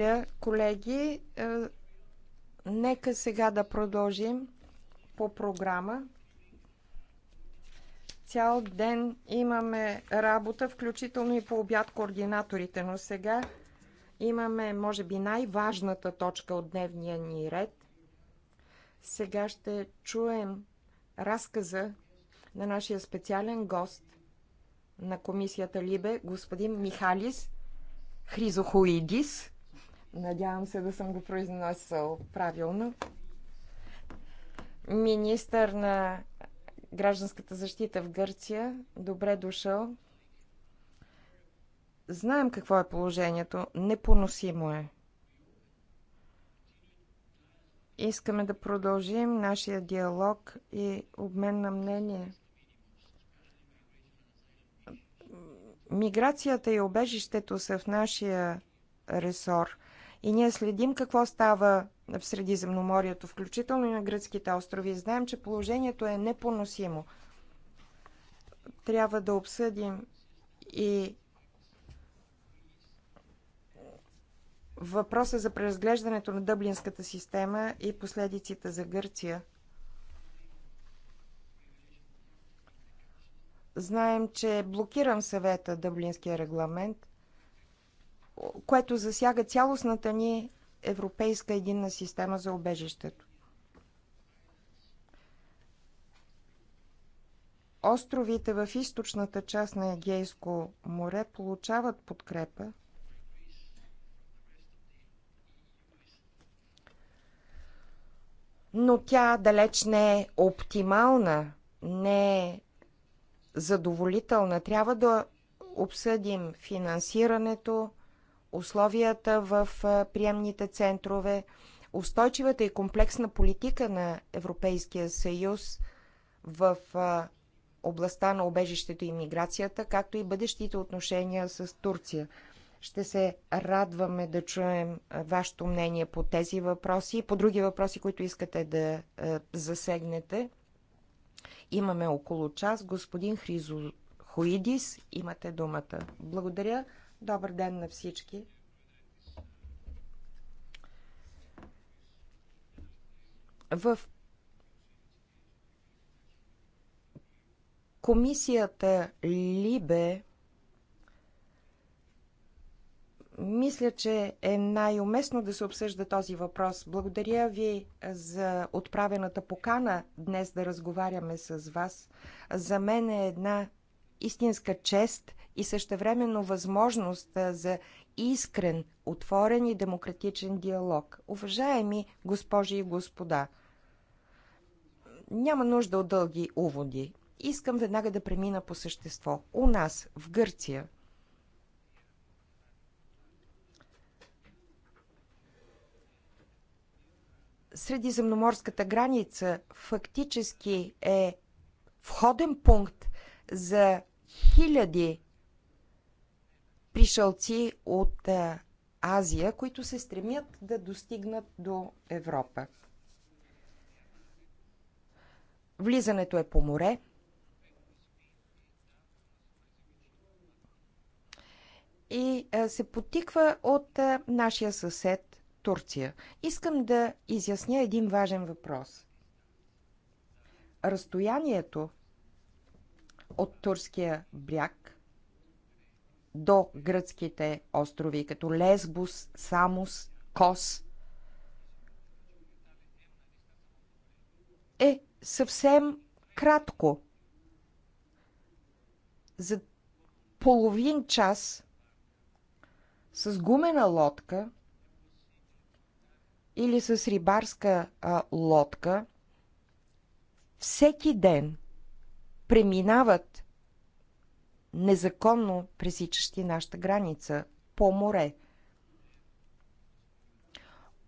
Благодаря, колеги. Е, нека сега да продължим по програма. Цял ден имаме работа, включително и по обяд координаторите, но сега имаме, може би, най-важната точка от дневния ни ред. Сега ще чуем разказа на нашия специален гост на комисията Либе, господин Михалис Хризохоидис Надявам се да съм го произносил правилно. Министър на гражданската защита в Гърция, добре дошъл. Знаем какво е положението. Непоносимо е. Искаме да продължим нашия диалог и обмен на мнение. Миграцията и обежището са в нашия ресор. И ние следим какво става в Средиземноморието, включително и на гръцките острови. Знаем, че положението е непоносимо. Трябва да обсъдим и въпроса за преразглеждането на дъблинската система и последиците за Гърция. Знаем, че е блокиран съвета Дъблинския регламент което засяга цялостната ни европейска единна система за обежището. Островите в източната част на Егейско море получават подкрепа но тя далеч не е оптимална, не е задоволителна. Трябва да обсъдим финансирането, условията в приемните центрове, устойчивата и комплексна политика на Европейския съюз в областта на обежището и миграцията, както и бъдещите отношения с Турция. Ще се радваме да чуем вашето мнение по тези въпроси и по други въпроси, които искате да засегнете. Имаме около час. Господин Хризо Хоидис, имате думата. Благодаря. Добър ден на всички! В комисията Либе мисля, че е най-уместно да се обсъжда този въпрос. Благодаря ви за отправената покана днес да разговаряме с вас. За мен е една истинска чест и същевременно възможност за искрен, отворен и демократичен диалог. Уважаеми госпожи и господа, няма нужда от дълги уводи. Искам веднага да премина по същество. У нас, в Гърция, средиземноморската граница фактически е входен пункт за хиляди пришълци от Азия, които се стремят да достигнат до Европа. Влизането е по море. И се потиква от нашия съсед Турция. Искам да изясня един важен въпрос. Разстоянието от турския бряг до гръцките острови, като Лесбус, Самус, Кос, е съвсем кратко. За половин час с гумена лодка или с рибарска а, лодка всеки ден – преминават незаконно пресичащи нашата граница по море.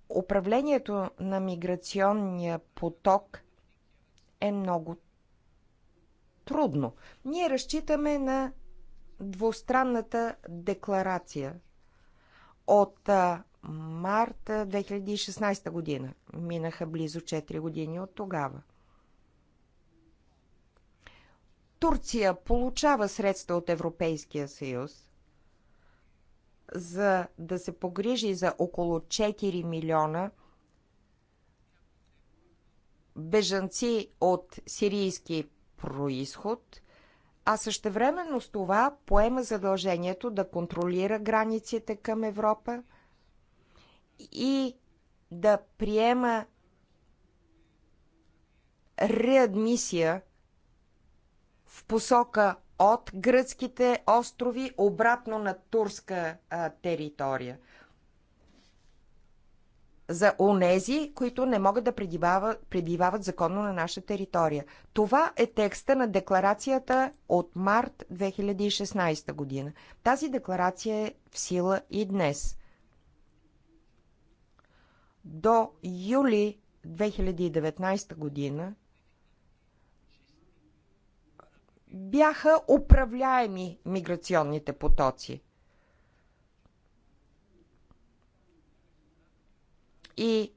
Управлението на миграционния поток е много трудно. Ние разчитаме на двустранната декларация от март 2016 година. Минаха близо 4 години от тогава. Турция получава средства от Европейския съюз, за да се погрижи за около 4 милиона бежанци от сирийски происход, а същевременно с това поема задължението да контролира границите към Европа и да приема реадмисия в посока от гръцките острови обратно на турска а, територия. За онези, които не могат да пребивават, законно на наша територия. Това е текста на декларацията от март 2016 година. Тази декларация е в сила и днес. До юли 2019 година бяха управляеми миграционните потоци. И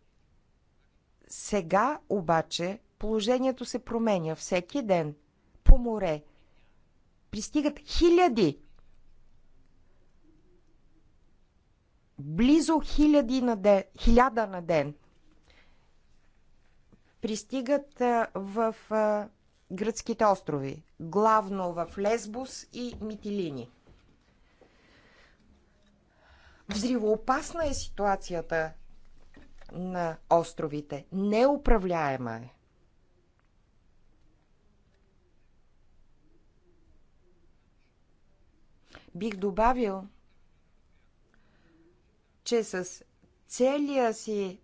сега обаче положението се променя всеки ден по море. Пристигат хиляди. Близо хиляди на ден, хиляда на ден. Пристигат в гръцките острови, главно в Лесбус и Митилини. Взривоопасна е ситуацията на островите. Неуправляема е. Бих добавил, че с целия си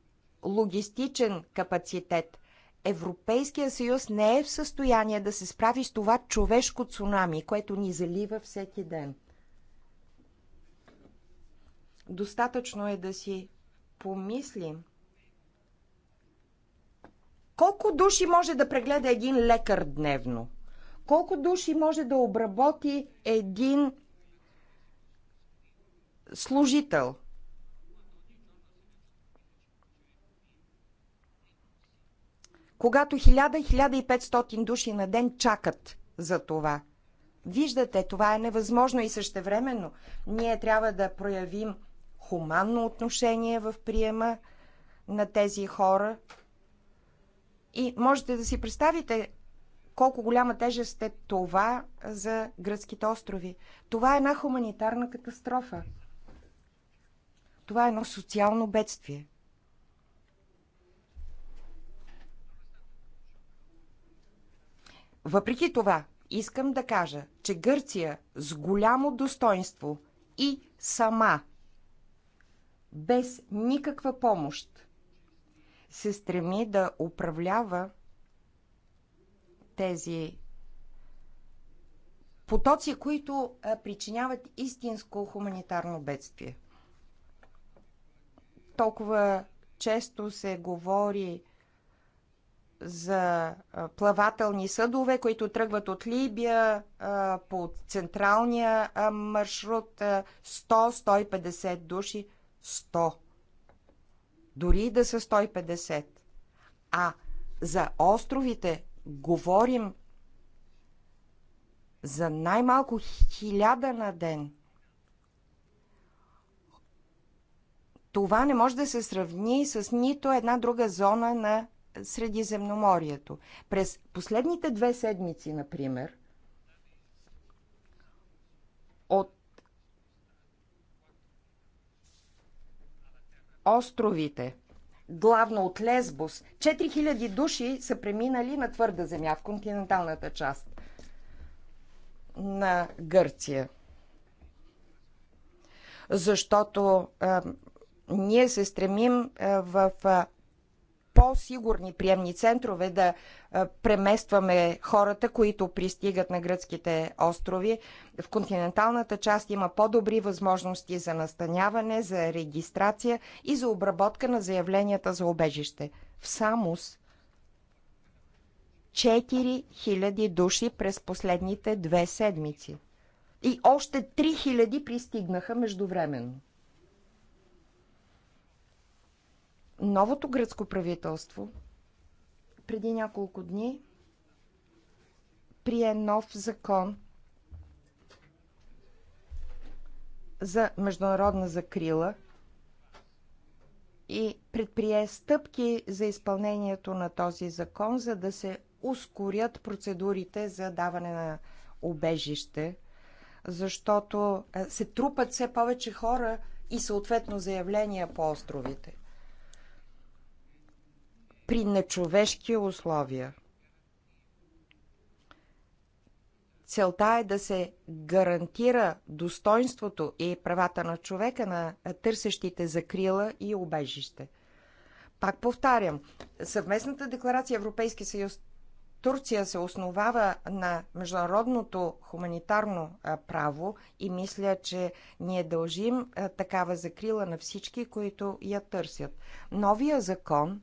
логистичен капацитет Европейския съюз не е в състояние да се справи с това човешко цунами, което ни залива всеки ден. Достатъчно е да си помислим колко души може да прегледа един лекар дневно? Колко души може да обработи един служител – когато 1000-1500 души на ден чакат за това. Виждате, това е невъзможно и същевременно. Ние трябва да проявим хуманно отношение в приема на тези хора. И можете да си представите колко голяма тежест е това за гръцките острови. Това е една хуманитарна катастрофа. Това е едно социално бедствие. Въпреки това, искам да кажа, че Гърция с голямо достоинство и сама, без никаква помощ, се стреми да управлява тези потоци, които причиняват истинско хуманитарно бедствие. Толкова често се говори за плавателни съдове, които тръгват от Либия по централния маршрут 100-150 души. 100. Дори да са 150. А за островите говорим за най-малко хиляда на ден. Това не може да се сравни с нито една друга зона на Средиземноморието. През последните две седмици, например, от островите, главно от Лесбос, 4000 души са преминали на твърда земя в континенталната част на Гърция. Защото а, ние се стремим а, в а, по-сигурни приемни центрове, да е, преместваме хората, които пристигат на гръцките острови. В континенталната част има по-добри възможности за настаняване, за регистрация и за обработка на заявленията за обежище. В Самос 4000 души през последните две седмици. И още 3000 пристигнаха междувременно. новото гръцко правителство преди няколко дни прие нов закон за международна закрила и предприе стъпки за изпълнението на този закон, за да се ускорят процедурите за даване на обежище, защото е, се трупат все повече хора и съответно заявления по островите при нечовешки условия. Целта е да се гарантира достоинството и правата на човека на търсещите закрила и обежище. Пак повтарям, съвместната декларация Европейски съюз Турция се основава на международното хуманитарно право и мисля, че ние дължим такава закрила на всички, които я търсят. Новия закон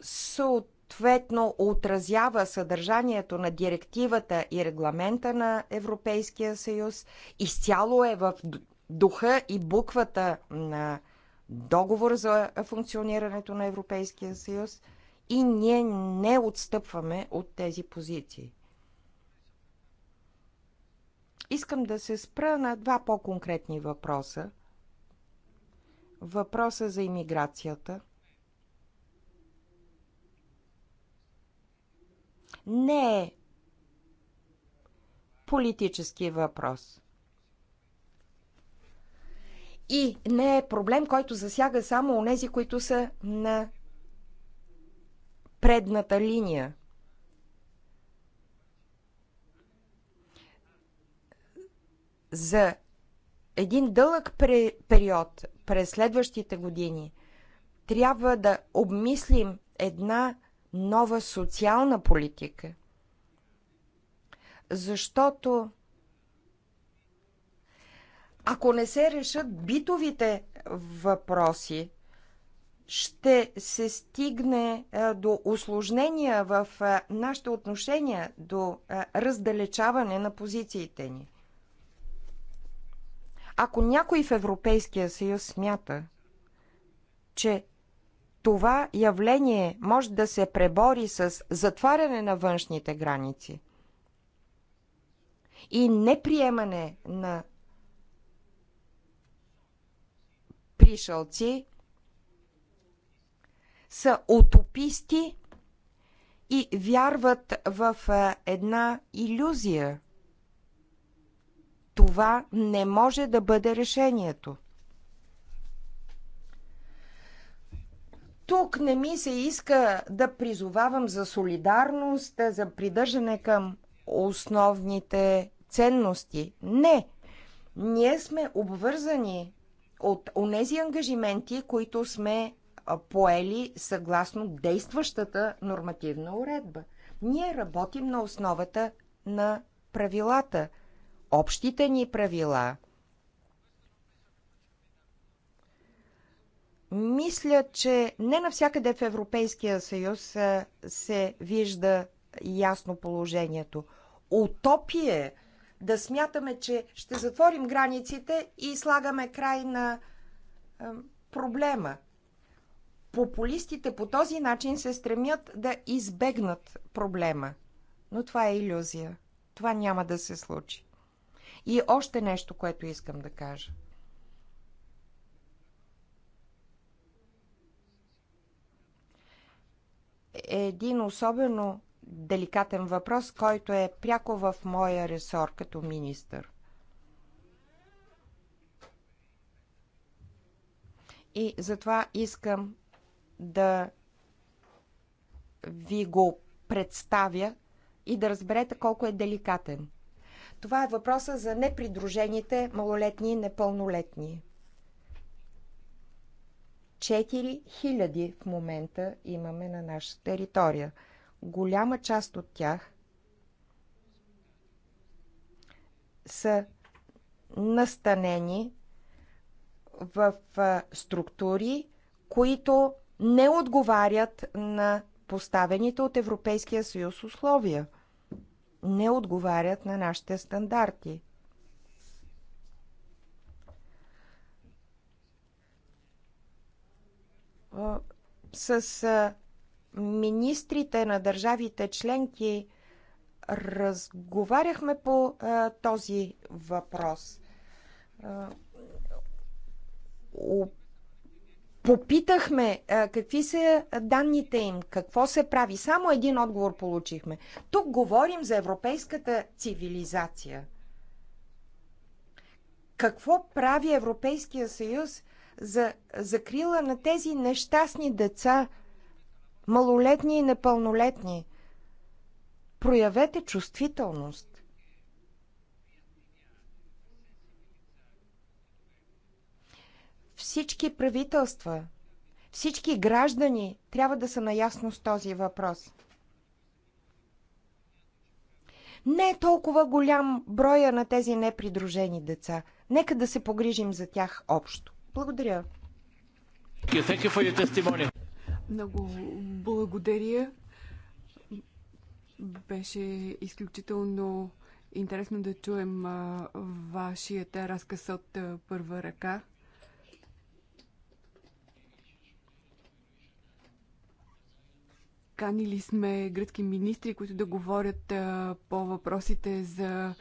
съответно отразява съдържанието на директивата и регламента на Европейския съюз, изцяло е в духа и буквата на договор за функционирането на Европейския съюз и ние не отстъпваме от тези позиции. Искам да се спра на два по-конкретни въпроса. Въпроса за иммиграцията – не е политически въпрос. И не е проблем, който засяга само онези, които са на предната линия. За един дълъг период през следващите години трябва да обмислим една нова социална политика, защото ако не се решат битовите въпроси, ще се стигне до осложнения в нашите отношения, до раздалечаване на позициите ни. Ако някой в Европейския съюз смята, че това явление може да се пребори с затваряне на външните граници и неприемане на пришълци, са утописти и вярват в една иллюзия. Това не може да бъде решението. Тук не ми се иска да призовавам за солидарност, за придържане към основните ценности. Не! Ние сме обвързани от онези ангажименти, които сме поели съгласно действащата нормативна уредба. Ние работим на основата на правилата. Общите ни правила – Мисля, че не навсякъде в Европейския съюз се вижда ясно положението. Утопие да смятаме, че ще затворим границите и слагаме край на проблема. Популистите по този начин се стремят да избегнат проблема. Но това е иллюзия. Това няма да се случи. И още нещо, което искам да кажа – е един особено деликатен въпрос, който е пряко в моя ресор като министър. И затова искам да ви го представя и да разберете колко е деликатен. Това е въпроса за непридружените малолетни и непълнолетни. 4000 в момента имаме на нашата територия. Голяма част от тях са настанени в структури, които не отговарят на поставените от Европейския съюз условия, не отговарят на нашите стандарти. с министрите на държавите членки разговаряхме по този въпрос. Попитахме какви са данните им, какво се прави. Само един отговор получихме. Тук говорим за европейската цивилизация. Какво прави Европейския съюз за закрила на тези нещастни деца, малолетни и непълнолетни. Проявете чувствителност. Всички правителства, всички граждани трябва да са наясно с този въпрос. Не е толкова голям броя на тези непридружени деца. Нека да се погрижим за тях общо. Благодаря. Много благодаря. Беше изключително интересно да чуем вашият разказ от първа ръка. Канили сме гръцки министри, които да говорят по въпросите за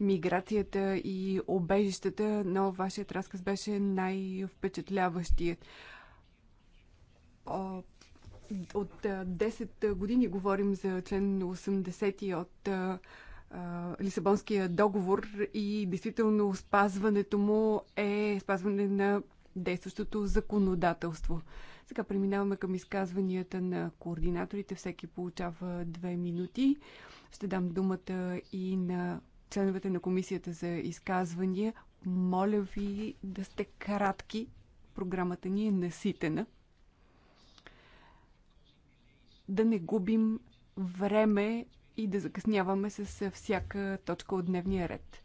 миграцията и обежищата, но вашият разказ беше най-впечатляващият. От 10 години говорим за член 80 от Лисабонския договор и действително спазването му е спазване на действащото законодателство. Сега преминаваме към изказванията на координаторите. Всеки получава две минути. Ще дам думата и на членовете на комисията за изказвания. Моля ви да сте кратки. Програмата ни е наситена. Да не губим време и да закъсняваме с всяка точка от дневния ред.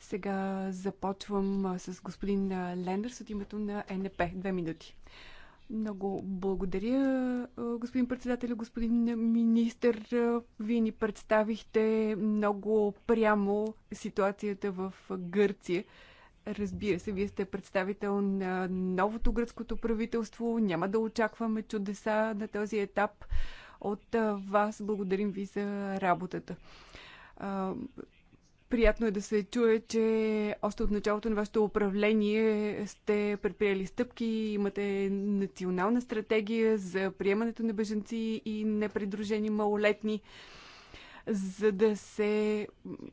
Сега започвам с господин Лендърс от името на НП. Две минути. Много благодаря, господин председател, господин министр. Вие ни представихте много прямо ситуацията в Гърция. Разбира се, вие сте представител на новото гръцкото правителство. Няма да очакваме чудеса на този етап от вас. Благодарим ви за работата. Приятно е да се чуе, че още от началото на вашето управление сте предприели стъпки, имате национална стратегия за приемането на беженци и непридружени малолетни, за да се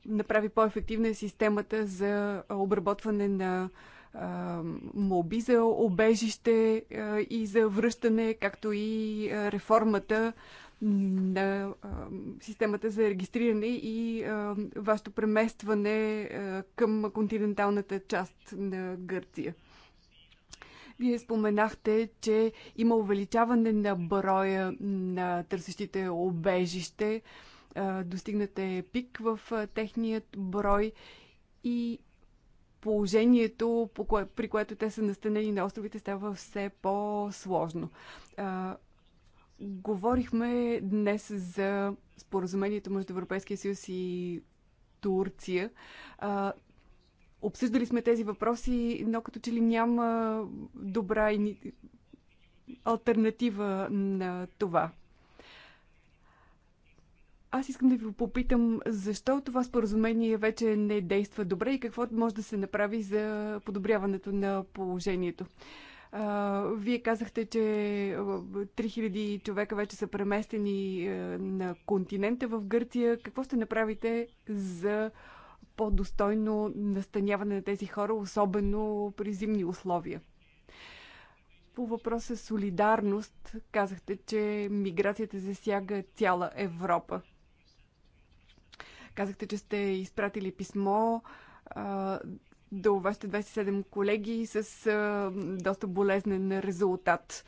направи по-ефективна системата за обработване на молби за обежище и за връщане, както и реформата на системата за регистриране и вашето преместване към континенталната част на Гърция. Вие споменахте, че има увеличаване на броя на търсещите обежище, достигнате пик в техният брой и положението, при което те са настанени на островите, става все по-сложно. Говорихме днес за споразумението между Европейския съюз и Турция. А, обсъждали сме тези въпроси, но като че ли няма добра и альтернатива на това. Аз искам да ви попитам защо това споразумение вече не действа добре и какво може да се направи за подобряването на положението. Вие казахте, че 3000 човека вече са преместени на континента в Гърция. Какво ще направите за по-достойно настаняване на тези хора, особено при зимни условия? По въпроса солидарност казахте, че миграцията засяга цяла Европа. Казахте, че сте изпратили писмо до вашите 27 колеги с а, доста болезнен резултат.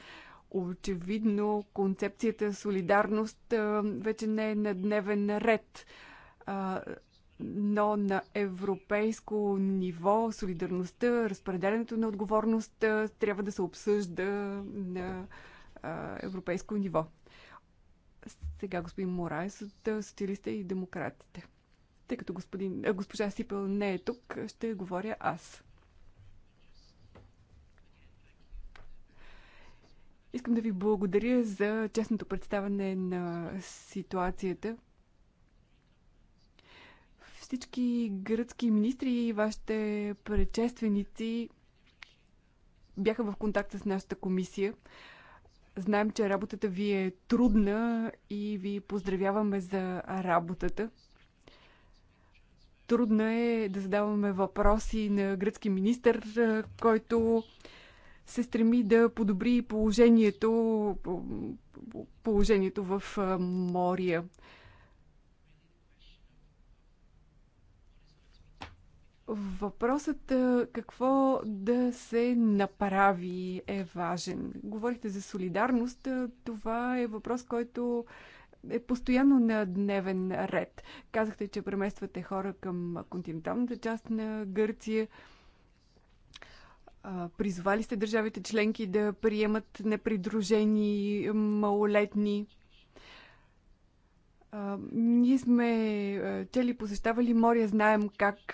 Очевидно, концепцията солидарност а, вече не е на дневен ред. А, но на европейско ниво солидарността, разпределянето на отговорност трябва да се обсъжда на а, европейско ниво. Сега господин Мораес от социалиста и демократите. Тъй като господин, госпожа Сипел не е тук, ще говоря аз. Искам да ви благодаря за честното представяне на ситуацията. Всички гръцки министри и вашите предшественици бяха в контакт с нашата комисия. Знаем, че работата ви е трудна и ви поздравяваме за работата. Трудно е да задаваме въпроси на гръцки министр, който се стреми да подобри положението, положението в моря. Въпросът какво да се направи е важен. Говорихте за солидарност. Това е въпрос, който е постоянно на дневен ред. Казахте, че премествате хора към континенталната част на Гърция. Призвали сте държавите членки да приемат непридружени малолетни. Ние сме чели, посещавали моря, знаем как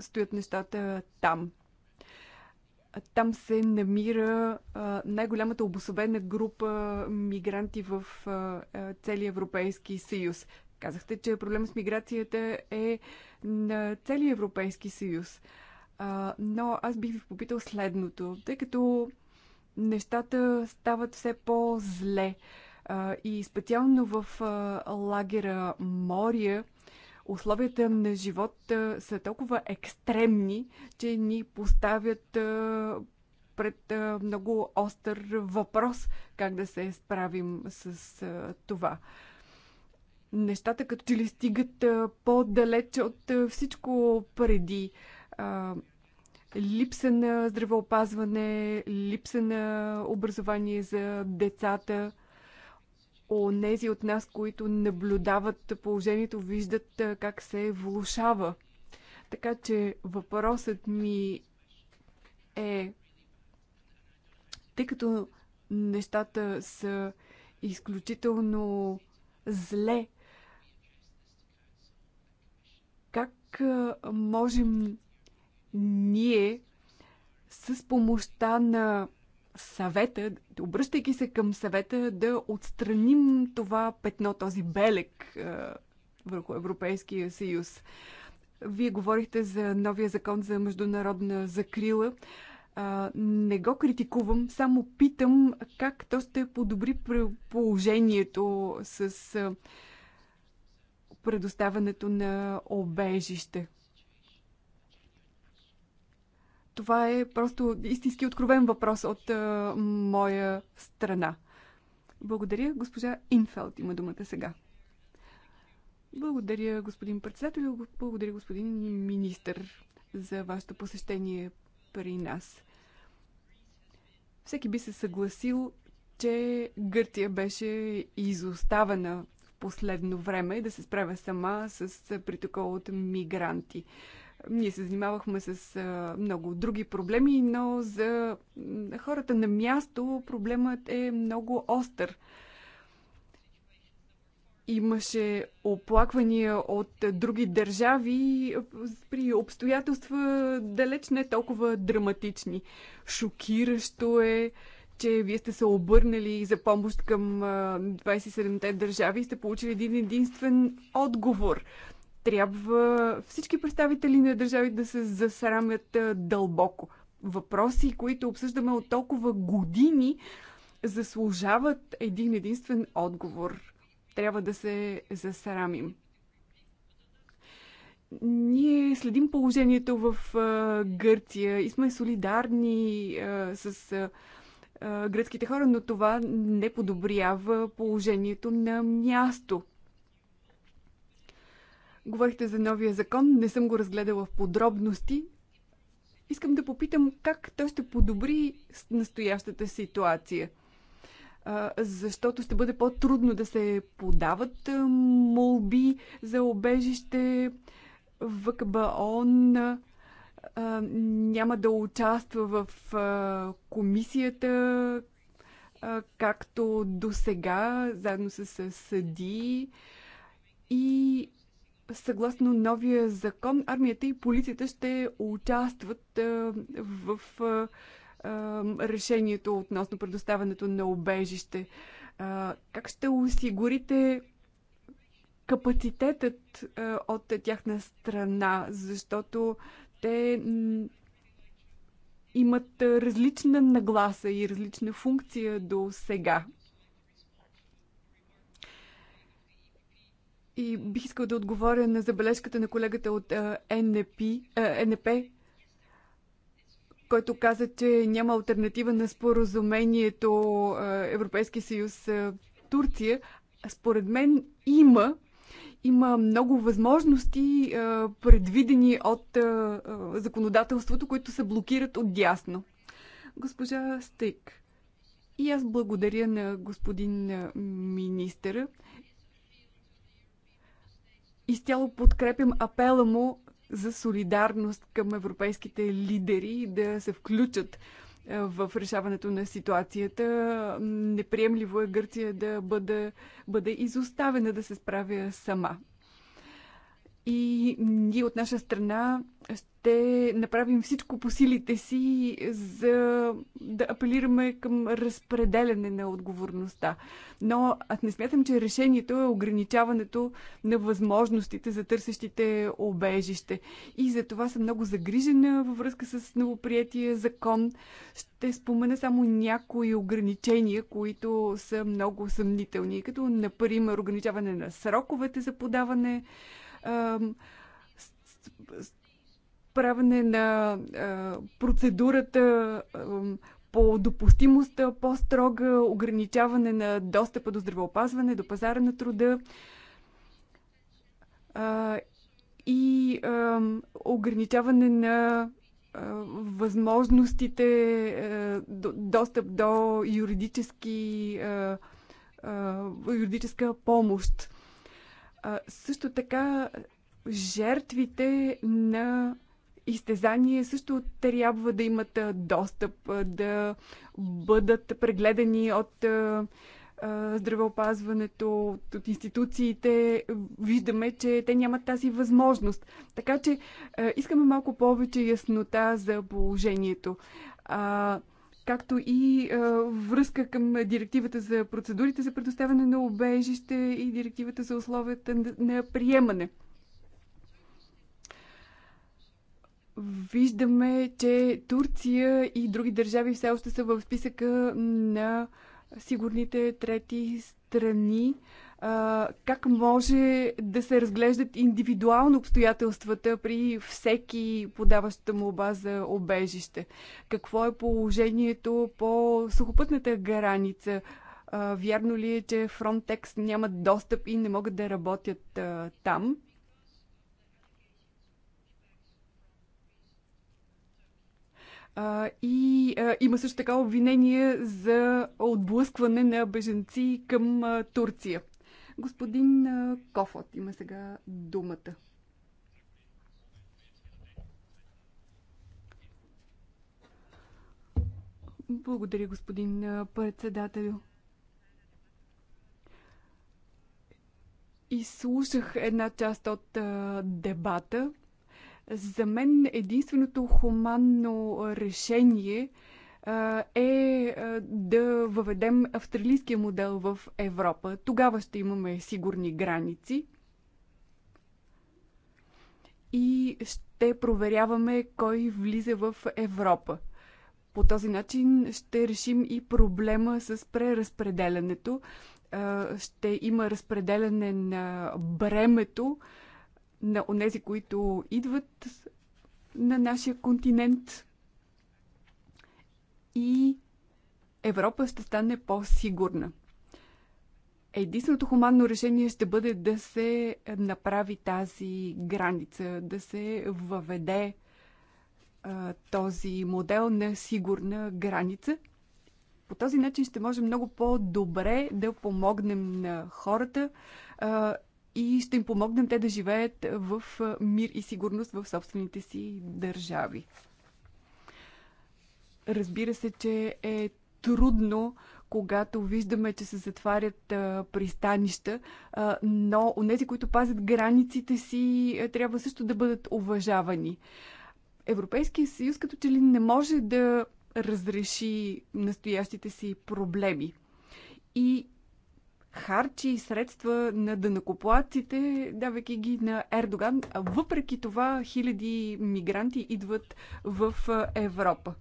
стоят нещата там. Там се намира най-голямата обособена група мигранти в целия Европейски съюз. Казахте, че проблем с миграцията е на целия Европейски съюз. Но аз бих ви попитал следното, тъй като нещата стават все по-зле. И специално в лагера Мория условията на живот са толкова екстремни, че ни поставят пред много остър въпрос как да се справим с това. Нещата като че ли стигат по-далеч от всичко преди липса на здравеопазване, липса на образование за децата – онези от нас, които наблюдават положението, виждат как се влушава. Така че въпросът ми е, тъй като нещата са изключително зле, как можем ние с помощта на съвета, обръщайки се към съвета, да отстраним това петно, този белек е, върху Европейския съюз. Вие говорихте за новия закон за международна закрила. Е, не го критикувам, само питам как то ще подобри положението с е, предоставянето на обежище. Това е просто истински откровен въпрос от а, е, моя страна. Благодаря. Госпожа Инфелд има думата сега. Благодаря, господин председател. Благодаря, господин министър, за вашето посещение при нас. Всеки би се съгласил, че Гърция беше изоставена в последно време да се справя сама с притока от мигранти. Ние се занимавахме с много други проблеми, но за хората на място проблемът е много остър. Имаше оплаквания от други държави при обстоятелства далеч не толкова драматични. Шокиращо е, че вие сте се обърнали за помощ към 27-те държави и сте получили един единствен отговор. Трябва всички представители на държави да се засрамят дълбоко. Въпроси, които обсъждаме от толкова години, заслужават един единствен отговор. Трябва да се засрамим. Ние следим положението в Гърция и сме солидарни с гръцките хора, но това не подобрява положението на място. Говорихте за новия закон, не съм го разгледала в подробности. Искам да попитам как той ще подобри настоящата ситуация. Защото ще бъде по-трудно да се подават молби за обежище. ВКБОН няма да участва в комисията, както до сега, заедно с съди. И Съгласно новия закон, армията и полицията ще участват в решението относно предоставянето на обежище. Как ще осигурите капацитетът от тяхна страна, защото те имат различна нагласа и различна функция до сега. И бих искал да отговоря на забележката на колегата от НП, НП който каза, че няма альтернатива на споразумението Европейски съюз Турция. Според мен има. Има много възможности, предвидени от законодателството, които се блокират от дясно. Госпожа Стейк, и аз благодаря на господин министъра изцяло подкрепям апела му за солидарност към европейските лидери да се включат в решаването на ситуацията. Неприемливо е Гърция да бъде, бъде изоставена да се справя сама. И ние от наша страна ще ще направим всичко по силите си за да апелираме към разпределяне на отговорността. Но аз не смятам, че решението е ограничаването на възможностите за търсещите обежище. И за това съм много загрижена във връзка с новоприятия закон. Ще спомена само някои ограничения, които са много съмнителни, като например ограничаване на сроковете за подаване правене на процедурата по допустимостта по-строга ограничаване на достъпа до здравеопазване, до пазара на труда и ограничаване на възможностите достъп до юридически, юридическа помощ. Също така жертвите на изтезания също трябва да имат достъп, да бъдат прегледани от здравеопазването, от институциите, виждаме, че те нямат тази възможност. Така че искаме малко повече яснота за положението. Както и връзка към директивата за процедурите за предоставяне на обежище и директивата за условията на приемане. виждаме, че Турция и други държави все още са в списъка на сигурните трети страни. А, как може да се разглеждат индивидуално обстоятелствата при всеки подаващата му база обежище? Какво е положението по сухопътната граница? А, вярно ли е, че Frontex нямат достъп и не могат да работят а, там? А, и а, има също така обвинение за отблъскване на беженци към а, Турция. Господин а, Кофот има сега думата. Благодаря, господин председателю. Изслушах една част от а, дебата за мен единственото хуманно решение е да въведем австралийския модел в Европа. Тогава ще имаме сигурни граници и ще проверяваме кой влиза в Европа. По този начин ще решим и проблема с преразпределянето. Ще има разпределяне на бремето на онези, които идват на нашия континент и Европа ще стане по-сигурна. Единственото хуманно решение ще бъде да се направи тази граница, да се въведе а, този модел на сигурна граница. По този начин ще можем много по-добре да помогнем на хората а, и ще им помогнем те да живеят в мир и сигурност в собствените си държави. Разбира се, че е трудно, когато виждаме, че се затварят а, пристанища, а, но онези, които пазят границите си, а, трябва също да бъдат уважавани. Европейския съюз като че ли не може да разреши настоящите си проблеми. И харчи средства на дънакоплаците, давайки ги на Ердоган. въпреки това хиляди мигранти идват в Европа.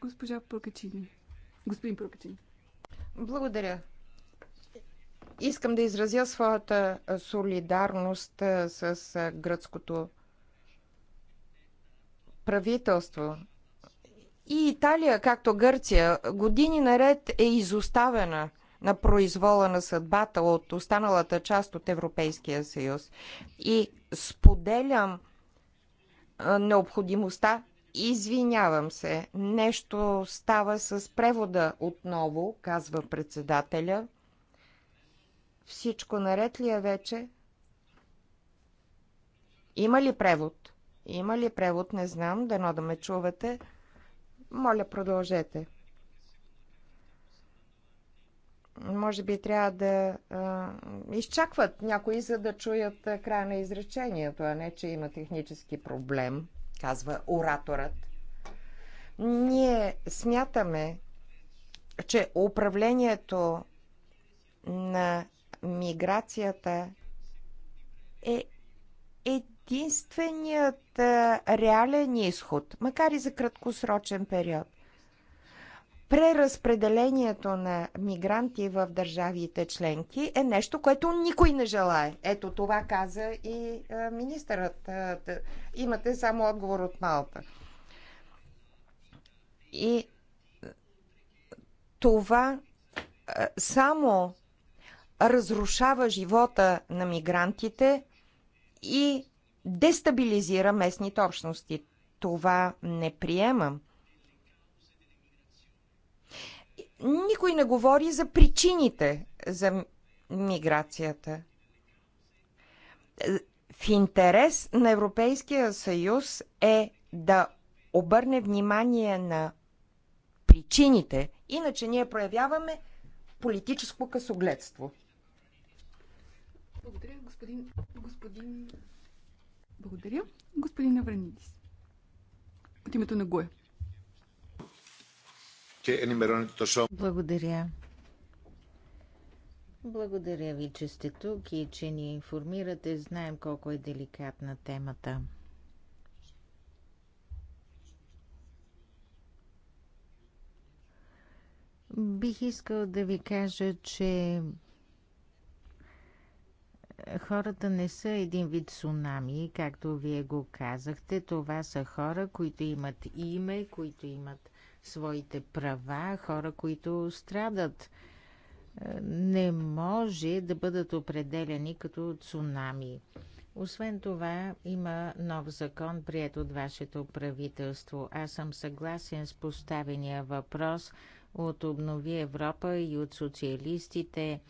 Госпожа Прокачини. Господин Прокачини. Благодаря. Искам да изразя своята солидарност с гръцкото правителство. И Италия, както Гърция, години наред е изоставена – на произвола на съдбата от останалата част от Европейския съюз. И споделям необходимостта, извинявам се, нещо става с превода отново, казва председателя. Всичко наред ли е вече? Има ли превод? Има ли превод? Не знам, дано да ме чувате. Моля, продължете може би трябва да а, изчакват някои, за да чуят края на изречението, а не, че има технически проблем, казва ораторът. Ние смятаме, че управлението на миграцията е единственият реален изход, макар и за краткосрочен период преразпределението на мигранти в държавите членки е нещо, което никой не желае. Ето това каза и е, министърът. Е, имате само отговор от Малта. И е, това само разрушава живота на мигрантите и дестабилизира местните общности. Това не приемам. никой не говори за причините за миграцията. В интерес на Европейския съюз е да обърне внимание на причините, иначе ние проявяваме политическо късогледство. Благодаря, господин. господин... Благодаря, господин Авранидис. От името на Гоя. Благодаря. Благодаря ви, че сте тук и че ни информирате. Знаем колко е деликатна темата. Бих искал да ви кажа, че хората не са един вид цунами, както вие го казахте. Това са хора, които имат име, които имат своите права, хора, които страдат. Е, не може да бъдат определени като цунами. Освен това, има нов закон, прият от вашето правителство. Аз съм съгласен с поставения въпрос от Обнови Европа и от социалистите.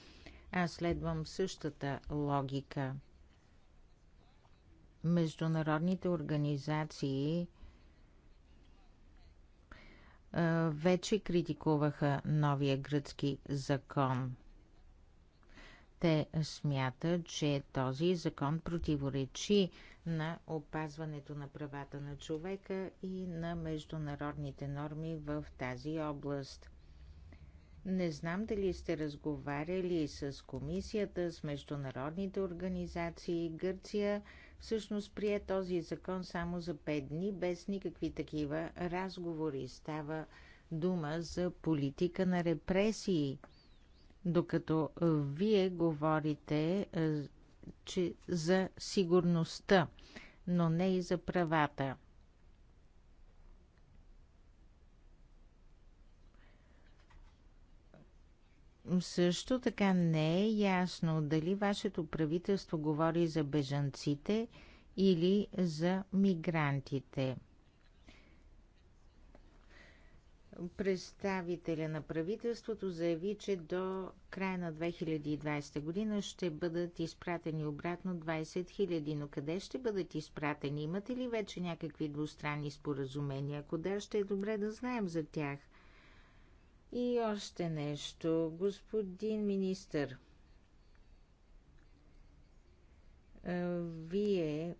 Аз следвам същата логика. Международните организации – вече критикуваха новия гръцки закон. Те смятат, че този закон противоречи на опазването на правата на човека и на международните норми в тази област. Не знам дали сте разговаряли с комисията, с международните организации. Гърция всъщност прие този закон само за 5 дни, без никакви такива разговори. Става дума за политика на репресии. Докато вие говорите е, че за сигурността, но не и за правата. Също така не е ясно дали вашето правителство говори за бежанците или за мигрантите. Представителя на правителството заяви, че до края на 2020 година ще бъдат изпратени обратно 20 000. Но къде ще бъдат изпратени? Имате ли вече някакви двустранни споразумения? Ако да, ще е добре да знаем за тях. И още нещо, господин министър. Вие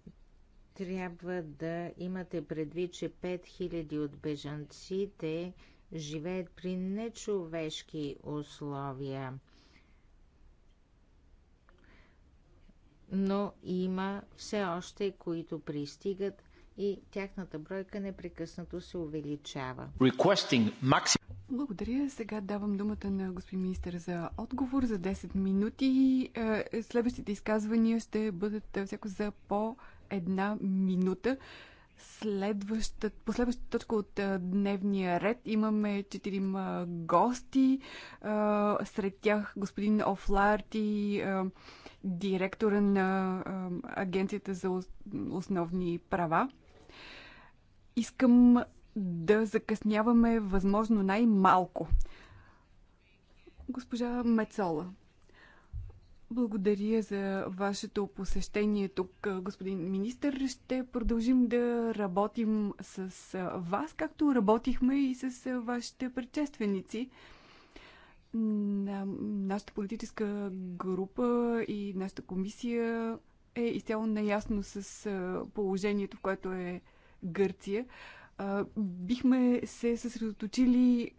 трябва да имате предвид, че 5000 от бежанците живеят при нечовешки условия. Но има все още, които пристигат и тяхната бройка непрекъснато се увеличава. Благодаря. Сега давам думата на господин министър за отговор за 10 минути. Е, следващите изказвания ще бъдат е, всяко за по една минута. Следващата, последващата точка от е, дневния ред имаме 4 гости. Сред тях господин Офларти, директора на Агенцията за основни права. Искам да закъсняваме възможно най-малко. Госпожа Мецола, благодаря за вашето посещение тук, господин министр. Ще продължим да работим с вас, както работихме и с вашите предшественици на нашата политическа група и нашата комисия е изцяло наясно с положението, в което е Гърция. Бихме се съсредоточили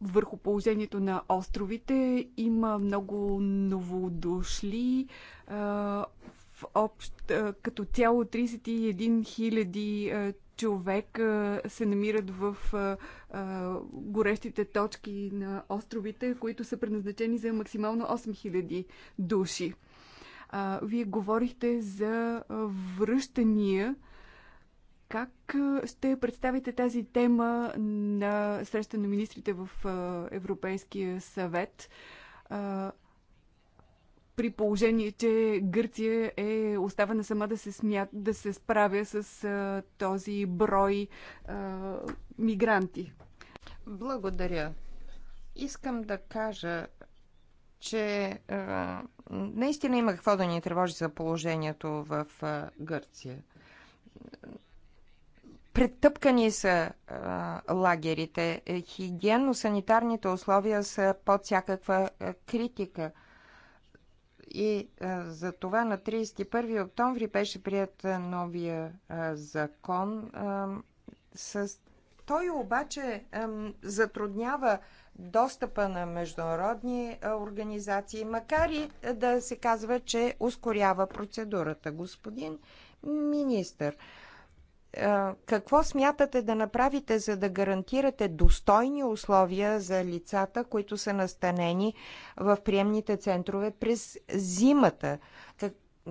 върху положението на островите. Има много новодошли. В общ, като цяло 31 000 човек се намират в горещите точки на островите, които са предназначени за максимално 8000 души. Вие говорихте за връщания. Как ще представите тази тема на среща на министрите в Европейския съвет? при положение, че Гърция е оставена сама да се, смят, да се справя с а, този брой а, мигранти. Благодаря. Искам да кажа, че а, наистина има какво да ни тревожи за положението в а, Гърция. Претъпкани са а, лагерите, хигиенно-санитарните условия са под всякаква а, критика – и за това на 31 октомври беше прият новия закон. С... Той обаче затруднява достъпа на международни организации, макар и да се казва, че ускорява процедурата. Господин министър, какво смятате да направите, за да гарантирате достойни условия за лицата, които са настанени в приемните центрове през зимата?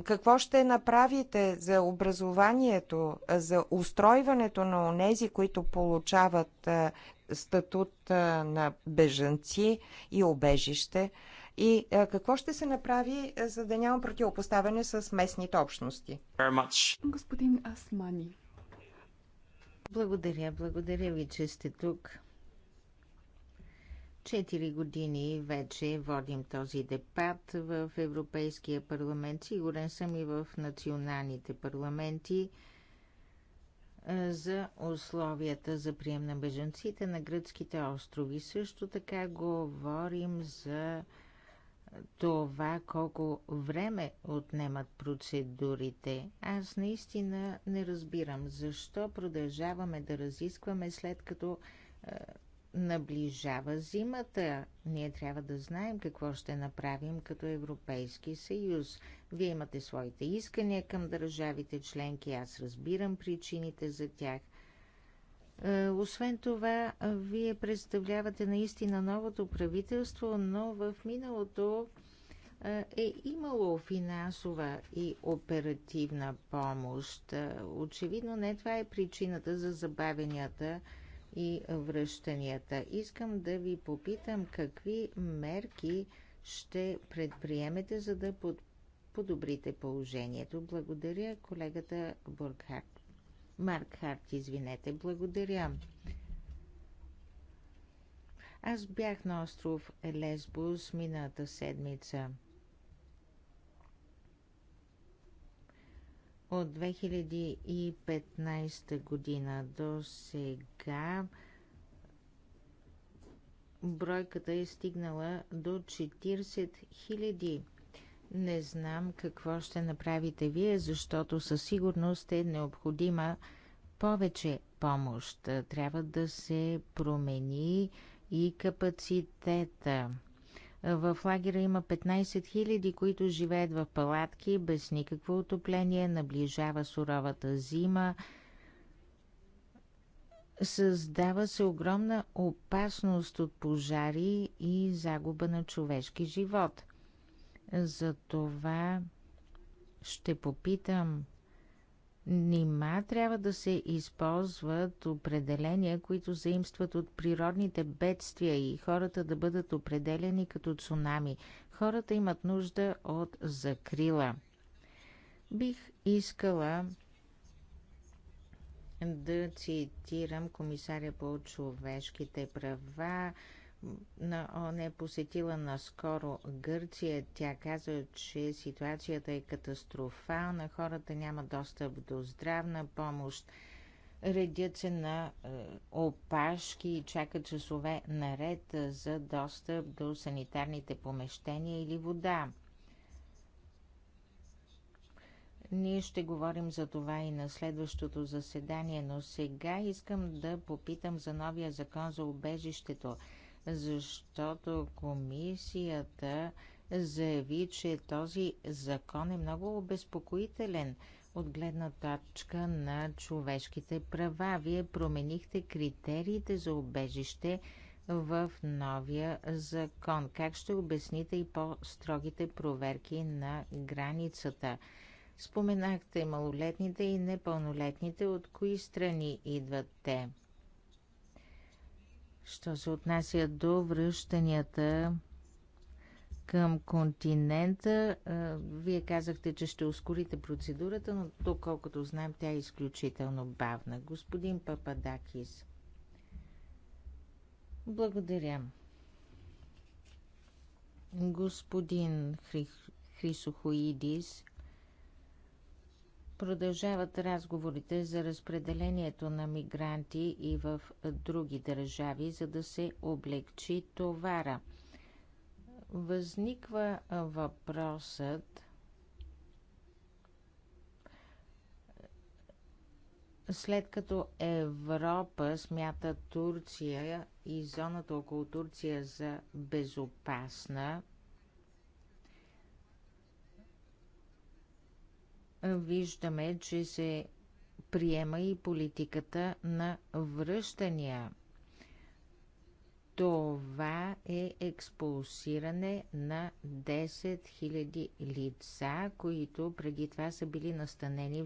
Какво ще направите за образованието, за устройването на онези, които получават статут на бежанци и обежище? И какво ще се направи, за да няма противопоставяне с местните общности? Господин Асмани, благодаря, благодаря ви, че сте тук. Четири години вече водим този депат в Европейския парламент. Сигурен съм и в националните парламенти за условията за прием на бежанците на гръцките острови. Също така говорим за това колко време отнемат процедурите. Аз наистина не разбирам защо продължаваме да разискваме след като е, наближава зимата. Ние трябва да знаем какво ще направим като Европейски съюз. Вие имате своите искания към държавите членки, аз разбирам причините за тях – е, освен това, вие представлявате наистина новото правителство, но в миналото е имало финансова и оперативна помощ. Очевидно не това е причината за забавенията и връщанията. Искам да ви попитам какви мерки ще предприемете, за да подобрите положението. Благодаря колегата Бургхарт. Марк Харт, извинете, благодаря. Аз бях на остров Лесбус миналата седмица. От 2015 година до сега бройката е стигнала до 40 000 не знам какво ще направите вие, защото със сигурност е необходима повече помощ. Трябва да се промени и капацитета. В лагера има 15 000, които живеят в палатки без никакво отопление, наближава суровата зима. Създава се огромна опасност от пожари и загуба на човешки живот – затова ще попитам, нима трябва да се използват определения, които заимстват от природните бедствия и хората да бъдат определени като цунами. Хората имат нужда от закрила. Бих искала да цитирам комисаря по човешките права на ООН е посетила наскоро Гърция. Тя каза, че ситуацията е катастрофална, хората няма достъп до здравна помощ, редят се на е, опашки и чакат часове наред е, за достъп до санитарните помещения или вода. Ние ще говорим за това и на следващото заседание, но сега искам да попитам за новия закон за убежището – защото комисията заяви, че този закон е много обезпокоителен от гледна точка на човешките права. Вие променихте критериите за обежище в новия закон. Как ще обясните и по-строгите проверки на границата? Споменахте малолетните и непълнолетните, от кои страни идват те. Що се отнася до връщанията към континента, вие казахте, че ще ускорите процедурата, но доколкото знаем, тя е изключително бавна. Господин Пападакис, благодаря. Господин Хри... Хрисохоидис, Продължават разговорите за разпределението на мигранти и в други държави, за да се облегчи товара. Възниква въпросът след като Европа смята Турция и зоната около Турция за безопасна – виждаме, че се приема и политиката на връщания. Това е експулсиране на 10 000 лица, които преди това са били настанени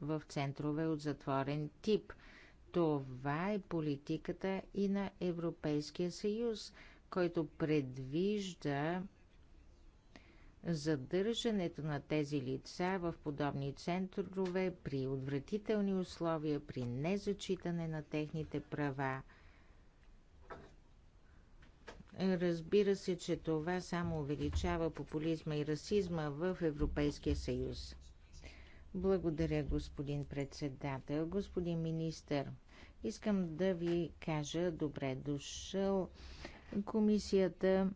в, центрове от затворен тип. Това е политиката и на Европейския съюз, който предвижда задържането на тези лица в подобни центрове при отвратителни условия, при незачитане на техните права. Разбира се, че това само увеличава популизма и расизма в Европейския съюз. Благодаря, господин председател. Господин министър, искам да ви кажа добре дошъл. Комисията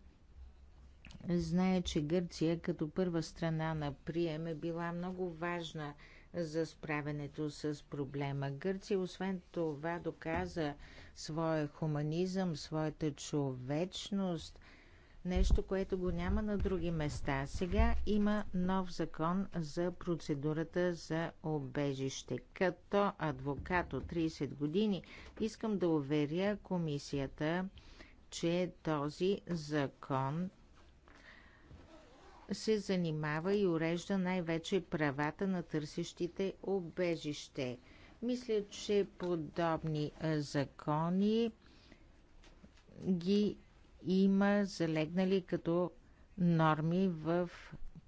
Знае, че Гърция като първа страна на прием е била много важна за справянето с проблема. Гърция, освен това, доказа своя хуманизъм, своята човечност, нещо, което го няма на други места. Сега има нов закон за процедурата за обежище. Като адвокат от 30 години искам да уверя комисията, че този закон се занимава и урежда най-вече правата на търсещите обежище. Мисля, че подобни закони ги има залегнали като норми в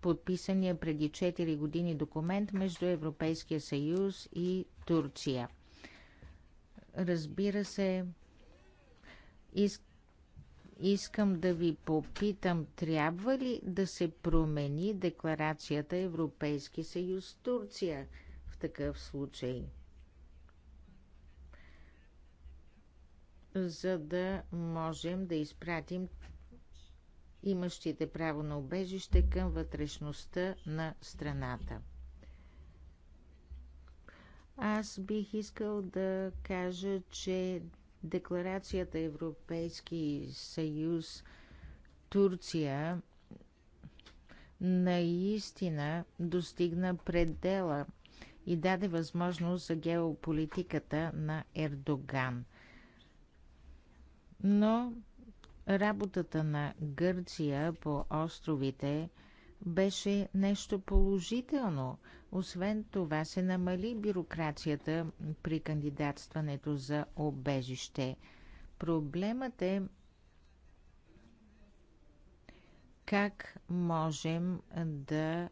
подписания преди 4 години документ между Европейския съюз и Турция. Разбира се, Искам да ви попитам, трябва ли да се промени декларацията Европейски съюз Турция в такъв случай? За да можем да изпратим имащите право на убежище към вътрешността на страната. Аз бих искал да кажа, че Декларацията Европейски съюз Турция наистина достигна предела и даде възможност за геополитиката на Ердоган. Но работата на Гърция по островите беше нещо положително. Освен това се намали бюрокрацията при кандидатстването за обежище. Проблемът е как можем да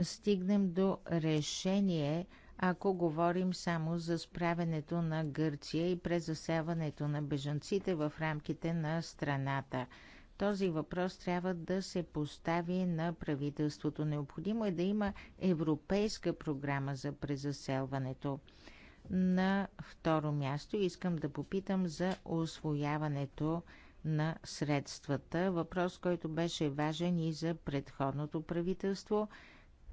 стигнем до решение, ако говорим само за справенето на Гърция и презасяването на бежанците в рамките на страната – този въпрос трябва да се постави на правителството. Необходимо е да има европейска програма за презаселването. На второ място искам да попитам за освояването на средствата. Въпрос, който беше важен и за предходното правителство.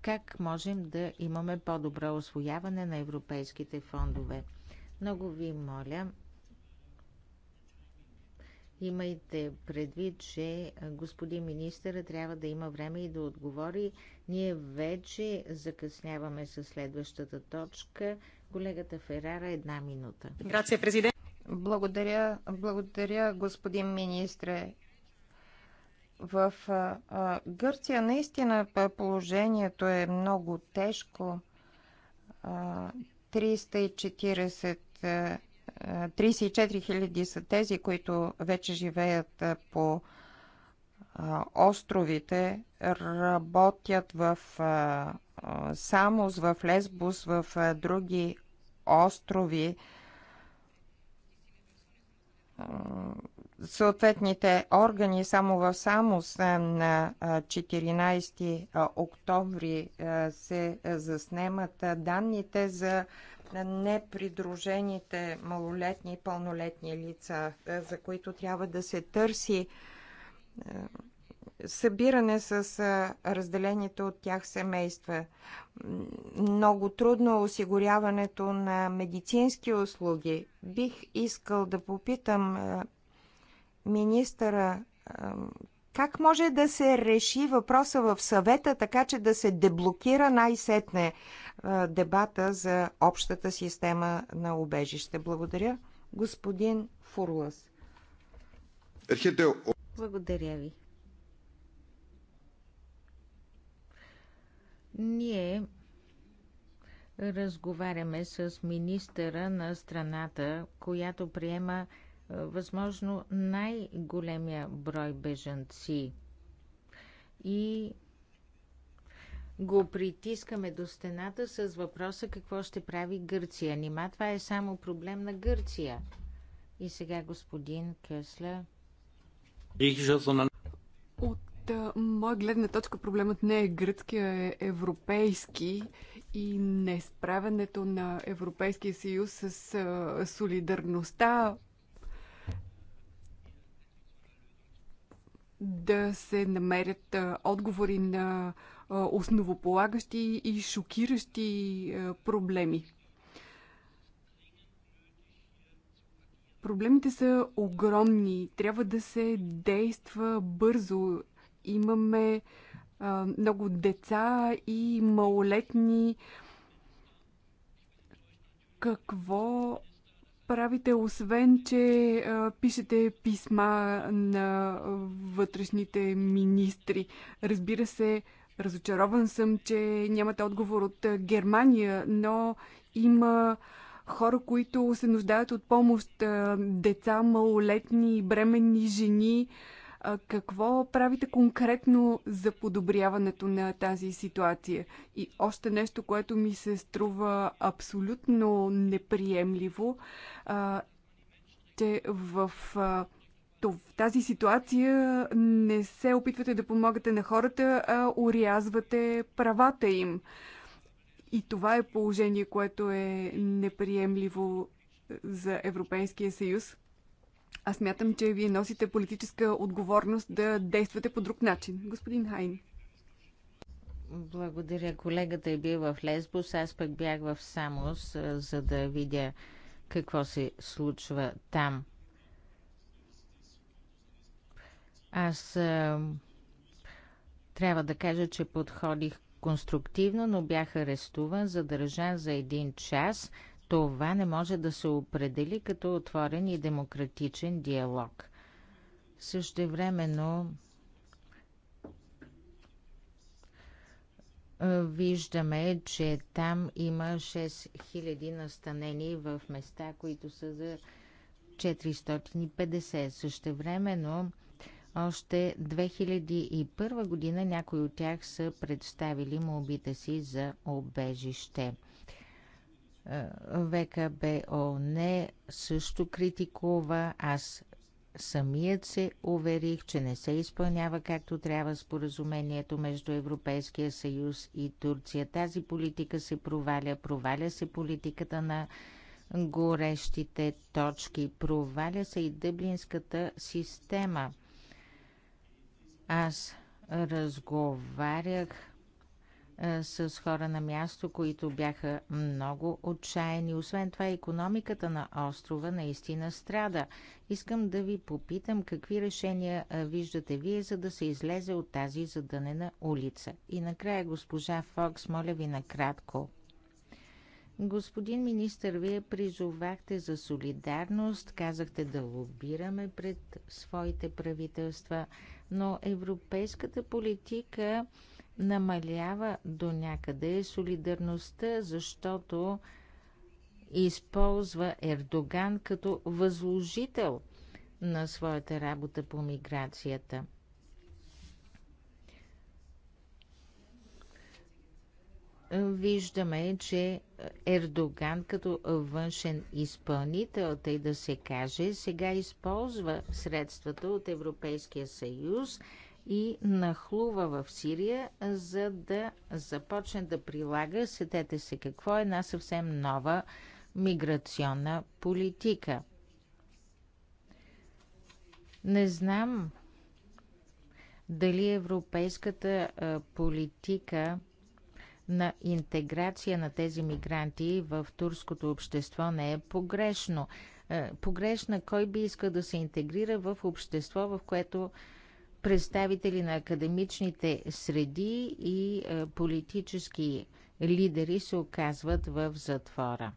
Как можем да имаме по-добро освояване на европейските фондове? Много ви моля Имайте предвид, че господин министъра трябва да има време и да отговори. Ние вече закъсняваме с следващата точка. Колегата Ферара, една минута. Грация, президент. Благодаря, благодаря господин министре. В а, Гърция наистина положението е много тежко. А, 340 34 000 са тези, които вече живеят по островите, работят в Самос, в Лесбус, в други острови. Съответните органи само в Самос на 14 октомври се заснемат данните за непридружените малолетни и пълнолетни лица, е, за които трябва да се търси е, събиране с е, разделените от тях семейства. Много трудно е осигуряването на медицински услуги. Бих искал да попитам министъра как може да се реши въпроса в съвета, така че да се деблокира най-сетне е, дебата за общата система на убежище? Благодаря, господин Фурлас. Благодаря ви. Ние разговаряме с министъра на страната, която приема е, възможно най-големия брой бежанци и го притискаме до стената с въпроса какво ще прави Гърция. Нима това е само проблем на Гърция. И сега господин Кесля. От е, моя гледна точка проблемът не е гръцки, а е европейски и несправенето на Европейския съюз с е, солидарността да се намерят отговори на основополагащи и шокиращи проблеми. Проблемите са огромни. Трябва да се действа бързо. Имаме а, много деца и малолетни. Какво правите, освен че а, пишете писма на вътрешните министри? Разбира се, разочарован съм, че нямате отговор от Германия, но има хора, които се нуждаят от помощ, деца, малолетни, бременни жени, какво правите конкретно за подобряването на тази ситуация? И още нещо, което ми се струва абсолютно неприемливо, че в тази ситуация не се опитвате да помогате на хората, а урязвате правата им. И това е положение, което е неприемливо за Европейския съюз. Аз мятам, че вие носите политическа отговорност да действате по друг начин. Господин Хайн. Благодаря. Колегата е бил в Лесбос, аз пък бях в Самос, за да видя какво се случва там. Аз а, трябва да кажа, че подходих конструктивно, но бях арестуван, задържан за един час – това не може да се определи като отворен и демократичен диалог. Същевременно виждаме, че там има 6000 настанени в места, които са за 450. Същевременно още 2001 година някои от тях са представили молбите си за обежище. ВКБ не също критикува. Аз самият се уверих, че не се изпълнява както трябва споразумението между Европейския съюз и Турция. Тази политика се проваля, проваля се политиката на горещите точки, проваля се и дъблинската система. Аз разговарях е, с хора на място, които бяха много отчаяни. Освен това, економиката на острова наистина страда. Искам да ви попитам какви решения е, виждате вие, за да се излезе от тази задънена улица. И накрая, госпожа Фокс, моля ви накратко. Господин министр, вие призовахте за солидарност, казахте да лобираме пред своите правителства, но европейската политика намалява до някъде солидарността, защото използва Ердоган като възложител на своята работа по миграцията. Виждаме, че Ердоган като външен изпълнител, тъй да се каже, сега използва средствата от Европейския съюз – и нахлува в Сирия, за да започне да прилага, сетете се какво, е една съвсем нова миграционна политика. Не знам дали европейската политика на интеграция на тези мигранти в турското общество не е погрешно. Погрешна кой би искал да се интегрира в общество, в което представители на академичните среди и е, политически лидери се оказват в затвора.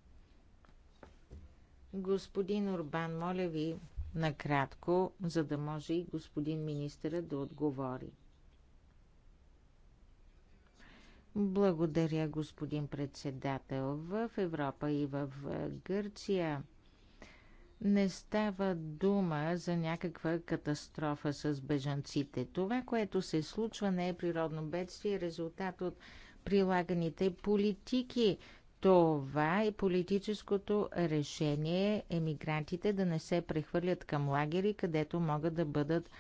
Господин Орбан, моля ви накратко, за да може и господин министъра да отговори. Благодаря, господин председател. В Европа и в е, Гърция не става дума за някаква катастрофа с бежанците. Това, което се случва, не е природно бедствие, е резултат от прилаганите политики. Това е политическото решение емигрантите да не се прехвърлят към лагери, където могат да бъдат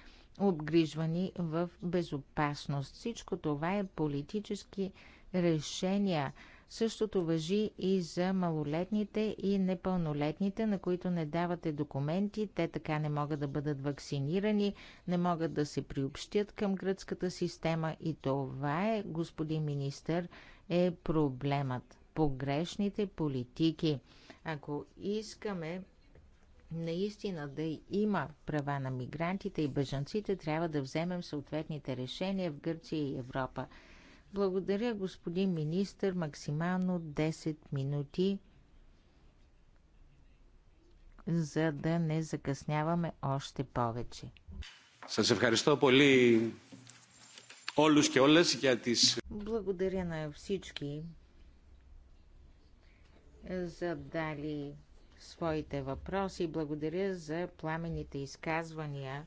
обгрижвани в безопасност. Всичко това е политически решения. Същото въжи и за малолетните и непълнолетните, на които не давате документи. Те така не могат да бъдат вакцинирани, не могат да се приобщят към гръцката система и това е, господин министър, е проблемът. Погрешните политики. Ако искаме наистина да има права на мигрантите и бежанците, трябва да вземем съответните решения в Гърция и Европа. Благодаря, господин министр. Максимално 10 минути, за да не закъсняваме още повече. Сас ευχαριστώ πολύ όλους και όλες για τις... Благодаря на всички за дали своите въпроси. Благодаря за пламените изказвания.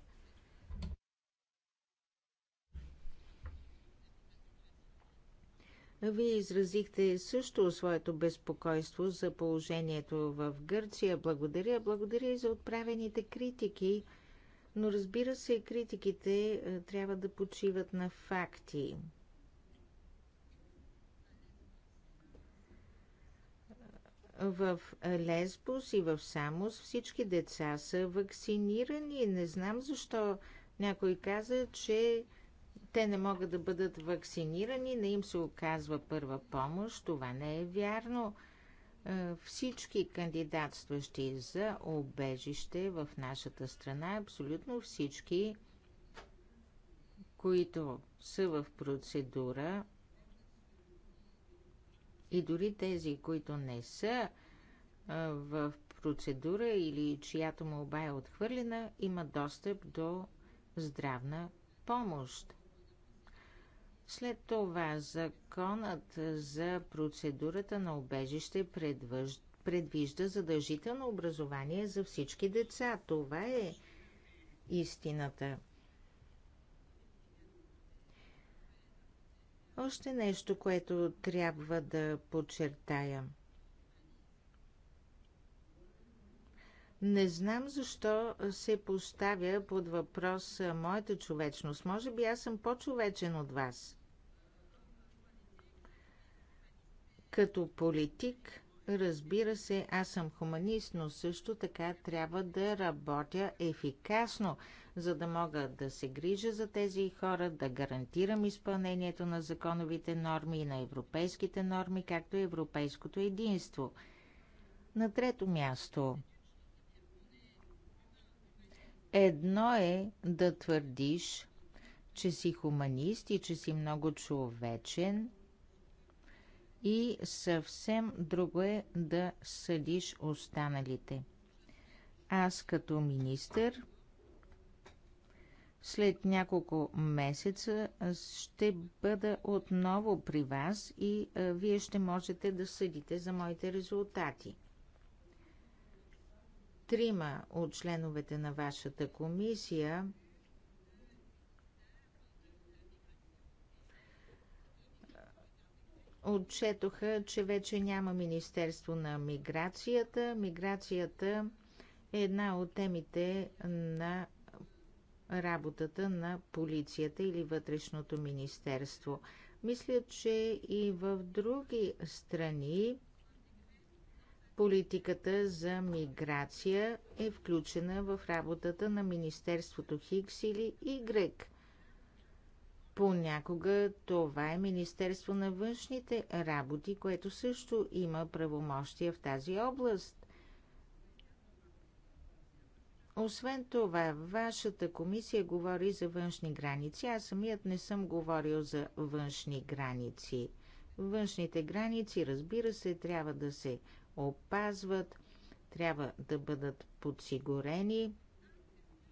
Вие изразихте също своето безпокойство за положението в Гърция. Благодаря. Благодаря и за отправените критики. Но разбира се, критиките е, трябва да почиват на факти. в Лесбос и в Самос всички деца са вакцинирани. Не знам защо някой каза, че те не могат да бъдат вакцинирани, не им се оказва първа помощ. Това не е вярно. Е, всички кандидатстващи за обежище в нашата страна, абсолютно всички, които са в процедура и дори тези, които не са е, в процедура или чиято молба е отхвърлена, има достъп до здравна помощ. След това законът за процедурата на обежище предвижда задължително образование за всички деца. Това е истината. Още нещо, което трябва да подчертая. Не знам защо се поставя под въпрос моята човечност. Може би аз съм по-човечен от вас. Като политик, разбира се, аз съм хуманист, но също така трябва да работя ефикасно, за да мога да се грижа за тези хора, да гарантирам изпълнението на законовите норми и на европейските норми, както и европейското единство. На трето място. Едно е да твърдиш, че си хуманист и че си много човечен – и съвсем друго е да съдиш останалите. Аз като министър след няколко месеца ще бъда отново при вас и вие ще можете да съдите за моите резултати. Трима от членовете на вашата комисия отчетоха, че вече няма Министерство на миграцията. Миграцията е една от темите на работата на полицията или вътрешното министерство. Мисля, че и в други страни политиката за миграция е включена в работата на Министерството Хикс или Y. Понякога това е Министерство на външните работи, което също има правомощия в тази област. Освен това, вашата комисия говори за външни граници. Аз самият не съм говорил за външни граници. Външните граници, разбира се, трябва да се опазват, трябва да бъдат подсигурени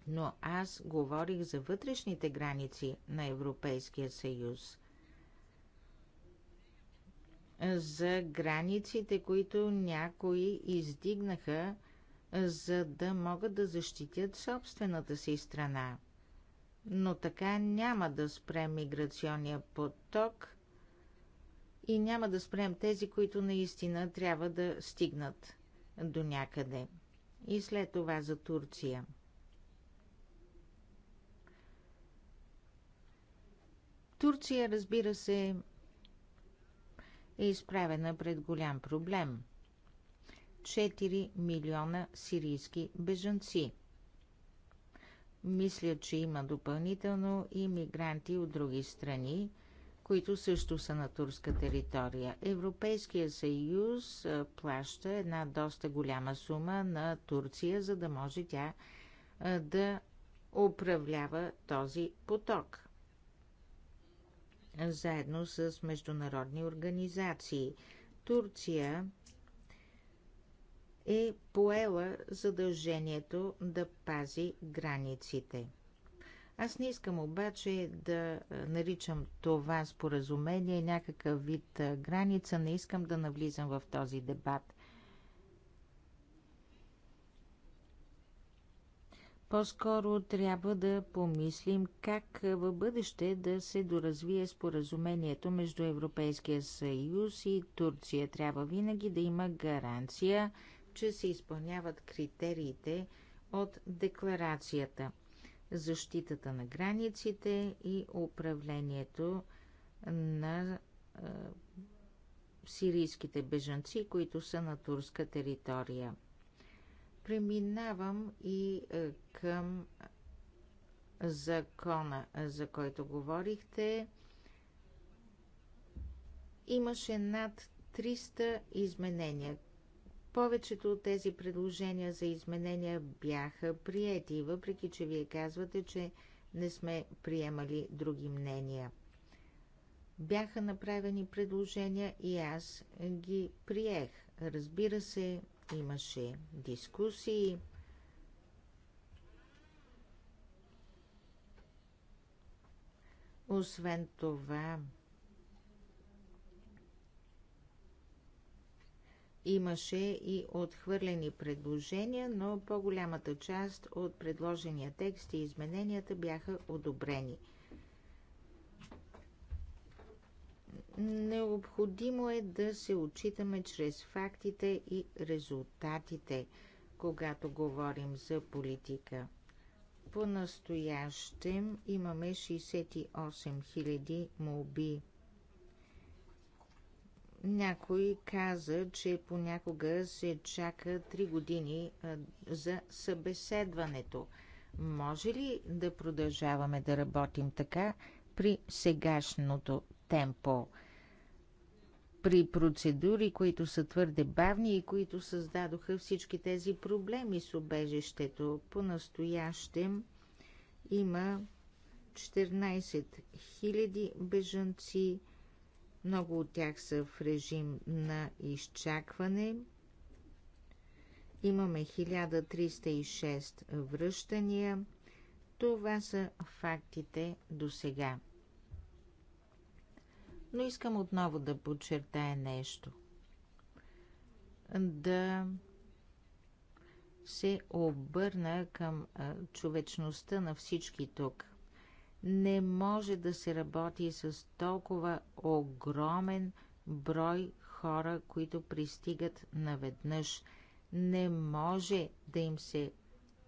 но аз говорих за вътрешните граници на Европейския съюз. За границите, които някои издигнаха, за да могат да защитят собствената си страна. Но така няма да спрем миграционния поток и няма да спрем тези, които наистина трябва да стигнат до някъде. И след това за Турция – Турция, разбира се, е изправена пред голям проблем. 4 милиона сирийски бежанци. Мисля, че има допълнително и мигранти от други страни, които също са на турска територия. Европейския съюз плаща една доста голяма сума на Турция, за да може тя да управлява този поток заедно с международни организации. Турция е поела задължението да пази границите. Аз не искам обаче да наричам това споразумение някакъв вид граница, не искам да навлизам в този дебат. По-скоро трябва да помислим как в бъдеще да се доразвие споразумението между Европейския съюз и Турция. Трябва винаги да има гаранция, че се изпълняват критериите от декларацията, защитата на границите и управлението на сирийските бежанци, които са на турска територия. Преминавам и е, към закона, е, за който говорихте. Имаше над 300 изменения. Повечето от тези предложения за изменения бяха приети, въпреки че вие казвате, че не сме приемали други мнения. Бяха направени предложения и аз ги приех. Разбира се, Имаше дискусии. Освен това, Имаше и отхвърлени предложения, но по-голямата част от предложения текст и измененията бяха одобрени. Необходимо е да се отчитаме чрез фактите и резултатите, когато говорим за политика. По-настоящем имаме 68 000 молби. Някой каза, че понякога се чака 3 години за събеседването. Може ли да продължаваме да работим така при сегашното темпо? при процедури, които са твърде бавни и които създадоха всички тези проблеми с обежището. По-настоящем има 14 000 бежанци, много от тях са в режим на изчакване. Имаме 1306 връщания. Това са фактите до сега. Но искам отново да подчертая нещо. Да се обърна към човечността на всички тук. Не може да се работи с толкова огромен брой хора, които пристигат наведнъж. Не може да им се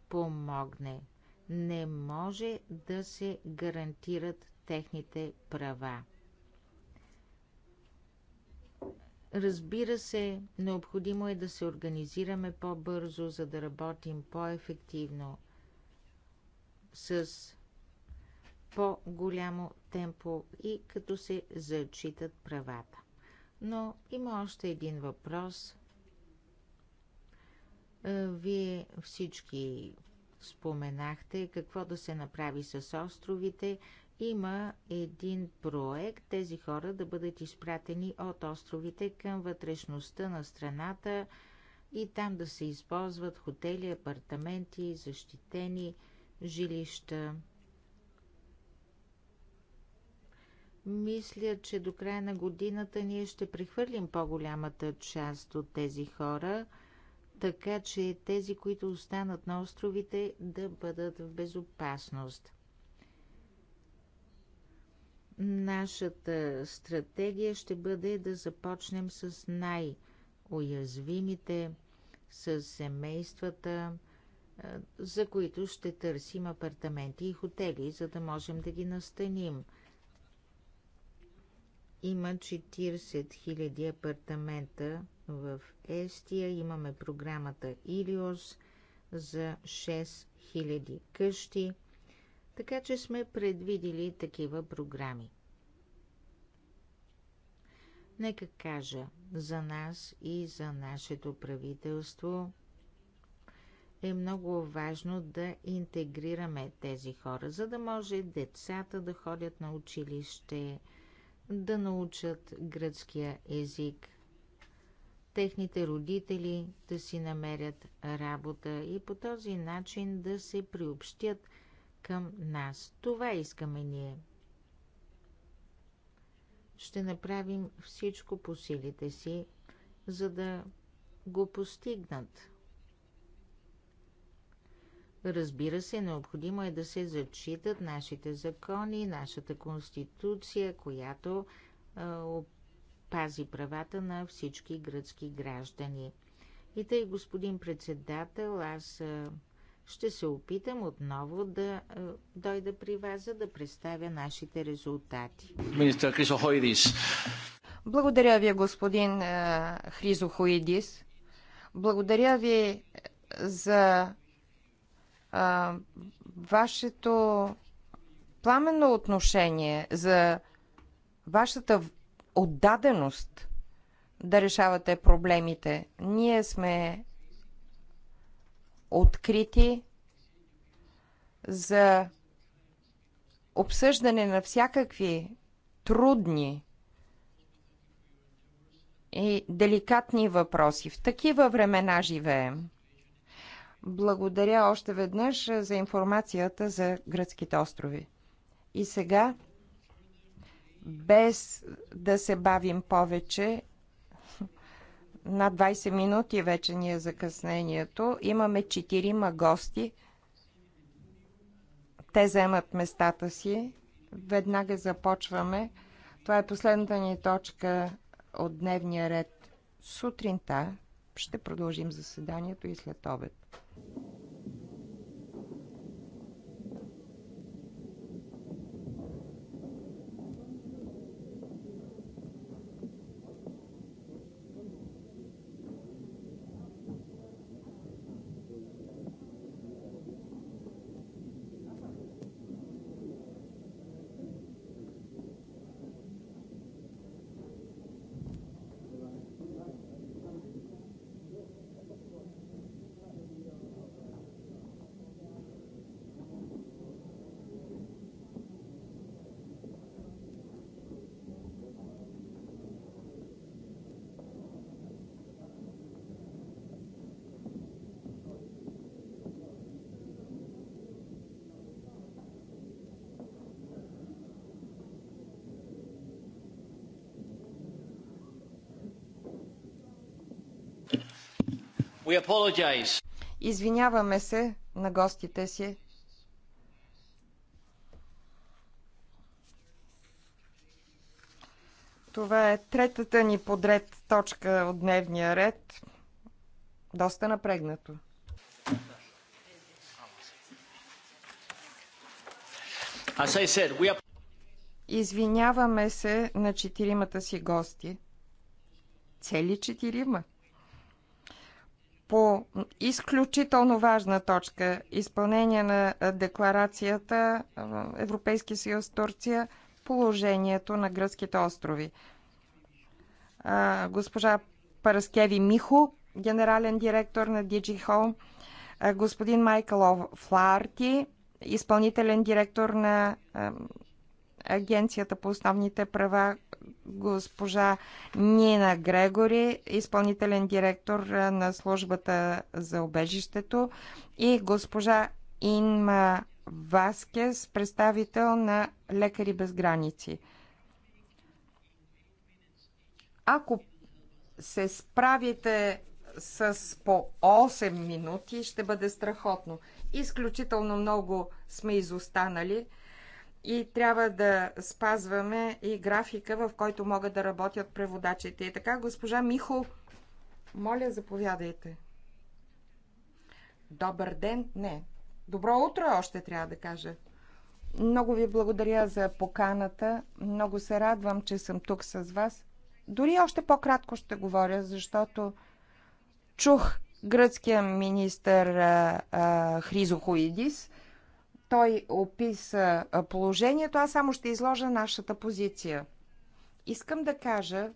помогне. Не може да се гарантират техните права. Разбира се, необходимо е да се организираме по-бързо, за да работим по-ефективно с по-голямо темпо и като се зачитат правата. Но има още един въпрос. Е, вие всички споменахте какво да се направи с островите. Има един проект тези хора да бъдат изпратени от островите към вътрешността на страната и там да се използват хотели, апартаменти, защитени жилища. Мисля, че до края на годината ние ще прехвърлим по-голямата част от тези хора, така че тези, които останат на островите, да бъдат в безопасност. Нашата стратегия ще бъде да започнем с най-уязвимите, с семействата, за които ще търсим апартаменти и хотели, за да можем да ги настаним. Има 40 000 апартамента в Естия. Имаме програмата Илиос за 6 000 къщи. Така че сме предвидили такива програми. Нека кажа за нас и за нашето правителство е много важно да интегрираме тези хора, за да може децата да ходят на училище, да научат гръцкия език, техните родители да си намерят работа и по този начин да се приобщят – към нас. Това искаме ние. Ще направим всичко по силите си, за да го постигнат. Разбира се, необходимо е да се зачитат нашите закони, нашата конституция, която е, пази правата на всички гръцки граждани. И тъй, господин председател, аз Е, ще се опитам отново да е, дойда при вас, за да представя нашите резултати. Министър Крисохоидис. Благодаря ви, господин е, Хризохоидис. Благодаря ви е, за е, вашето пламенно отношение, за вашата отдаденост да решавате проблемите. Ние сме открити за обсъждане на всякакви трудни и деликатни въпроси. В такива времена живеем. Благодаря още веднъж за информацията за гръцките острови. И сега, без да се бавим повече, над 20 минути вече ни е закъснението. Имаме 4 гости. Те вземат местата си. Веднага започваме. Това е последната ни точка от дневния ред. Сутринта ще продължим заседанието и след обед. Извиняваме се на гостите си. Това е третата ни подред точка от дневния ред. Доста напрегнато. Извиняваме се на четиримата си гости. Цели четирима по изключително важна точка изпълнение на декларацията Европейски съюз Турция положението на гръцките острови. Госпожа Параскеви Михо, генерален директор на DG Home, господин Майкъл Фларти, изпълнителен директор на Агенцията по основните права, госпожа Нина Грегори, изпълнителен директор на службата за обежището и госпожа Инма Васкес, представител на Лекари без граници. Ако се справите с по 8 минути, ще бъде страхотно. Изключително много сме изостанали и трябва да спазваме и графика, в който могат да работят преводачите. И така, госпожа Михо, моля, заповядайте. Добър ден, не. Добро утро още трябва да кажа. Много ви благодаря за поканата. Много се радвам, че съм тук с вас. Дори още по-кратко ще говоря, защото чух гръцкия министър а, а, Хризохоидис – той описа положението, аз само ще изложа нашата позиция. Искам да кажа,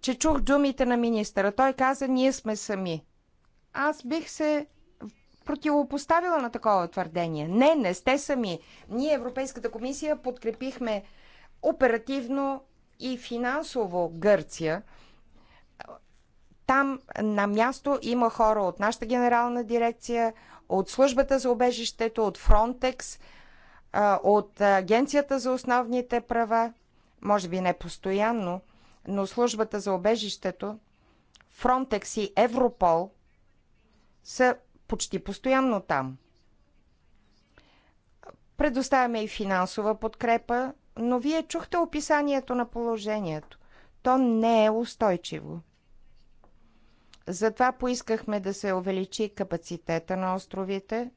че чух думите на министъра. Той каза, ние сме сами. Аз бих се противопоставила на такова твърдение. Не, не сте сами. Ние, Европейската комисия, подкрепихме оперативно и финансово Гърция – там на място има хора от нашата генерална дирекция, от службата за обежището, от Фронтекс, от Агенцията за основните права, може би не постоянно, но службата за обежището, Фронтекс и Европол са почти постоянно там. Предоставяме и финансова подкрепа, но вие чухте описанието на положението. То не е устойчиво. Затова поискахме да се увеличи капацитета на островите.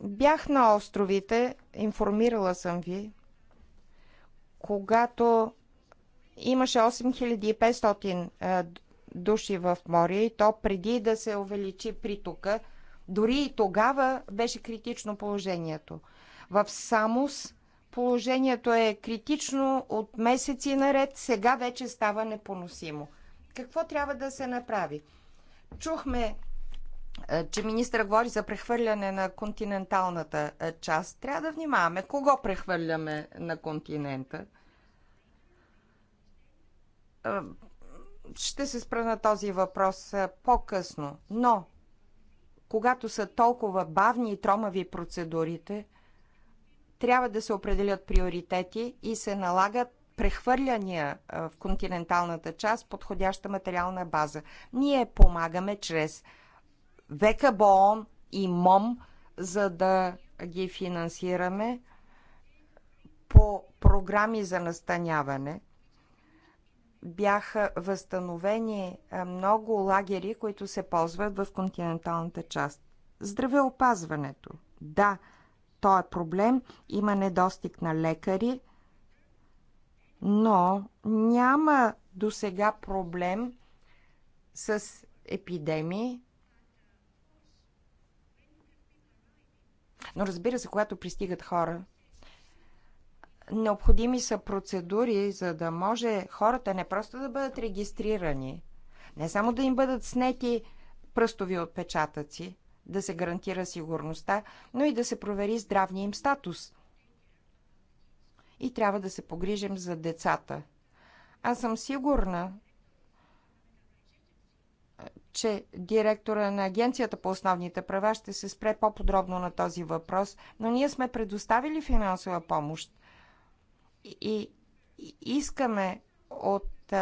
Бях на островите, информирала съм ви, когато имаше 8500 души в море и то преди да се увеличи притока, дори и тогава беше критично положението. В Самос Положението е критично от месеци наред, сега вече става непоносимо. Какво трябва да се направи? Чухме, е, че министър говори за прехвърляне на континенталната е, част. Трябва да внимаваме кого прехвърляме на континента. Е, ще се спра на този въпрос по-късно, но когато са толкова бавни и тромави процедурите – трябва да се определят приоритети и се налагат прехвърляния в континенталната част подходяща материална база. Ние помагаме чрез ВКБОН и МОМ, за да ги финансираме по програми за настаняване. Бяха възстановени много лагери, които се ползват в континенталната част. Здравеопазването. Да, то е проблем. Има недостиг на лекари, но няма до сега проблем с епидемии. Но разбира се, когато пристигат хора, необходими са процедури, за да може хората не просто да бъдат регистрирани, не само да им бъдат снети пръстови отпечатъци, да се гарантира сигурността, но и да се провери здравния им статус. И трябва да се погрижим за децата. Аз съм сигурна, че директора на Агенцията по основните права ще се спре по-подробно на този въпрос, но ние сме предоставили финансова помощ и искаме от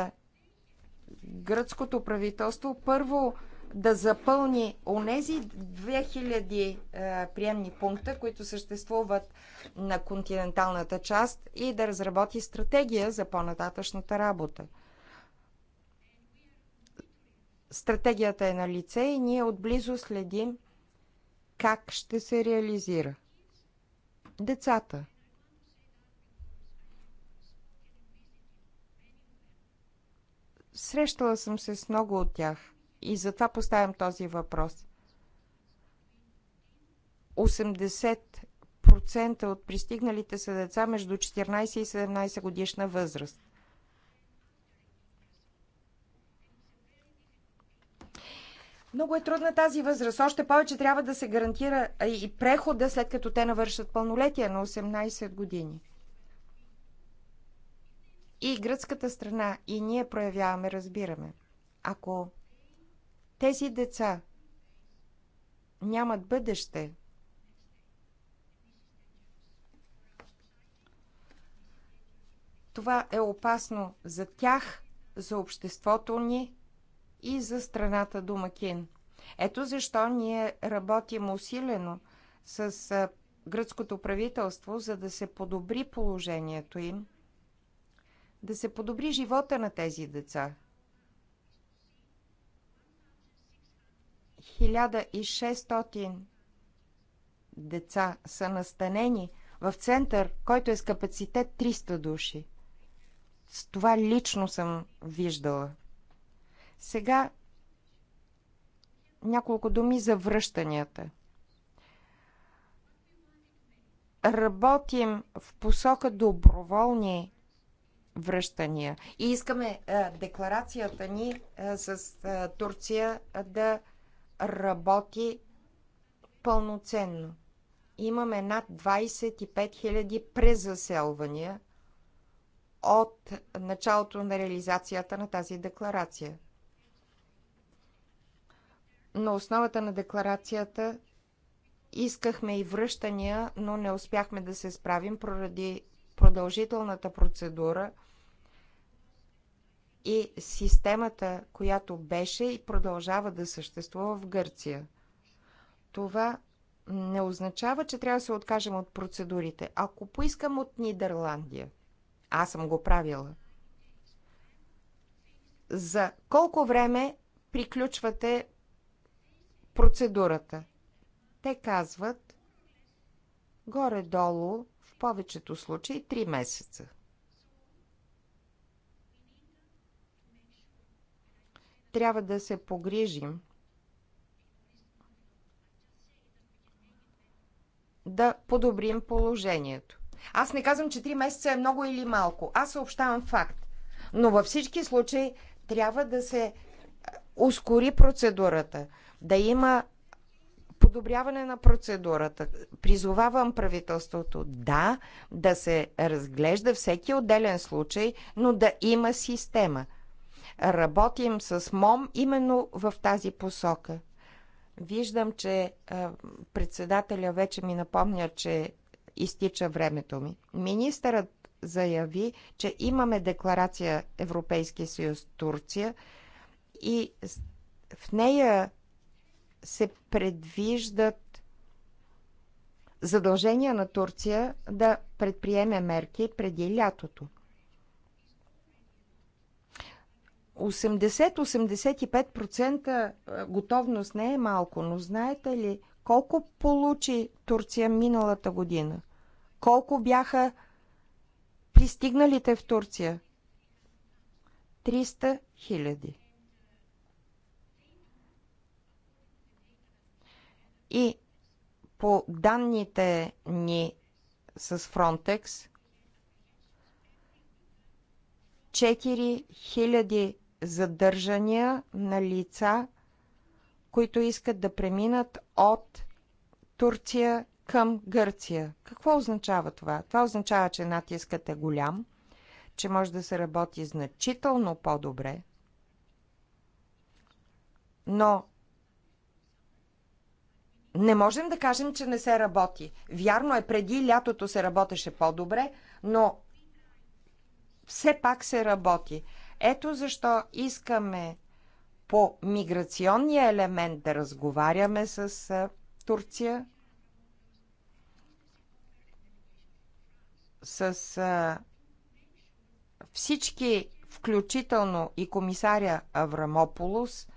гръцкото правителство първо да запълни онези 2000 е, приемни пункта, които съществуват на континенталната част и да разработи стратегия за по-нататъчната работа. Стратегията е на лице и ние отблизо следим как ще се реализира. Децата. Срещала съм се с много от тях – и затова поставям този въпрос. 80% от пристигналите са деца между 14 и 17 годишна възраст. Много е трудна тази възраст. Още повече трябва да се гарантира и прехода, след като те навършат пълнолетие на 18 години. И гръцката страна, и ние проявяваме разбираме. Ако тези деца нямат бъдеще. Това е опасно за тях, за обществото ни и за страната домакин. Ето защо ние работим усилено с гръцкото правителство, за да се подобри положението им, да се подобри живота на тези деца – 1600 деца са настанени в център, който е с капацитет 300 души. С това лично съм виждала. Сега няколко думи за връщанията. Работим в посока доброволни връщания и искаме а, декларацията ни а, с а, Турция да работи пълноценно. Имаме над 25 000 презаселвания от началото на реализацията на тази декларация. На основата на декларацията искахме и връщания, но не успяхме да се справим поради продължителната процедура – и системата, която беше и продължава да съществува в Гърция. Това не означава, че трябва да се откажем от процедурите. Ако поискам от Нидерландия, аз съм го правила, за колко време приключвате процедурата? Те казват горе-долу, в повечето случаи, 3 месеца. трябва да се погрижим да подобрим положението. Аз не казвам, че 3 месеца е много или малко. Аз съобщавам факт. Но във всички случаи трябва да се е, ускори процедурата, да има подобряване на процедурата. Призовавам правителството да, да се разглежда всеки отделен случай, но да има система – Работим с МОМ именно в тази посока. Виждам, че председателя вече ми напомня, че изтича времето ми. Министърът заяви, че имаме декларация Европейски съюз Турция и в нея се предвиждат задължения на Турция да предприеме мерки преди лятото. 80-85% е, готовност не е малко, но знаете ли колко получи Турция миналата година? Колко бяха пристигналите в Турция? 300 хиляди. И по данните ни с Frontex, хиляди задържания на лица, които искат да преминат от Турция към Гърция. Какво означава това? Това означава, че натискът е голям, че може да се работи значително по-добре, но не можем да кажем, че не се работи. Вярно е, преди лятото се работеше по-добре, но все пак се работи. Ето защо искаме по миграционния елемент да разговаряме с Турция, с всички, включително и комисаря Аврамополос,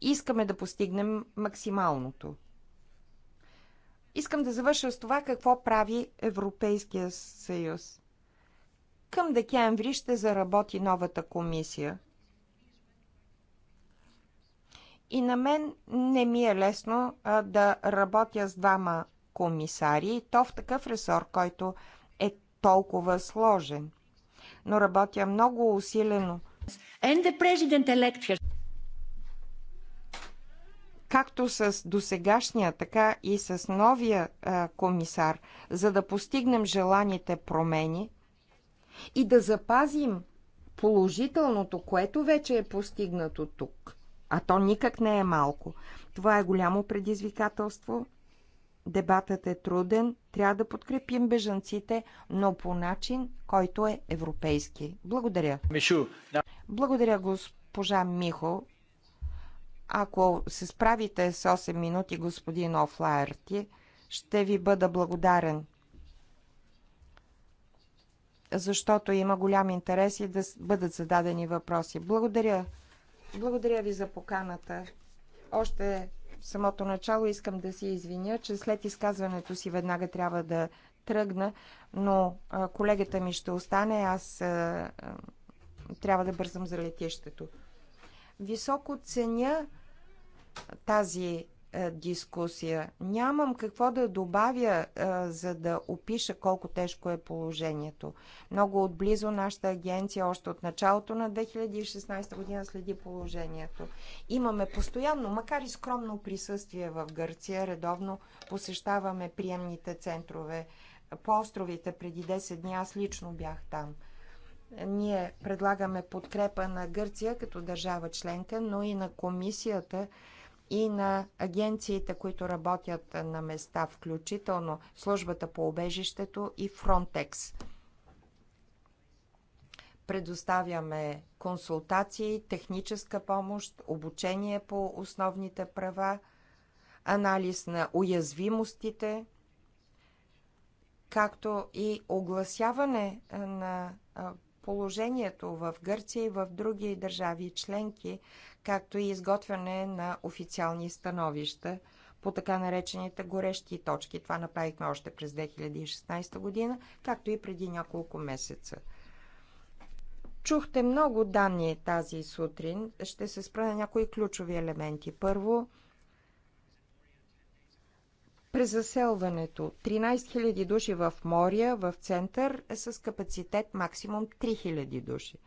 искаме да постигнем максималното. Искам да завърша с това какво прави Европейския съюз. Към декември ще заработи новата комисия. И на мен не ми е лесно а, да работя с двама комисари, и то в такъв ресор, който е толкова сложен. Но работя много усилено. Както с досегашния, така и с новия а, комисар, за да постигнем желаните промени и да запазим положителното, което вече е постигнато тук. А то никак не е малко. Това е голямо предизвикателство. Дебатът е труден. Трябва да подкрепим бежанците, но по начин, който е европейски. Благодаря. Мишу, да. Благодаря, госпожа Михо. Ако се справите с 8 минути, господин Офлаерти, ще ви бъда благодарен защото има голям интерес и да бъдат зададени въпроси. Благодаря. Благодаря ви за поканата. Още в самото начало искам да си извиня, че след изказването си веднага трябва да тръгна, но колегата ми ще остане. Аз трябва да бързам за летището. Високо ценя тази е, дискусия. Нямам какво да добавя, е, за да опиша колко тежко е положението. Много отблизо нашата агенция още от началото на 2016 година следи положението. Имаме постоянно, макар и скромно присъствие в Гърция, редовно посещаваме приемните центрове по островите. Преди 10 дни аз лично бях там. Ние предлагаме подкрепа на Гърция като държава членка, но и на комисията – и на агенциите, които работят на места, включително службата по обежището и Фронтекс. Предоставяме консултации, техническа помощ, обучение по основните права, анализ на уязвимостите, както и огласяване на положението в Гърция и в други държави членки, както и изготвяне на официални становища по така наречените горещи точки. Това направихме още през 2016 година, както и преди няколко месеца. Чухте много данни тази сутрин. Ще се спра на някои ключови елементи. Първо, през заселването 13 000 души в Мория, в център, е с капацитет максимум 3 000 души –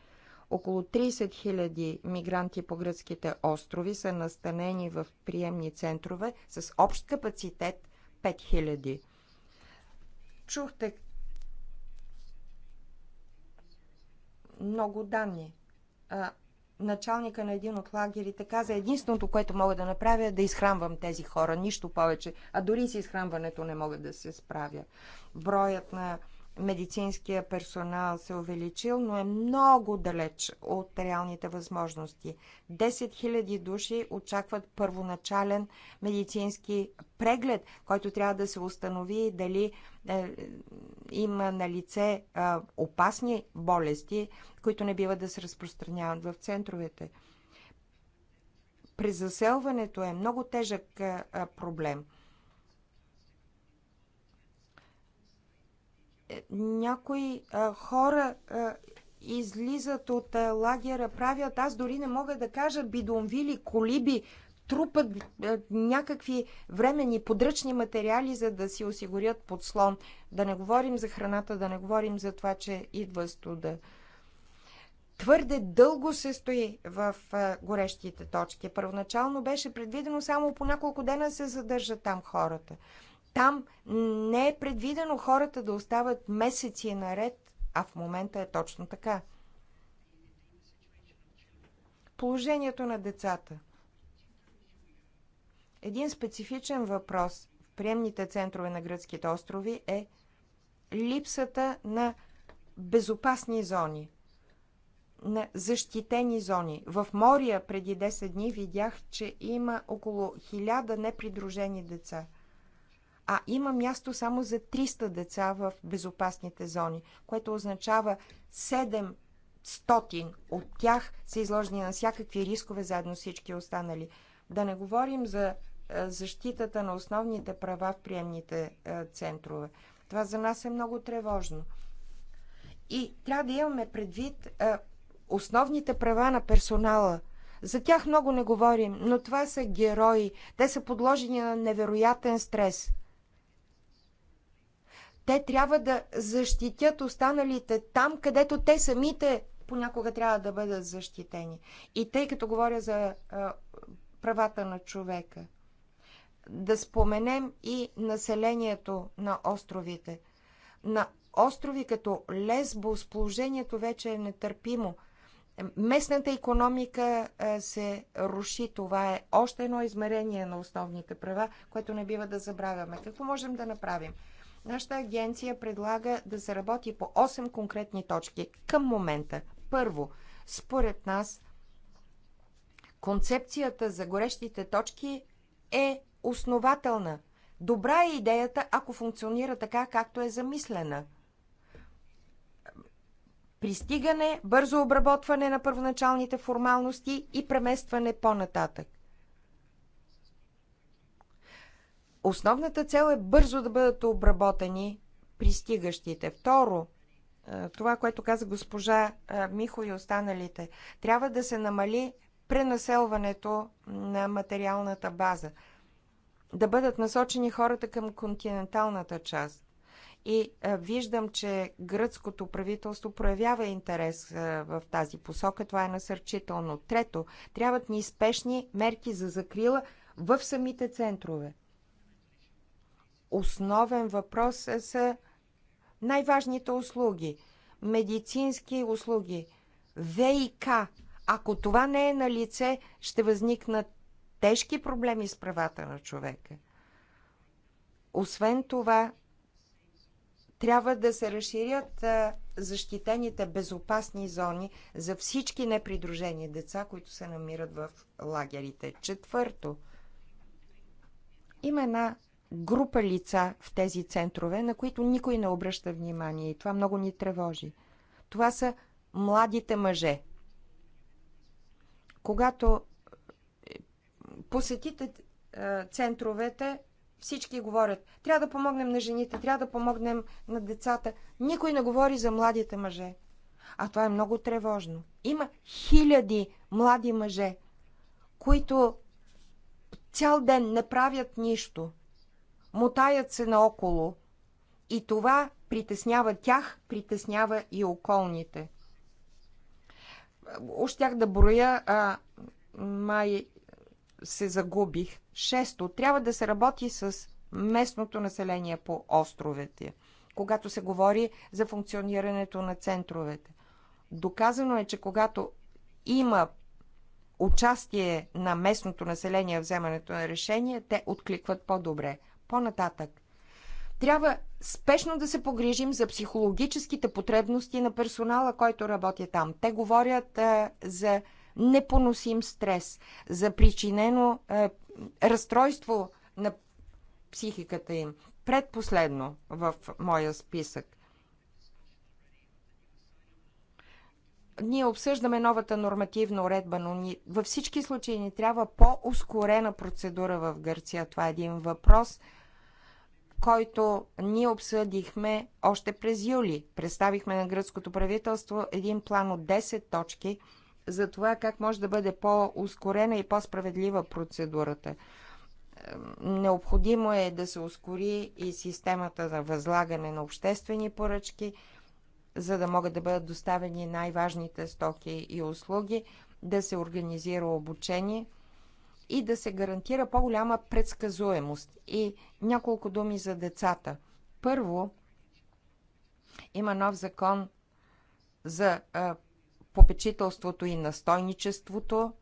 около 30 000 мигранти по гръцките острови са настанени в приемни центрове с общ капацитет 5000. Чухте много данни. началника на един от лагерите каза, единственото, което мога да направя е да изхранвам тези хора, нищо повече. А дори с изхранването не мога да се справя. Броят на медицинския персонал се е увеличил, но е много далеч от реалните възможности. 10 000 души очакват първоначален медицински преглед, който трябва да се установи дали е, има на лице е, опасни болести, които не бива да се разпространяват в центровете. Презаселването е много тежък е, е проблем – Е, някои а, хора а, излизат от а, лагера, правят, аз дори не мога да кажа, бидонвили, колиби, трупат а, някакви времени подръчни материали, за да си осигурят подслон. Да не говорим за храната, да не говорим за това, че идва студа. Твърде дълго се стои в а, горещите точки. Първоначално беше предвидено само по няколко дена се задържат там хората. Там не е предвидено хората да остават месеци наред, а в момента е точно така. Положението на децата. Един специфичен въпрос в приемните центрове на гръцките острови е липсата на безопасни зони, на защитени зони. В Мория преди 10 дни видях, че има около 1000 непридружени деца – а има място само за 300 деца в безопасните зони, което означава 700 от тях са изложени на всякакви рискове, заедно всички останали. Да не говорим за е, защитата на основните права в приемните е, центрове. Това за нас е много тревожно. И трябва да имаме предвид е, основните права на персонала. За тях много не говорим, но това са герои. Те са подложени на невероятен стрес – те трябва да защитят останалите там, където те самите понякога трябва да бъдат защитени. И тъй като говоря за а, правата на човека, да споменем и населението на островите. На острови като Лесбо, сположението вече е нетърпимо. Местната економика се руши. Това е още едно измерение на основните права, което не бива да забравяме. Какво можем да направим? Нашата агенция предлага да се работи по 8 конкретни точки към момента. Първо, според нас, концепцията за горещите точки е основателна. Добра е идеята, ако функционира така, както е замислена. Пристигане, бързо обработване на първоначалните формалности и преместване по-нататък. Основната цел е бързо да бъдат обработени пристигащите. Второ, е, това, което каза госпожа е, Михо и останалите, трябва да се намали пренаселването на материалната база. Да бъдат насочени хората към континенталната част. И е, виждам, че гръцкото правителство проявява интерес в тази посока. Това е насърчително. Трето, трябват ни спешни мерки за закрила в самите центрове основен въпрос са е най-важните услуги. Медицински услуги, ВИК. Ако това не е на лице, ще възникнат тежки проблеми с правата на човека. Освен това, трябва да се разширят защитените безопасни зони за всички непридружени деца, които се намират в лагерите. Четвърто, има една група лица в тези центрове, на които никой не обръща внимание и това много ни тревожи. Това са младите мъже. Когато е, посетите е, центровете, всички говорят, трябва да помогнем на жените, трябва да помогнем на децата. Никой не говори за младите мъже. А това е много тревожно. Има хиляди млади мъже, които цял ден не правят нищо – мотаят се наоколо и това притеснява тях, притеснява и околните. Ощях да броя, а май се загубих. Шесто, трябва да се работи с местното население по островете, когато се говори за функционирането на центровете. Доказано е, че когато има участие на местното население в вземането на решение, те откликват по-добре. По-нататък. Трябва спешно да се погрижим за психологическите потребности на персонала, който работи там. Те говорят а, е, за непоносим стрес, за причинено а, е, разстройство на психиката им. Предпоследно в моя списък. Ние обсъждаме новата нормативна уредба, но ни, във всички случаи ни трябва по-ускорена процедура в Гърция. Това е един въпрос – който ние обсъдихме още през юли. Представихме на гръцкото правителство един план от 10 точки за това как може да бъде по-ускорена и по-справедлива процедурата. Необходимо е да се ускори и системата на възлагане на обществени поръчки, за да могат да бъдат доставени най-важните стоки и услуги, да се организира обучение – и да се гарантира по-голяма предсказуемост. И няколко думи за децата. Първо, има нов закон за попечителството и настойничеството.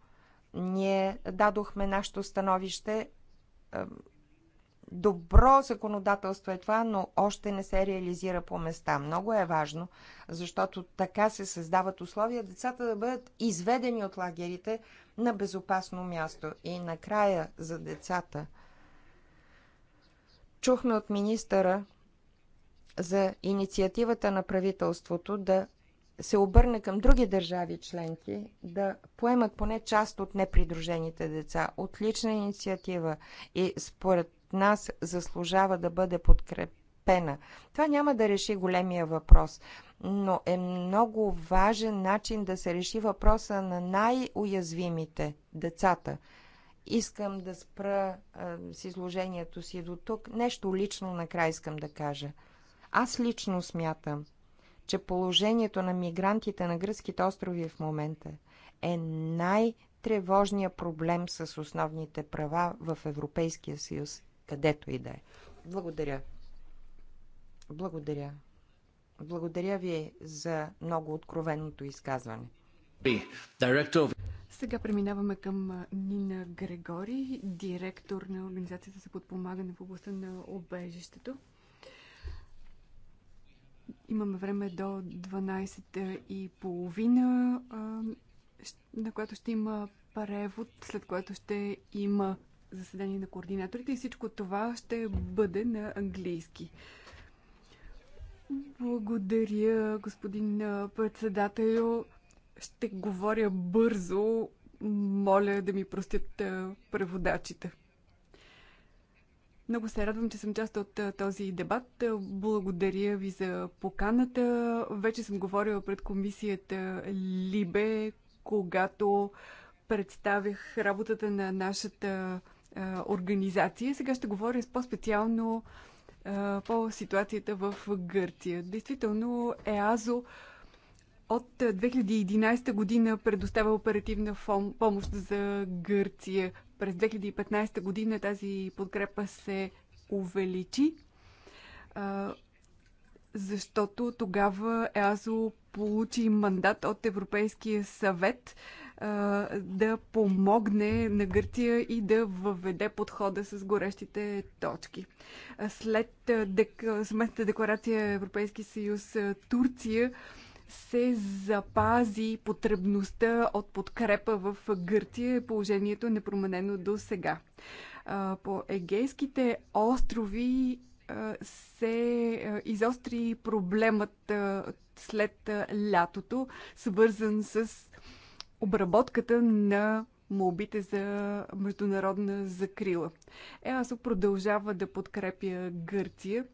Ние дадохме нашето становище. Добро законодателство е това, но още не се реализира по места. Много е важно, защото така се създават условия децата да бъдат изведени от лагерите на безопасно място. И накрая за децата. Чухме от министъра за инициативата на правителството да се обърне към други държави членки да поемат поне част от непридружените деца. Отлична инициатива и според нас заслужава да бъде подкрепена. Това няма да реши големия въпрос, но е много важен начин да се реши въпроса на най-уязвимите децата. Искам да спра а, с изложението си до тук. Нещо лично накрая искам да кажа. Аз лично смятам, че положението на мигрантите на гръцките острови в момента е най-тревожният проблем с основните права в Европейския съюз, където и да е. Благодаря. Благодаря. Благодаря ви за много откровеното изказване. Сега преминаваме към Нина Грегори, директор на Организацията за подпомагане в областта на обежището. Имаме време до 12.30, на което ще има превод, след което ще има заседание на координаторите и всичко това ще бъде на английски. Благодаря, господин председател. Ще говоря бързо. Моля да ми простят преводачите. Много се радвам, че съм част от този дебат. Благодаря ви за поканата. Вече съм говорила пред комисията Либе, когато представях работата на нашата организация. Сега ще говоря с по-специално по ситуацията в Гърция. Действително ЕАЗО от 2011 година предоставя оперативна помощ за Гърция. През 2015 година тази подкрепа се увеличи, защото тогава ЕАЗО получи мандат от Европейския съвет да помогне на Гърция и да въведе подхода с горещите точки. След дек... съместната декларация Европейски съюз Турция се запази потребността от подкрепа в Гърция. Положението е непроменено до сега. По егейските острови се изостри проблемът след лятото, свързан с обработката на молбите за международна закрила. ЕАСО продължава да подкрепя Гърция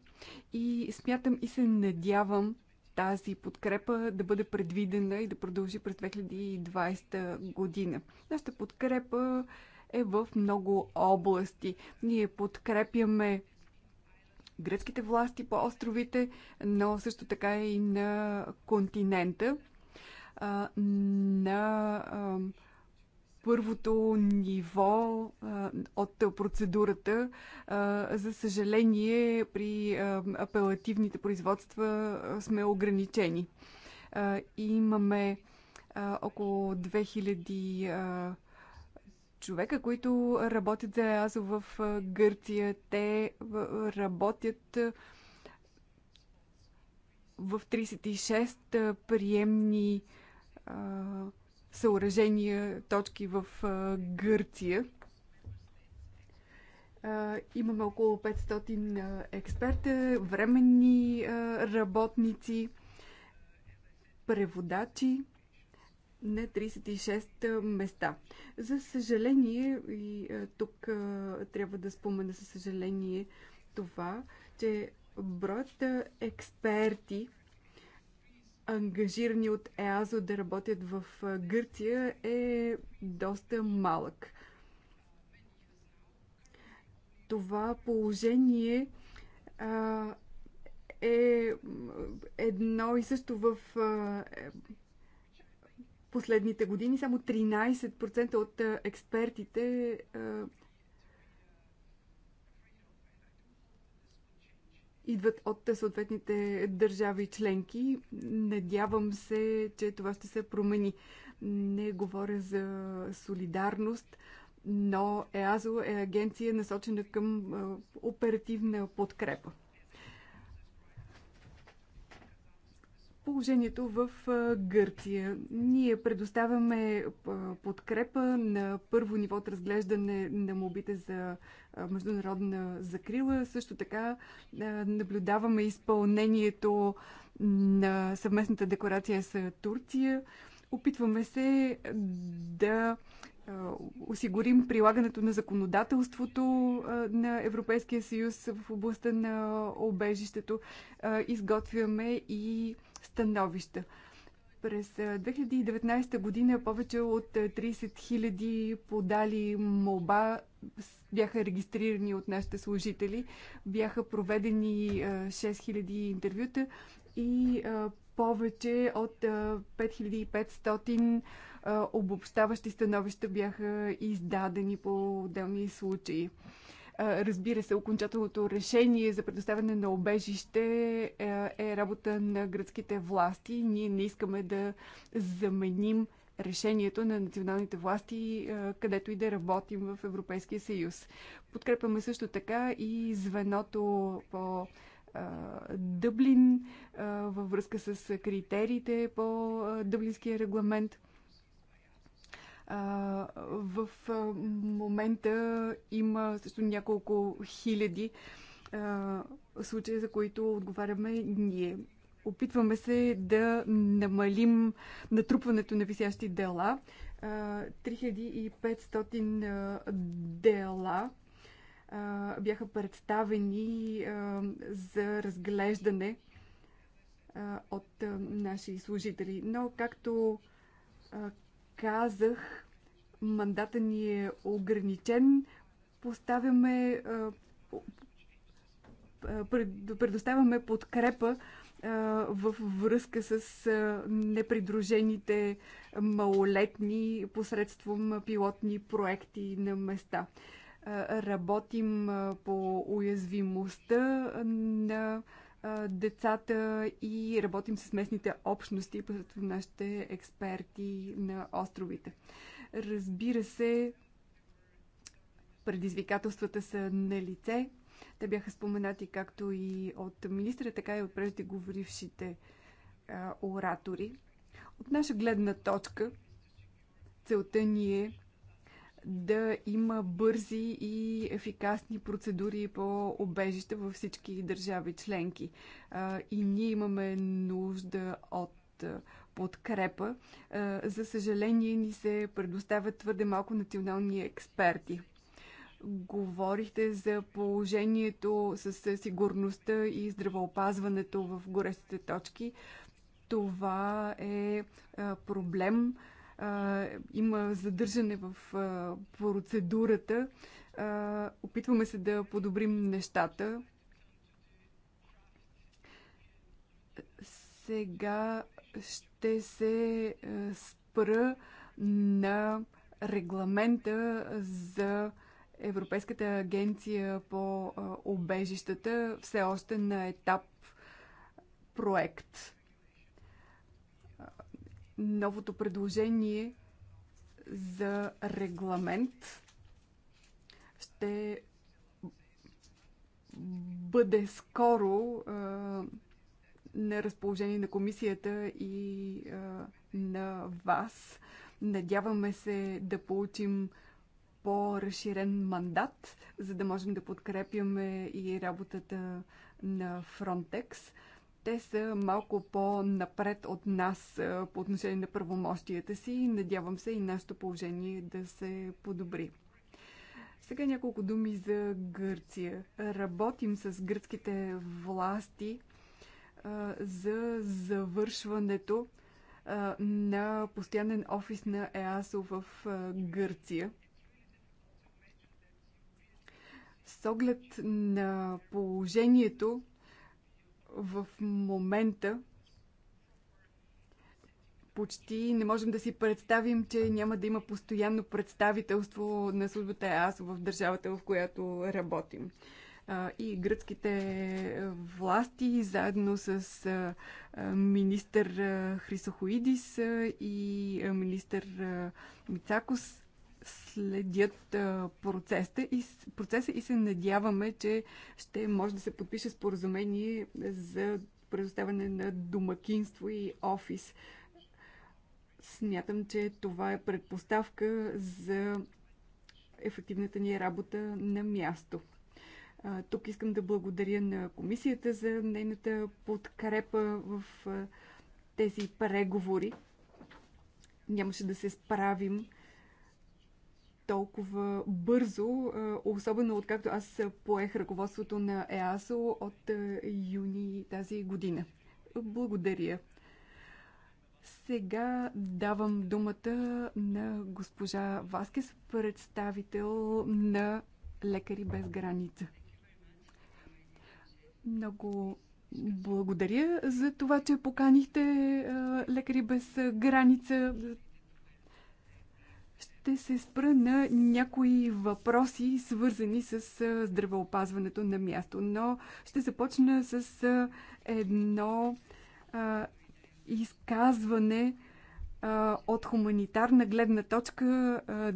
и смятам и се надявам тази подкрепа да бъде предвидена и да продължи през 2020 година. Нашата подкрепа е в много области. Ние подкрепяме гръцките власти по островите, но също така и на континента а, на а, първото ниво а, от процедурата. А, за съжаление, при а, апелативните производства а, сме ограничени. А, имаме а, около 2000 а, човека, които работят за Еазо в Гърция. Те работят в 36 приемни а, съоръжения, точки в а, Гърция. А, имаме около 500 експерта, временни а, работници, преводачи на 36 места. За съжаление, и а, тук а, трябва да спомена съжаление това, че броят експерти, ангажирани от ЕАЗО да работят в Гърция е доста малък. Това положение а, е едно и също в а, е, последните години. Само 13% от експертите а, идват от съответните държави членки. Надявам се, че това ще се промени. Не говоря за солидарност, но ЕАЗО е агенция насочена към оперативна подкрепа. положението в Гърция. Ние предоставяме подкрепа на първо ниво от разглеждане на мобите за международна закрила. Също така наблюдаваме изпълнението на съвместната декларация с Турция. Опитваме се да осигурим прилагането на законодателството на Европейския съюз в областта на обежището. Изготвяме и становища. През 2019 година повече от 30 000 подали молба бяха регистрирани от нашите служители. Бяха проведени 6 000 интервюта и повече от 5500 обобщаващи становища бяха издадени по отделни случаи. Разбира се, окончателното решение за предоставяне на обежище е работа на гръцките власти. Ние не искаме да заменим решението на националните власти, където и да работим в Европейския съюз. Подкрепяме също така и звеното по Дъблин във връзка с критериите по Дъблинския регламент – в момента има също няколко хиляди случаи, за които отговаряме ние. Опитваме се да намалим натрупването на висящи дела. 3500 дела бяха представени за разглеждане от наши служители. Но, както казах, мандата ни е ограничен. Поставяме, предоставяме подкрепа в връзка с непридружените малолетни посредством пилотни проекти на места. Работим по уязвимостта на децата и работим с местните общности, посредством нашите експерти на островите. Разбира се, предизвикателствата са на лице. Те бяха споменати както и от министра, така и от преждеговорившите оратори. От наша гледна точка, целта ни е да има бързи и ефикасни процедури по обежище във всички държави членки. И ние имаме нужда от подкрепа. За съжаление ни се предоставят твърде малко национални експерти. Говорихте за положението с сигурността и здравеопазването в горещите точки. Това е проблем, а, има задържане в а, процедурата. А, опитваме се да подобрим нещата. Сега ще се спра на регламента за Европейската агенция по обежищата все още на етап проект новото предложение за регламент ще бъде скоро а, на разположение на комисията и а, на вас. Надяваме се да получим по-разширен мандат, за да можем да подкрепяме и работата на Frontex. Те са малко по-напред от нас по отношение на правомощията си и надявам се и нашето положение да се подобри. Сега няколко думи за Гърция. Работим с гръцките власти за завършването на постоянен офис на ЕАСО в Гърция. С оглед на положението, в момента почти не можем да си представим, че няма да има постоянно представителство на службата ЕАС в държавата, в която работим. И гръцките власти, заедно с министър Хрисохоидис и министър Мицакос, следят процеса и, процеса и се надяваме, че ще може да се подпише споразумение за предоставяне на домакинство и офис. Смятам, че това е предпоставка за ефективната ни работа на място. Тук искам да благодаря на комисията за нейната подкрепа в тези преговори. Нямаше да се справим толкова бързо, особено откакто аз поех ръководството на ЕАСО от юни тази година. Благодаря. Сега давам думата на госпожа Васкес, представител на Лекари без граница. Много благодаря за това, че поканихте Лекари без граница ще се спра на някои въпроси, свързани с здравеопазването на място, но ще започна с едно а, изказване а, от хуманитарна гледна точка. А,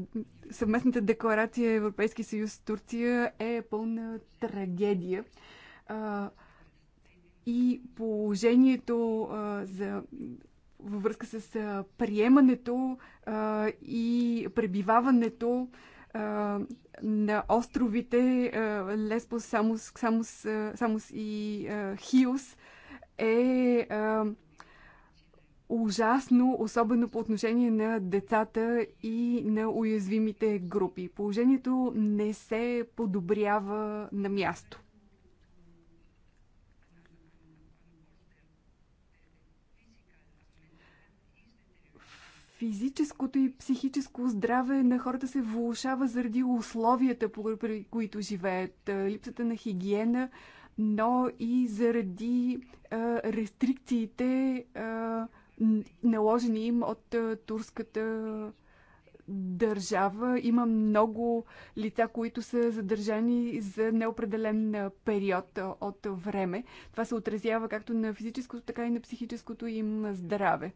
съвместната декларация Европейски съюз с Турция е пълна трагедия. А, и положението а, за във връзка с приемането и пребиваването на островите Леспос, Самос, Самос, Самос и Хиос е ужасно, особено по отношение на децата и на уязвимите групи. Положението не се подобрява на място. физическото и психическо здраве на хората се влушава заради условията, при които живеят, липсата на хигиена, но и заради а, рестрикциите, а, наложени им от а, турската държава има много лица, които са задържани за неопределен период от време. Това се отразява както на физическото, така и на психическото им здраве.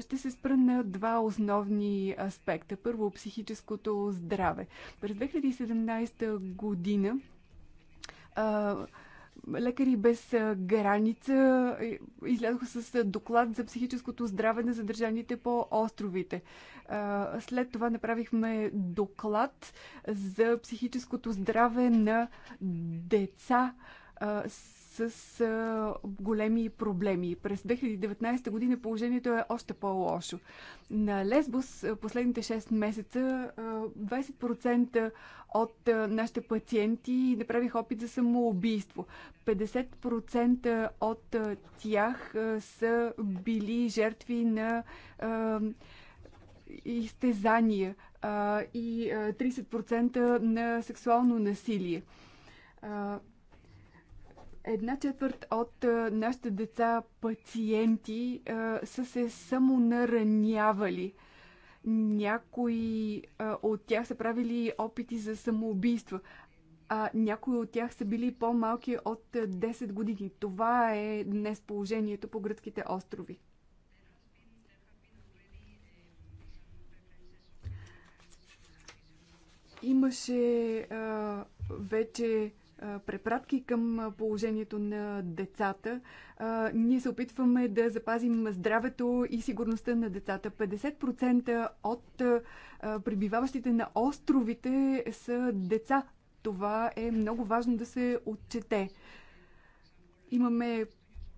Ще се спра на два основни аспекта. Първо, психическото здраве. През 2017 година Лекари без граница излязоха с доклад за психическото здраве на задържаните по островите. След това направихме доклад за психическото здраве на деца с а, големи проблеми. През 2019 година положението е още по-лошо. На Лесбос последните 6 месеца 20% от нашите пациенти направих опит за самоубийство. 50% от тях са били жертви на а, изтезания а, и 30% на сексуално насилие. А, Една четвърт от е, нашите деца пациенти е, са се самонаранявали. Някои е, от тях са правили опити за самоубийства, а някои от тях са били по-малки от 10 години. Това е днес положението по гръцките острови. Имаше а, вече препратки към положението на децата. Ние се опитваме да запазим здравето и сигурността на децата. 50% от прибиваващите на островите са деца. Това е много важно да се отчете. Имаме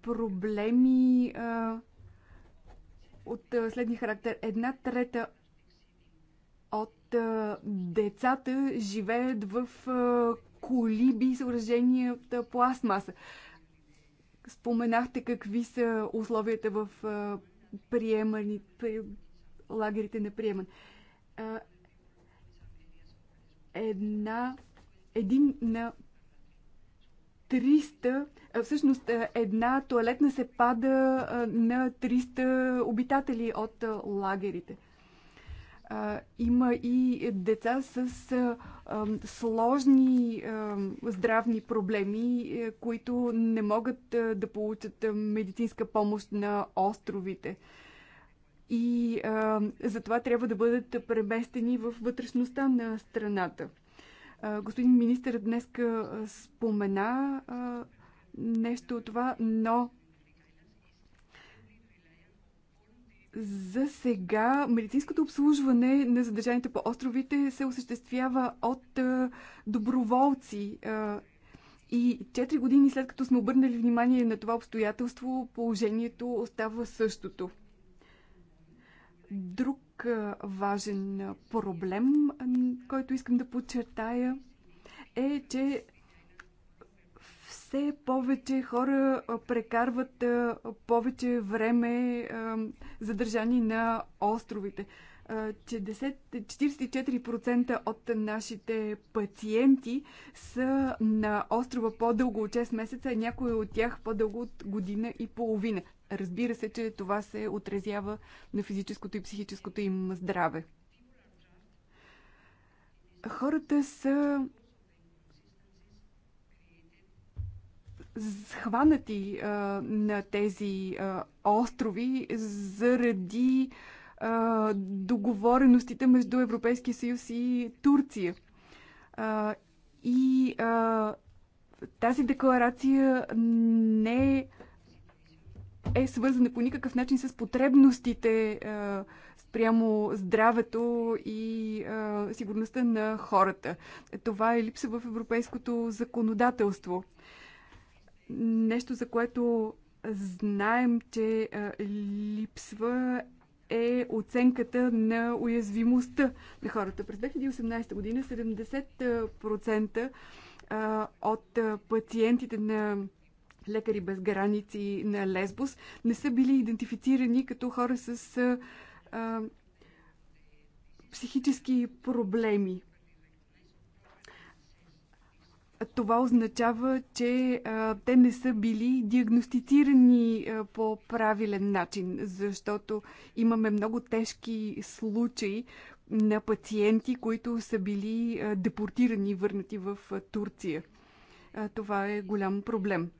проблеми от следния характер. Една трета от децата живеят в колиби и съоръжения от пластмаса. Споменахте какви са условията в приемани, при лагерите на приемане. Една, един на 300, всъщност една туалетна се пада на 300 обитатели от лагерите а, има и деца с а, сложни а, здравни проблеми, а, е, които не могат а, е, да получат а, е, медицинска помощ на островите. И а, затова трябва да бъдат преместени в вътрешността на страната. А, господин министър днес спомена а, нещо от това, но За сега медицинското обслужване на задържаните по островите се осъществява от доброволци. И 4 години след като сме обърнали внимание на това обстоятелство, положението остава същото. Друг важен проблем, който искам да подчертая, е, че все повече хора прекарват повече време задържани на островите. 44% от нашите пациенти са на острова по-дълго от 6 месеца, а някои от тях по-дълго от година и половина. Разбира се, че това се отразява на физическото и психическото им здраве. Хората са схванати а, на тези а, острови заради а, договореностите между Европейския съюз и Турция. А, и а, тази декларация не е свързана по никакъв начин с потребностите а, спрямо здравето и а, сигурността на хората. Това е липса в европейското законодателство. А, Нещо, за което знаем, че липсва е оценката на уязвимостта на хората. През 2018 година 70% от пациентите на лекари без граници на Лесбос не са били идентифицирани като хора с психически проблеми това означава, че а, те не са били диагностицирани а, по правилен начин, защото имаме много тежки случаи на пациенти, които са били а, депортирани и върнати в а, Турция. А, това е голям проблем.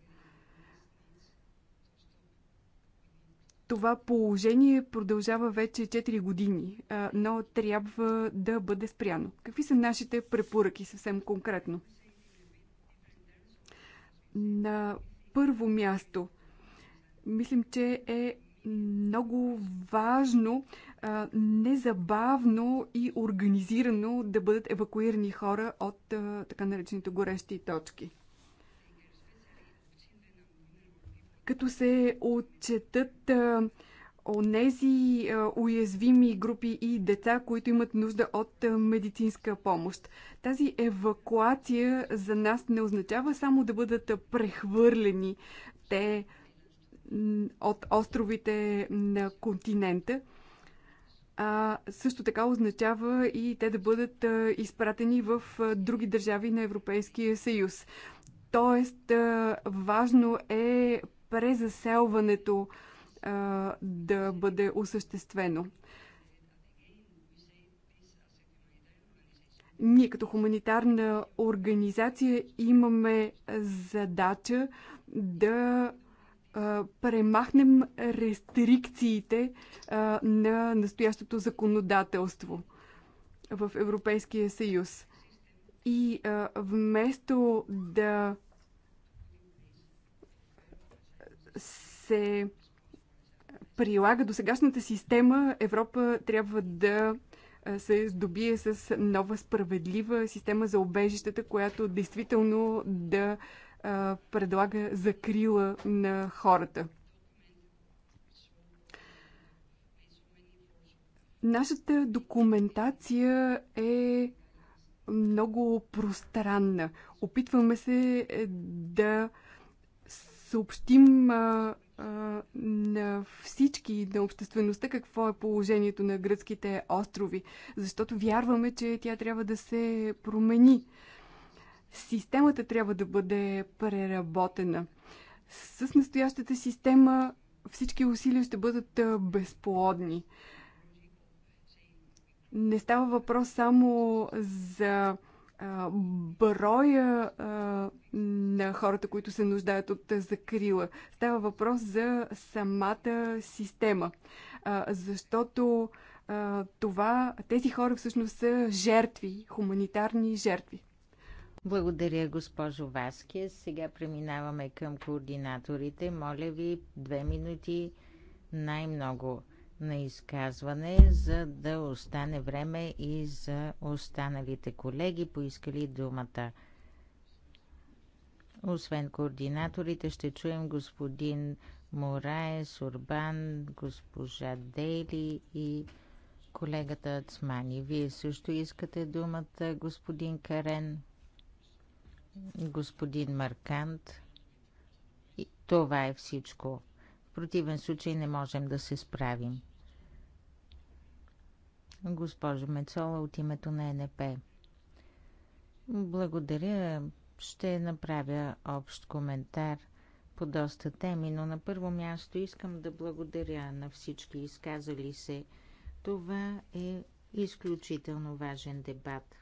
Това положение продължава вече 4 години, но трябва да бъде спряно. Какви са нашите препоръки съвсем конкретно? на първо място. Мислим, че е много важно незабавно и организирано да бъдат евакуирани хора от така наречените горещи точки. Като се отчетат а, онези е, уязвими групи и деца, които имат нужда от е, медицинска помощ. Тази евакуация за нас не означава само да бъдат прехвърлени те от островите на континента, а също така означава и те да бъдат е, изпратени в други държави на Европейския съюз. Тоест, важно е презаселването да бъде осъществено. Ние като хуманитарна организация имаме задача да премахнем рестрикциите на настоящото законодателство в Европейския съюз. И вместо да се прилага до сегашната система, Европа трябва да се здобие с нова справедлива система за обежищата, която действително да предлага закрила на хората. Нашата документация е много пространна. Опитваме се е, да съобщим а, на всички, на обществеността, какво е положението на гръцките острови, защото вярваме, че тя трябва да се промени. Системата трябва да бъде преработена. С настоящата система всички усилия ще бъдат безплодни. Не става въпрос само за броя на хората, които се нуждаят от закрила. Става въпрос за самата система. Защото това, тези хора всъщност са жертви, хуманитарни жертви. Благодаря, госпожо Ваския. Сега преминаваме към координаторите. Моля ви, две минути най-много на изказване, за да остане време и за останалите колеги, поискали думата. Освен координаторите, ще чуем господин Мораес, Урбан, госпожа Дейли и колегата Ацмани. Вие също искате думата, господин Карен, господин Маркант. И това е всичко противен случай не можем да се справим. Госпожо Мецола от името на НП. Благодаря. Ще направя общ коментар по доста теми, но на първо място искам да благодаря на всички изказали се. Това е изключително важен дебат.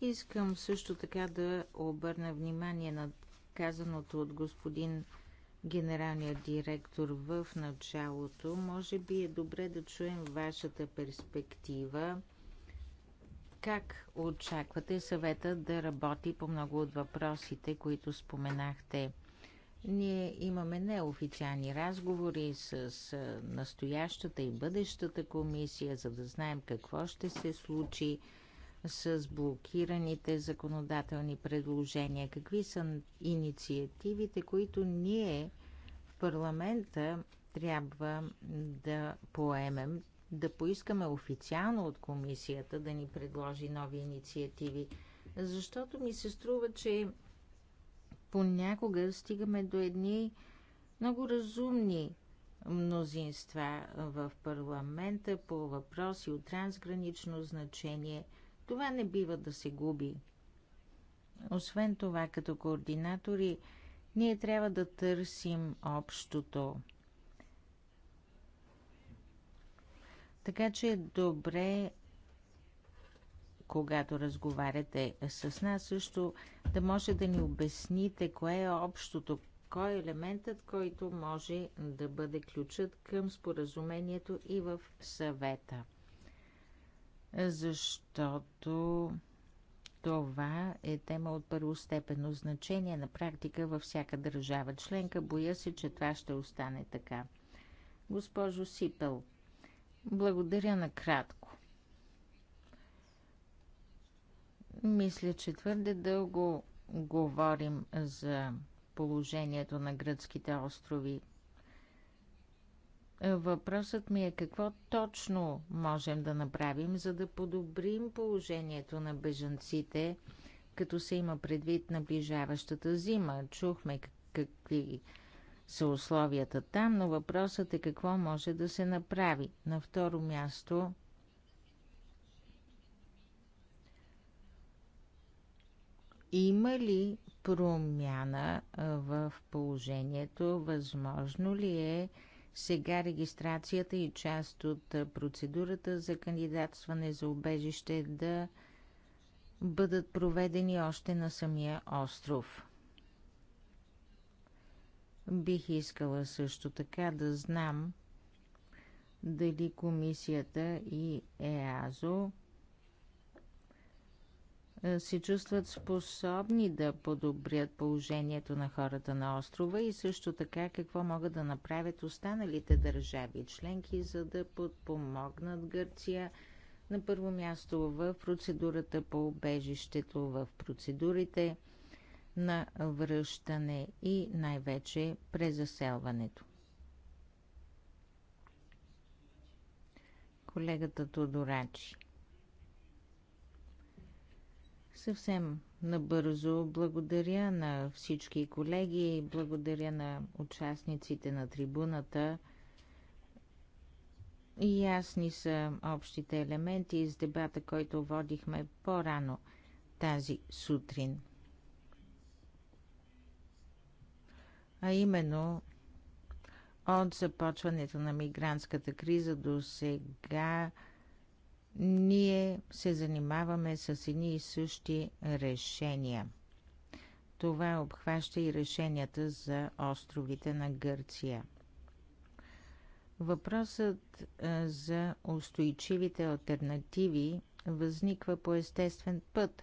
Искам също така да обърна внимание на казаното от господин генералния директор в началото. Може би е добре да чуем вашата перспектива. Как очаквате съвета да работи по много от въпросите, които споменахте? Ние имаме неофициални разговори с настоящата и бъдещата комисия, за да знаем какво ще се случи с блокираните законодателни предложения? Какви са инициативите, които ние в парламента трябва да поемем, да поискаме официално от комисията да ни предложи нови инициативи? Защото ми се струва, че понякога стигаме до едни много разумни мнозинства в парламента по въпроси от трансгранично значение – това не бива да се губи. Освен това, като координатори, ние трябва да търсим общото. Така че е добре, когато разговаряте с нас, също да може да ни обясните кое е общото, кой е елементът, който може да бъде ключът към споразумението и в съвета защото това е тема от първостепенно значение на практика във всяка държава членка. Боя се, че това ще остане така. Госпожо Сипел, благодаря накратко. Мисля, че твърде дълго говорим за положението на гръцките острови. Въпросът ми е какво точно можем да направим, за да подобрим положението на бежанците, като се има предвид наближаващата зима. Чухме какви са условията там, но въпросът е какво може да се направи. На второ място Има ли промяна в положението? Възможно ли е сега регистрацията и е част от процедурата за кандидатстване за убежище да бъдат проведени още на самия остров. Бих искала също така да знам дали комисията и ЕАЗО е, се чувстват способни да подобрят положението на хората на острова и също така какво могат да направят останалите държави членки, за да подпомогнат Гърция на първо място в процедурата по убежището, в процедурите на връщане и най-вече презаселването. Колегата Тодорачи. Съвсем набързо благодаря на всички колеги, благодаря на участниците на трибуната. Ясни са общите елементи с дебата, който водихме по-рано тази сутрин. А именно от започването на мигрантската криза до сега ние се занимаваме с едни и същи решения. Това обхваща и решенията за островите на Гърция. Въпросът за устойчивите альтернативи възниква по естествен път.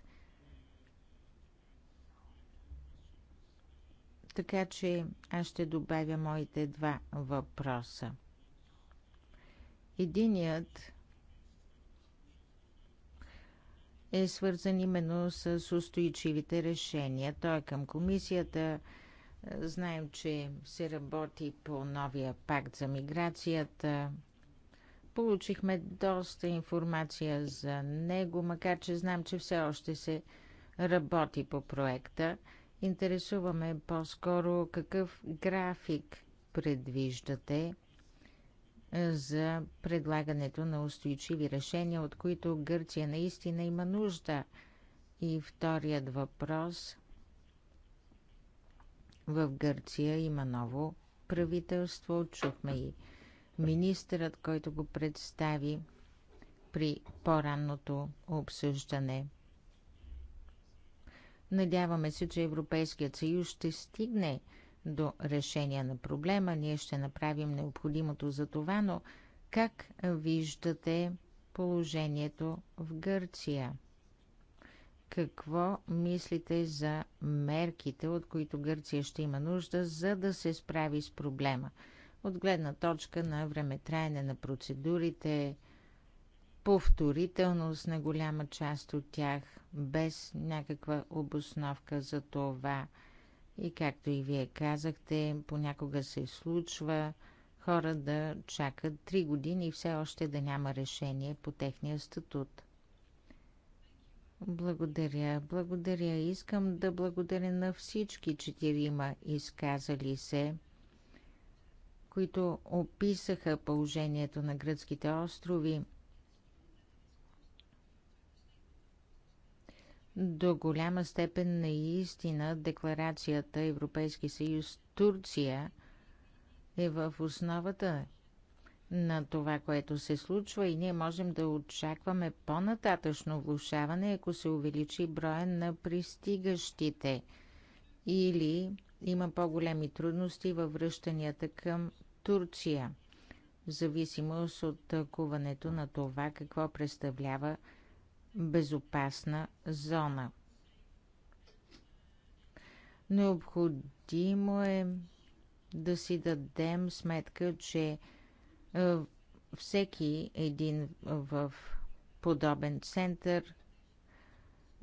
Така че аз ще добавя моите два въпроса. Единият е свързан именно с устойчивите решения. Той е към комисията. Знаем, че се работи по новия пакт за миграцията. Получихме доста информация за него, макар че знам, че все още се работи по проекта. Интересуваме по-скоро какъв график предвиждате за предлагането на устойчиви решения, от които Гърция наистина има нужда. И вторият въпрос. В Гърция има ново правителство. Чухме и министърът, който го представи при по-ранното обсъждане. Надяваме се, че Европейският съюз ще стигне до решение на проблема. Ние ще направим необходимото за това, но как виждате положението в Гърция? Какво мислите за мерките, от които Гърция ще има нужда, за да се справи с проблема? От гледна точка на времетраене на процедурите, повторителност на голяма част от тях, без някаква обосновка за това – и както и вие казахте, понякога се случва хора да чакат три години и все още да няма решение по техния статут. Благодаря, благодаря. Искам да благодаря на всички четирима изказали се, които описаха положението на гръцките острови – До голяма степен наистина декларацията Европейски съюз Турция е в основата на това, което се случва и ние можем да очакваме по-нататъчно влушаване, ако се увеличи броя на пристигащите или има по-големи трудности във връщанията към Турция, в зависимост от тълкуването на това какво представлява безопасна зона. Необходимо е да си дадем сметка, че е, всеки един в подобен център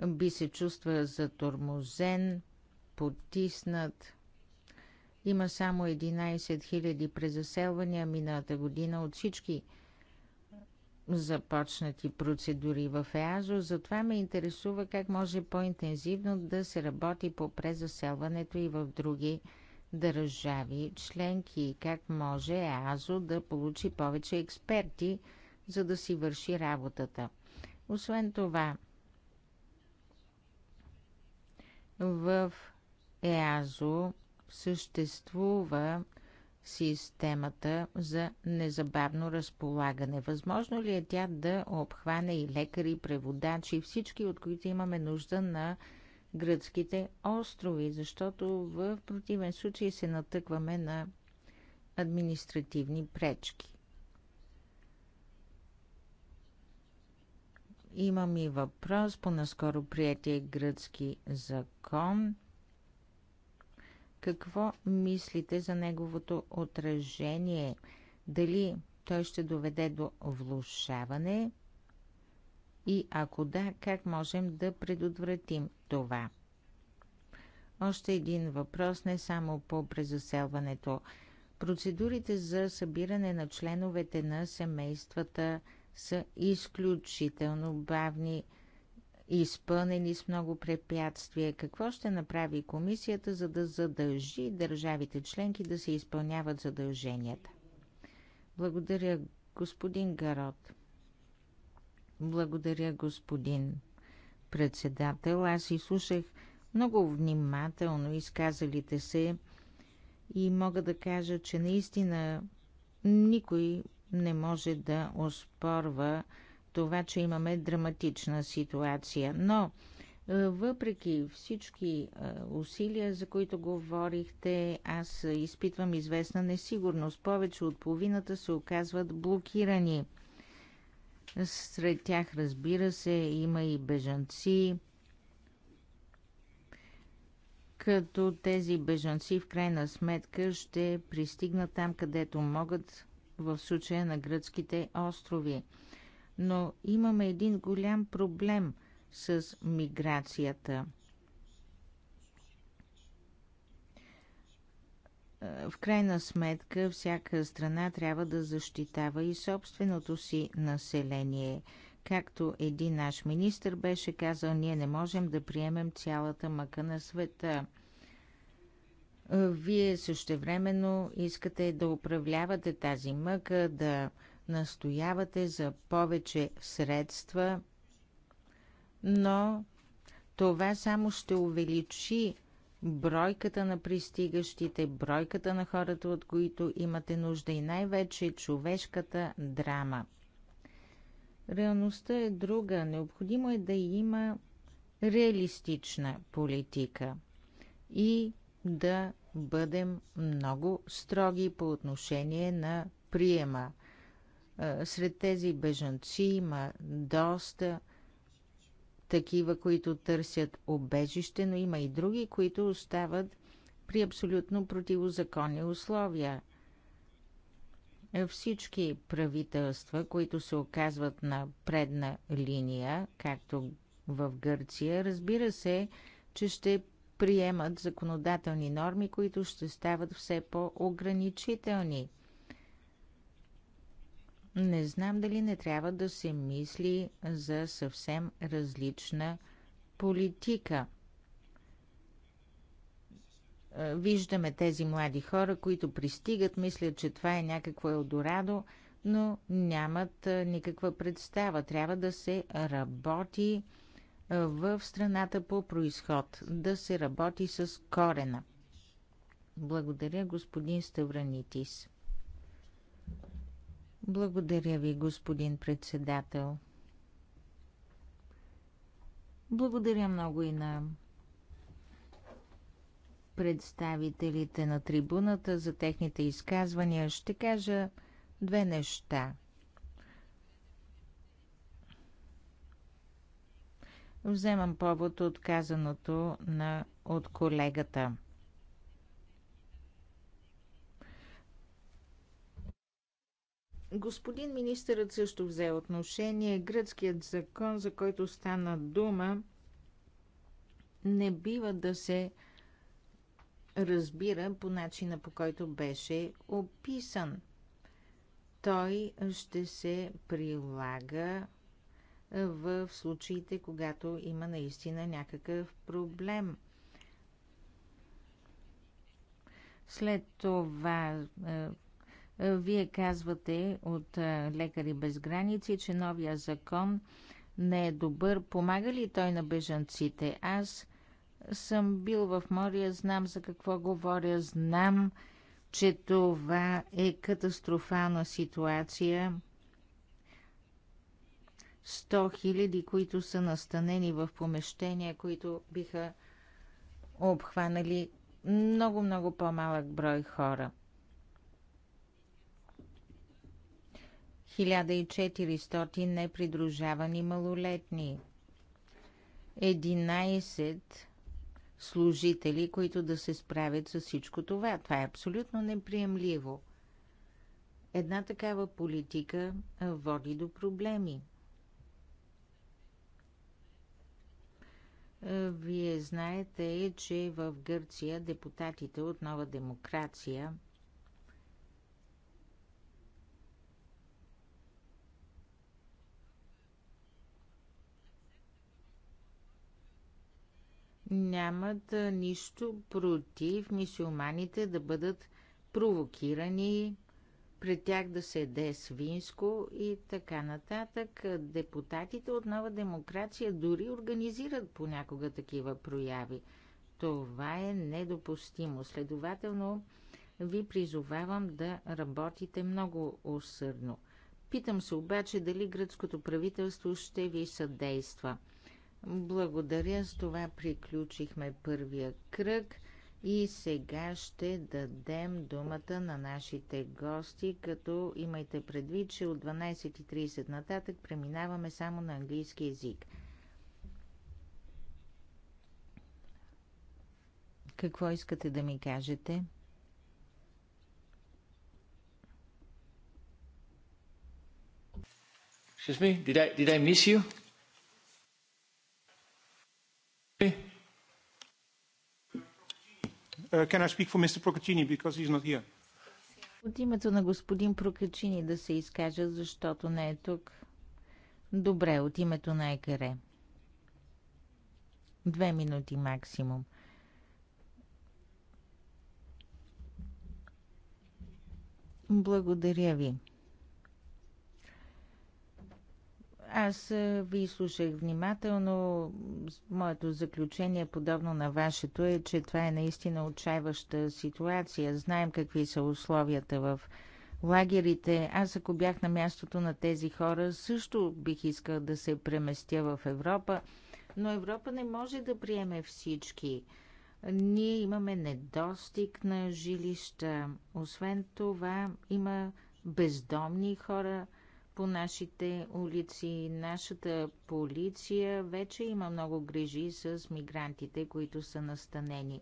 би се чувства затормозен, потиснат. Има само 11 000 презаселвания миналата година от всички започнати процедури в ЕАЗО, затова ме интересува как може по-интензивно да се работи по презаселването и в други държави членки и как може ЕАЗО да получи повече експерти, за да си върши работата. Освен това, в ЕАЗО съществува системата за незабавно разполагане. Възможно ли е тя да обхване и лекари, преводачи, всички от които имаме нужда на гръцките острови, защото в противен случай се натъкваме на административни пречки. Имам и въпрос по наскоро приятие гръцки закон – какво мислите за неговото отражение? Дали той ще доведе до влушаване? И ако да, как можем да предотвратим това? Още един въпрос, не само по презаселването. Процедурите за събиране на членовете на семействата са изключително бавни изпълнени с много препятствия. Какво ще направи комисията, за да задължи държавите членки да се изпълняват задълженията? Благодаря, господин Гарот. Благодаря, господин председател. Аз изслушах много внимателно изказалите се и мога да кажа, че наистина никой не може да оспорва това, че имаме драматична ситуация. Но, е, въпреки всички е, усилия, за които говорихте, аз изпитвам известна несигурност. Повече от половината се оказват блокирани. Сред тях, разбира се, има и бежанци, като тези бежанци в крайна сметка ще пристигнат там, където могат, в случая на гръцките острови но имаме един голям проблем с миграцията. В крайна сметка, всяка страна трябва да защитава и собственото си население. Както един наш министр беше казал, ние не можем да приемем цялата мъка на света. Вие същевременно искате да управлявате тази мъка, да настоявате за повече средства, но това само ще увеличи бройката на пристигащите, бройката на хората, от които имате нужда и най-вече човешката драма. Реалността е друга. Необходимо е да има реалистична политика и да бъдем много строги по отношение на приема. Сред тези бежанци има доста такива, които търсят обежище, но има и други, които остават при абсолютно противозаконни условия. Всички правителства, които се оказват на предна линия, както в Гърция, разбира се, че ще приемат законодателни норми, които ще стават все по-ограничителни – не знам дали не трябва да се мисли за съвсем различна политика. Е, виждаме тези млади хора, които пристигат, мислят, че това е някакво Елдорадо, но нямат е, никаква представа. Трябва да се работи е, в страната по происход, да се работи с корена. Благодаря, господин Ставранитис. Благодаря ви, господин председател. Благодаря много и на представителите на трибуната за техните изказвания. Ще кажа две неща. Вземам повод от казаното на, от колегата – Господин министърът също взе отношение. Гръцкият закон, за който стана дума, не бива да се разбира по начина по който беше описан. Той ще се прилага в случаите, когато има наистина някакъв проблем. След това е, е, вие казвате от е, Лекари без граници, че новия закон не е добър. Помага ли той на бежанците? Аз съм бил в моря, знам за какво говоря, знам, че това е катастрофална ситуация. 100 хиляди, които са настанени в помещения, които биха обхванали много-много по-малък брой хора – 1400 непридружавани малолетни, 11 служители, които да се справят с всичко това. Това е абсолютно неприемливо. Една такава политика води до проблеми. Вие знаете, че в Гърция депутатите от Нова демокрация – нямат нищо против мисиоманите да бъдат провокирани, пред тях да се еде свинско и така нататък. Депутатите от Нова демокрация дори организират понякога такива прояви. Това е недопустимо. Следователно, ви призовавам да работите много усърдно. Питам се обаче дали гръцкото правителство ще ви съдейства – благодаря. С това приключихме първия кръг и сега ще дадем думата на нашите гости, като имайте предвид, че от 12.30 нататък преминаваме само на английски язик. Какво искате да ми кажете? Excuse me, did I, did I miss you? Uh, can I speak for Mr. Procaccini because he's not here? От името на господин Прокачини да се изкажа, защото не е тук. Добре, от името на Екаре. Две минути максимум. Благодаря ви. Аз ви слушах внимателно. Моето заключение, подобно на вашето, е, че това е наистина отчаиваща ситуация. Знаем какви са условията в лагерите. Аз, ако бях на мястото на тези хора, също бих искал да се преместя в Европа, но Европа не може да приеме всички. Ние имаме недостиг на жилища. Освен това, има бездомни хора – по нашите улици. Нашата полиция вече има много грижи с мигрантите, които са настанени.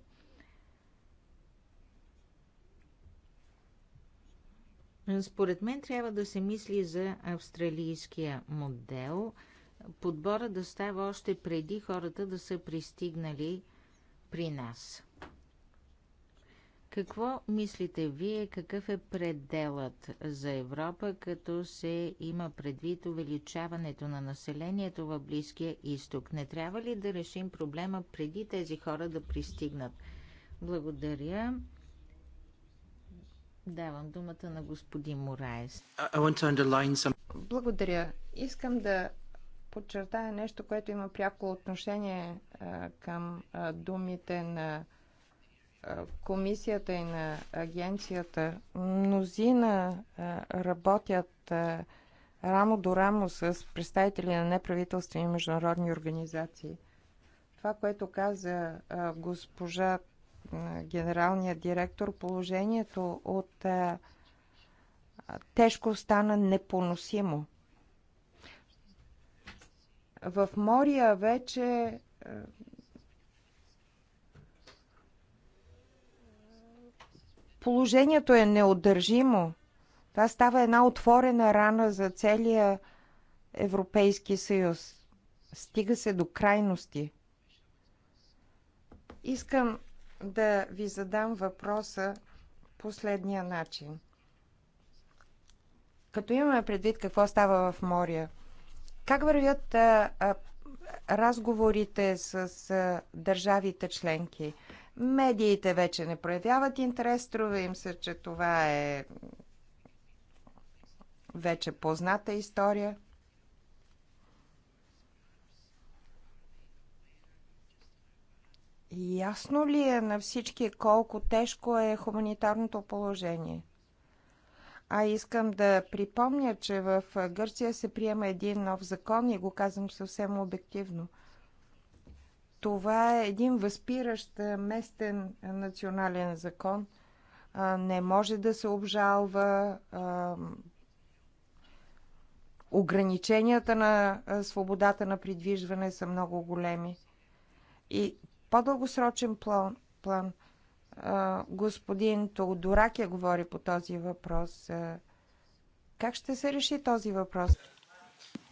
Според мен трябва да се мисли за австралийския модел, подбора да става още преди хората да са пристигнали при нас. Какво мислите вие, какъв е пределът за Европа, като се има предвид увеличаването на населението в Близкия изток? Не трябва ли да решим проблема преди тези хора да пристигнат? Благодаря. Давам думата на господин Мораес. Благодаря. Искам да подчертая нещо, което има пряко отношение а, към а, думите на комисията и на агенцията, мнозина работят рамо до рамо с представители на неправителствени международни организации. Това, което каза госпожа генералния директор, положението от тежко стана непоносимо. В Мория вече Положението е неудържимо. Това става една отворена рана за целия Европейски съюз. Стига се до крайности. Искам да ви задам въпроса последния начин. Като имаме предвид какво става в моря, как вървят а, а, разговорите с а, държавите членки? Медиите вече не проявяват интерес, струва им се, че това е вече позната история. Ясно ли е на всички колко тежко е хуманитарното положение? А искам да припомня, че в Гърция се приема един нов закон и го казвам съвсем обективно – това е един възпиращ е, местен е, национален закон. Не може да се обжалва ограниченията на е, свободата на придвижване са много големи. И по-дългосрочен план, план господин я говори по този въпрос. Как ще се реши този въпрос?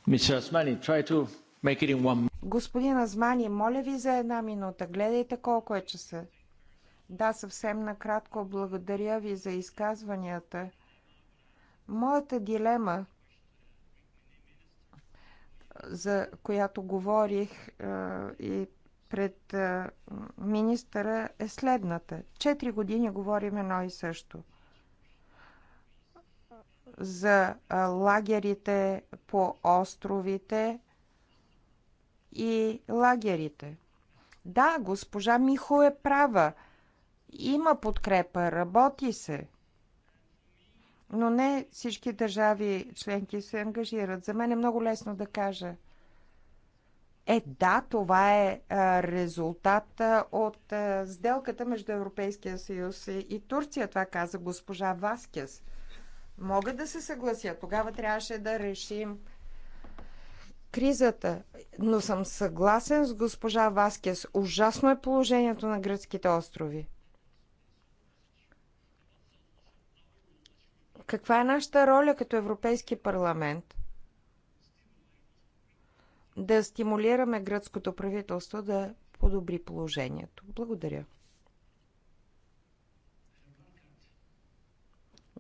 Мисля Osmani, try to make it in one Господин Азмани, моля ви за една минута. Гледайте колко е часа. Да, съвсем накратко благодаря ви за изказванията. Моята дилема, за която говорих и пред министъра, е следната. Четири години говорим едно и също. За лагерите по островите, и лагерите. Да, госпожа Михо е права. Има подкрепа, работи се. Но не всички държави членки се ангажират. За мен е много лесно да кажа. Е, да, това е резултат от сделката между Европейския съюз и Турция. Това каза госпожа Васкес. Мога да се съглася. Тогава трябваше да решим кризата, но съм съгласен с госпожа Васкес. Ужасно е положението на гръцките острови. Каква е нашата роля като Европейски парламент? Да стимулираме гръцкото правителство да подобри положението. Благодаря.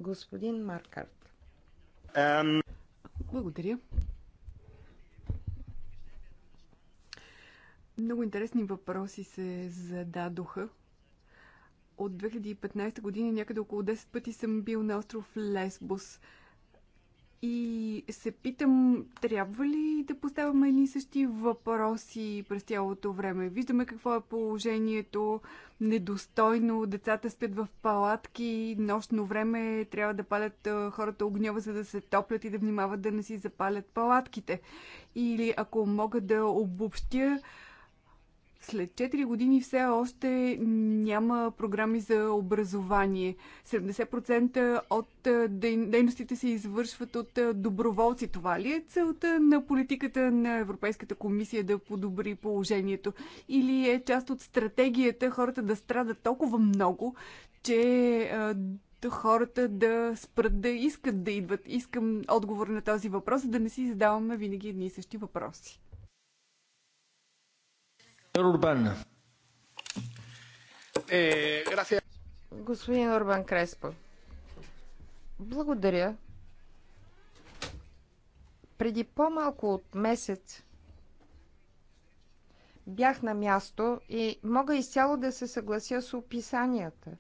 Господин Маркарт. Благодаря. Много интересни въпроси се зададоха. От 2015 година някъде около 10 пъти съм бил на остров Лесбос. И се питам, трябва ли да поставяме едни същи въпроси през цялото време? Виждаме какво е положението, недостойно, децата спят в палатки, нощно време трябва да палят хората огньова, за да се топлят и да внимават да не си запалят палатките. Или ако мога да обобщя, след 4 години все още няма програми за образование. 70% от дейностите се извършват от доброволци. Това ли е целта на политиката на Европейската комисия да подобри положението? Или е част от стратегията хората да страдат толкова много, че хората да спрат да искат да идват? Искам отговор на този въпрос, да не си задаваме винаги едни и същи въпроси. Е, Господин Урбан Креспо, благодаря. Преди по-малко от месец бях на място и мога изцяло да се съглася с описанията.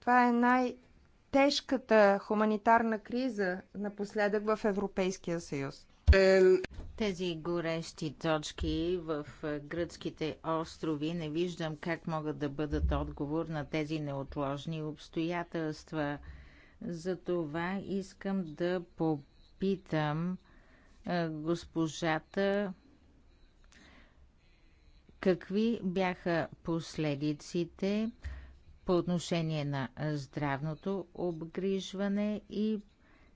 Това е най-тежката хуманитарна криза напоследък в Европейския съюз. Тези горещи точки в гръцките острови не виждам как могат да бъдат отговор на тези неотложни обстоятелства. Затова искам да попитам госпожата какви бяха последиците по отношение на здравното обгрижване и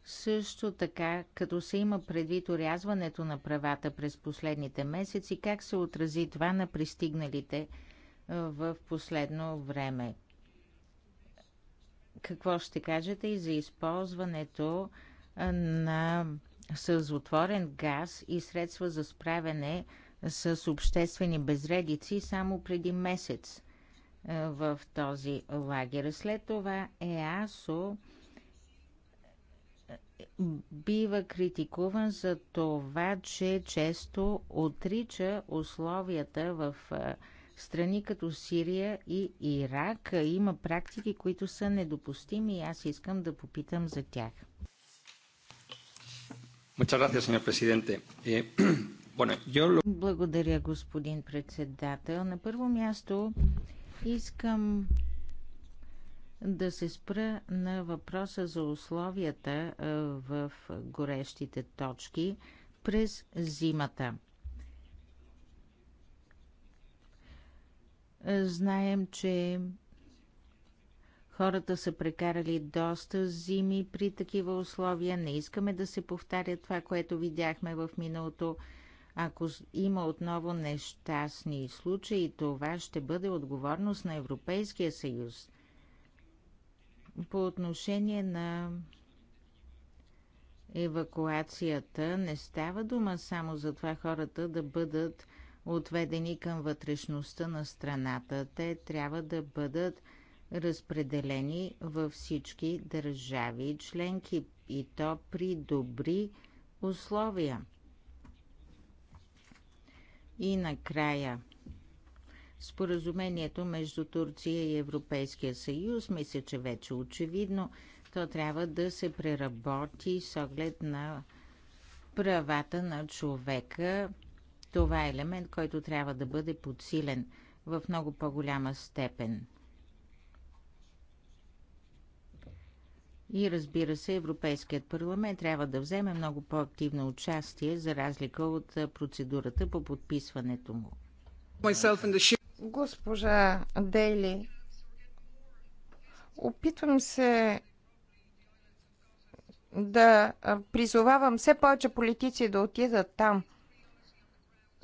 също така, като се има предвид орязването на правата през последните месеци, как се отрази това на пристигналите в последно време? Какво ще кажете и за използването на съзотворен газ и средства за справяне с обществени безредици само преди месец в този лагер. След това ЕАСО бива критикуван за това, че често отрича условията в страни като Сирия и Ирак. Има практики, които са недопустими и аз искам да попитам за тях. Eh, Благодаря, господин председател. На първо място искам да се спра на въпроса за условията е, в горещите точки през зимата. Е, знаем, че хората са прекарали доста зими при такива условия. Не искаме да се повтаря това, което видяхме в миналото. Ако има отново нещастни случаи, това ще бъде отговорност на Европейския съюз – по отношение на евакуацията не става дума само за това хората да бъдат отведени към вътрешността на страната. Те трябва да бъдат разпределени във всички държави и членки и то при добри условия. И накрая Споразумението между Турция и Европейския съюз, мисля, че вече е очевидно, то трябва да се преработи с оглед на правата на човека. Това е елемент, който трябва да бъде подсилен в много по-голяма степен. И разбира се, Европейският парламент трябва да вземе много по-активно участие, за разлика от процедурата по подписването му. Госпожа Дейли, опитвам се да призовавам все повече политици да отидат там.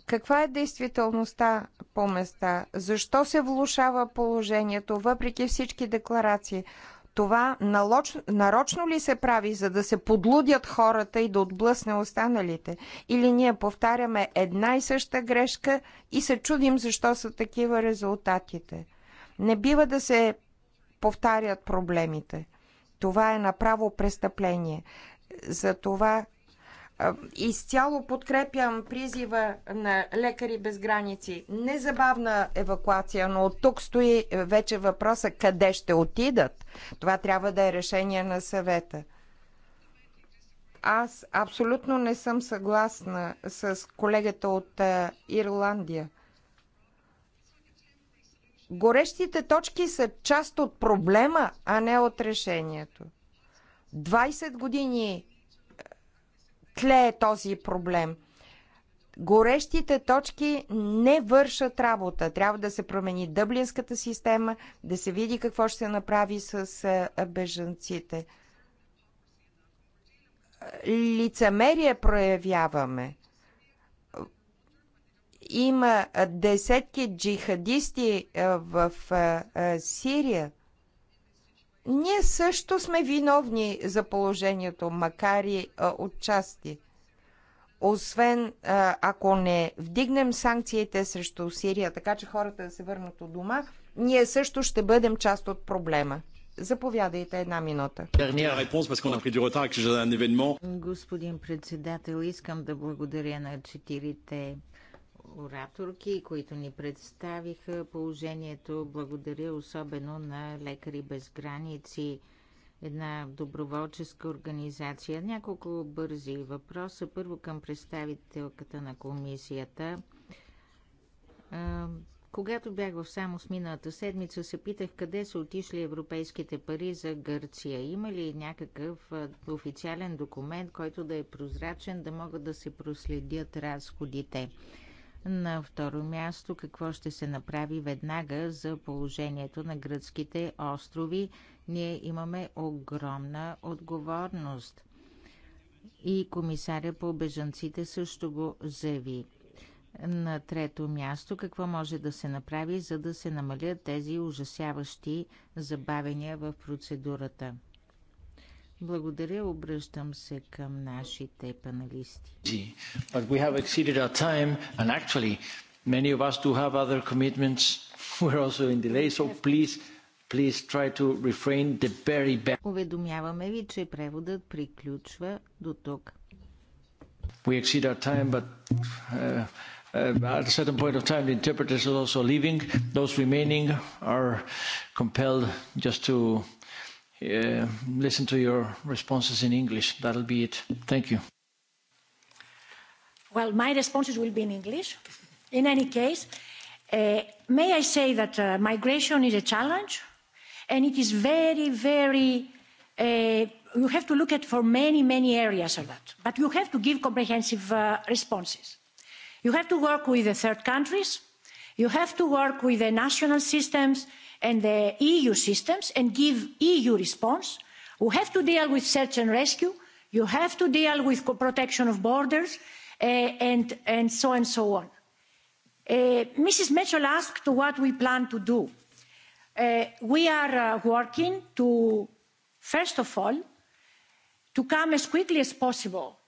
Каква е действителността по места? Защо се влушава положението, въпреки всички декларации? Това нарочно ли се прави, за да се подлудят хората и да отблъсне останалите? Или ние повтаряме една и съща грешка и се чудим защо са такива резултатите? Не бива да се повтарят проблемите. Това е направо престъпление. За това Изцяло подкрепям призива на Лекари без граници. Незабавна евакуация, но от тук стои вече въпроса къде ще отидат. Това трябва да е решение на съвета. Аз абсолютно не съм съгласна с колегата от Ирландия. Горещите точки са част от проблема, а не от решението. 20 години тлее този проблем. Горещите точки не вършат работа. Трябва да се промени дъблинската система, да се види какво ще се направи с бежанците. Лицемерие проявяваме. Има десетки джихадисти в Сирия – ние също сме виновни за положението, макар и а, отчасти. Освен а, ако не вдигнем санкциите срещу Сирия, така че хората да се върнат от дома, ние също ще бъдем част от проблема. Заповядайте една минута. Господин председател, искам да благодаря на четирите ораторки, които ни представиха положението. Благодаря особено на Лекари без граници, една доброволческа организация. Няколко бързи въпроса. Първо към представителката на комисията. Когато бях в с миналата седмица, се питах къде са отишли европейските пари за Гърция. Има ли някакъв официален документ, който да е прозрачен, да могат да се проследят разходите? На второ място, какво ще се направи веднага за положението на гръцките острови? Ние имаме огромна отговорност. И комисаря по бежанците също го заяви. На трето място, какво може да се направи, за да се намалят тези ужасяващи забавения в процедурата? Благодаря, обръщам се към нашите панелисти. But we have exceeded our time and actually many of us do have other commitments. We're also in delay, so please Please try to refrain the very best. Уведомяваме ви, че преводът приключва до тук. We exceed our time, but uh, uh, at a certain point of time, the interpreters are also leaving. Those remaining are compelled just to listen to your responses in English. That'll be it. Thank you. Well, my responses will be in English. In any case, uh, may I say that uh, migration is a challenge and it is very, very, uh, you have to look at for many, many areas of that. But you have to give comprehensive uh, responses. You have to work with the third countries. You have to work with the national systems and the eu systems and give eu response we have to deal with search and rescue you have to deal with protection of borders and, and so on and so on. mrs mitchell asked what we plan to do. we are working to first of all to come as quickly as possible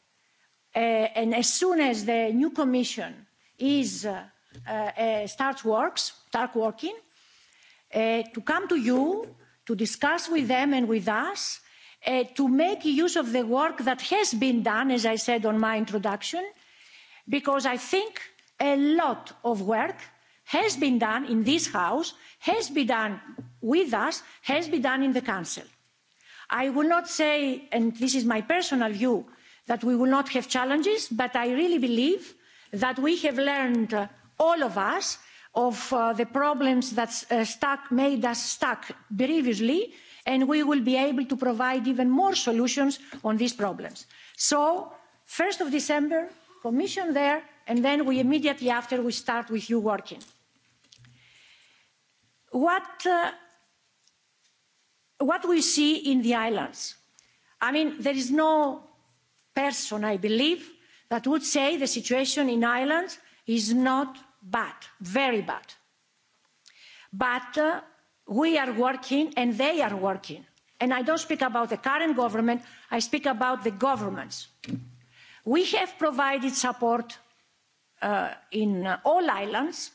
and as soon as the new commission starts working to come to you, to discuss with them and with us, to make use of the work that has been done, as I said on my introduction, because I think a lot of work has been done in this House, has been done with us, has been done in the Council. I will not say, and this is my personal view, that we will not have challenges, but I really believe that we have learned, all of us, of the problems that made us stuck previously and we will be able to provide even more solutions on these problems. so of december commission there and then we immediately after we start with you working. what we see in the islands i mean there is no person i believe that would say the situation in ireland is not bad, very bad. But uh, we are working and they are working. And I don't speak about the current government, I speak about the governments. We have provided support uh, in uh, all islands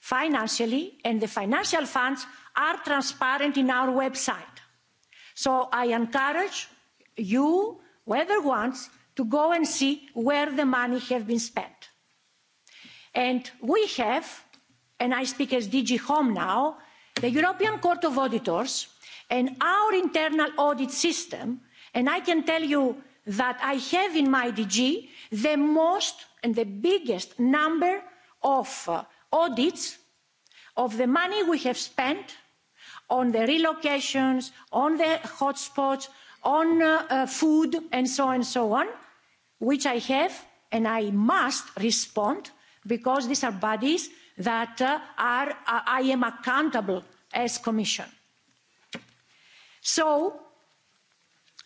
financially, and the financial funds are transparent in our website. So I encourage you, whether once, to go and see where the money has been spent and we have and i speak as dg home now the european court of auditors and our internal audit system and i can tell you that i have in my dg the most and the biggest number of audits of the money we have spent on the relocations on the hotspots on food and so on and so on which i have and i must respond because these are bodies that are i am accountable as commission so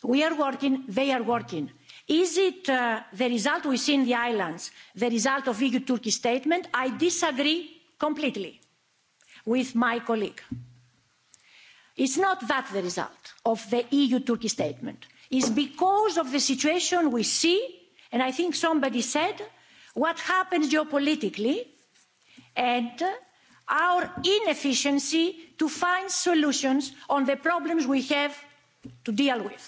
we are working they are working is it the result we see in the islands the result of eu turkey statement? i disagree completely with my colleague. it's not that the result of the eu turkey statement. it's because of the situation we see and i think somebody said what happens geopolitically and our inefficiency to find solutions on the problems we have to deal with.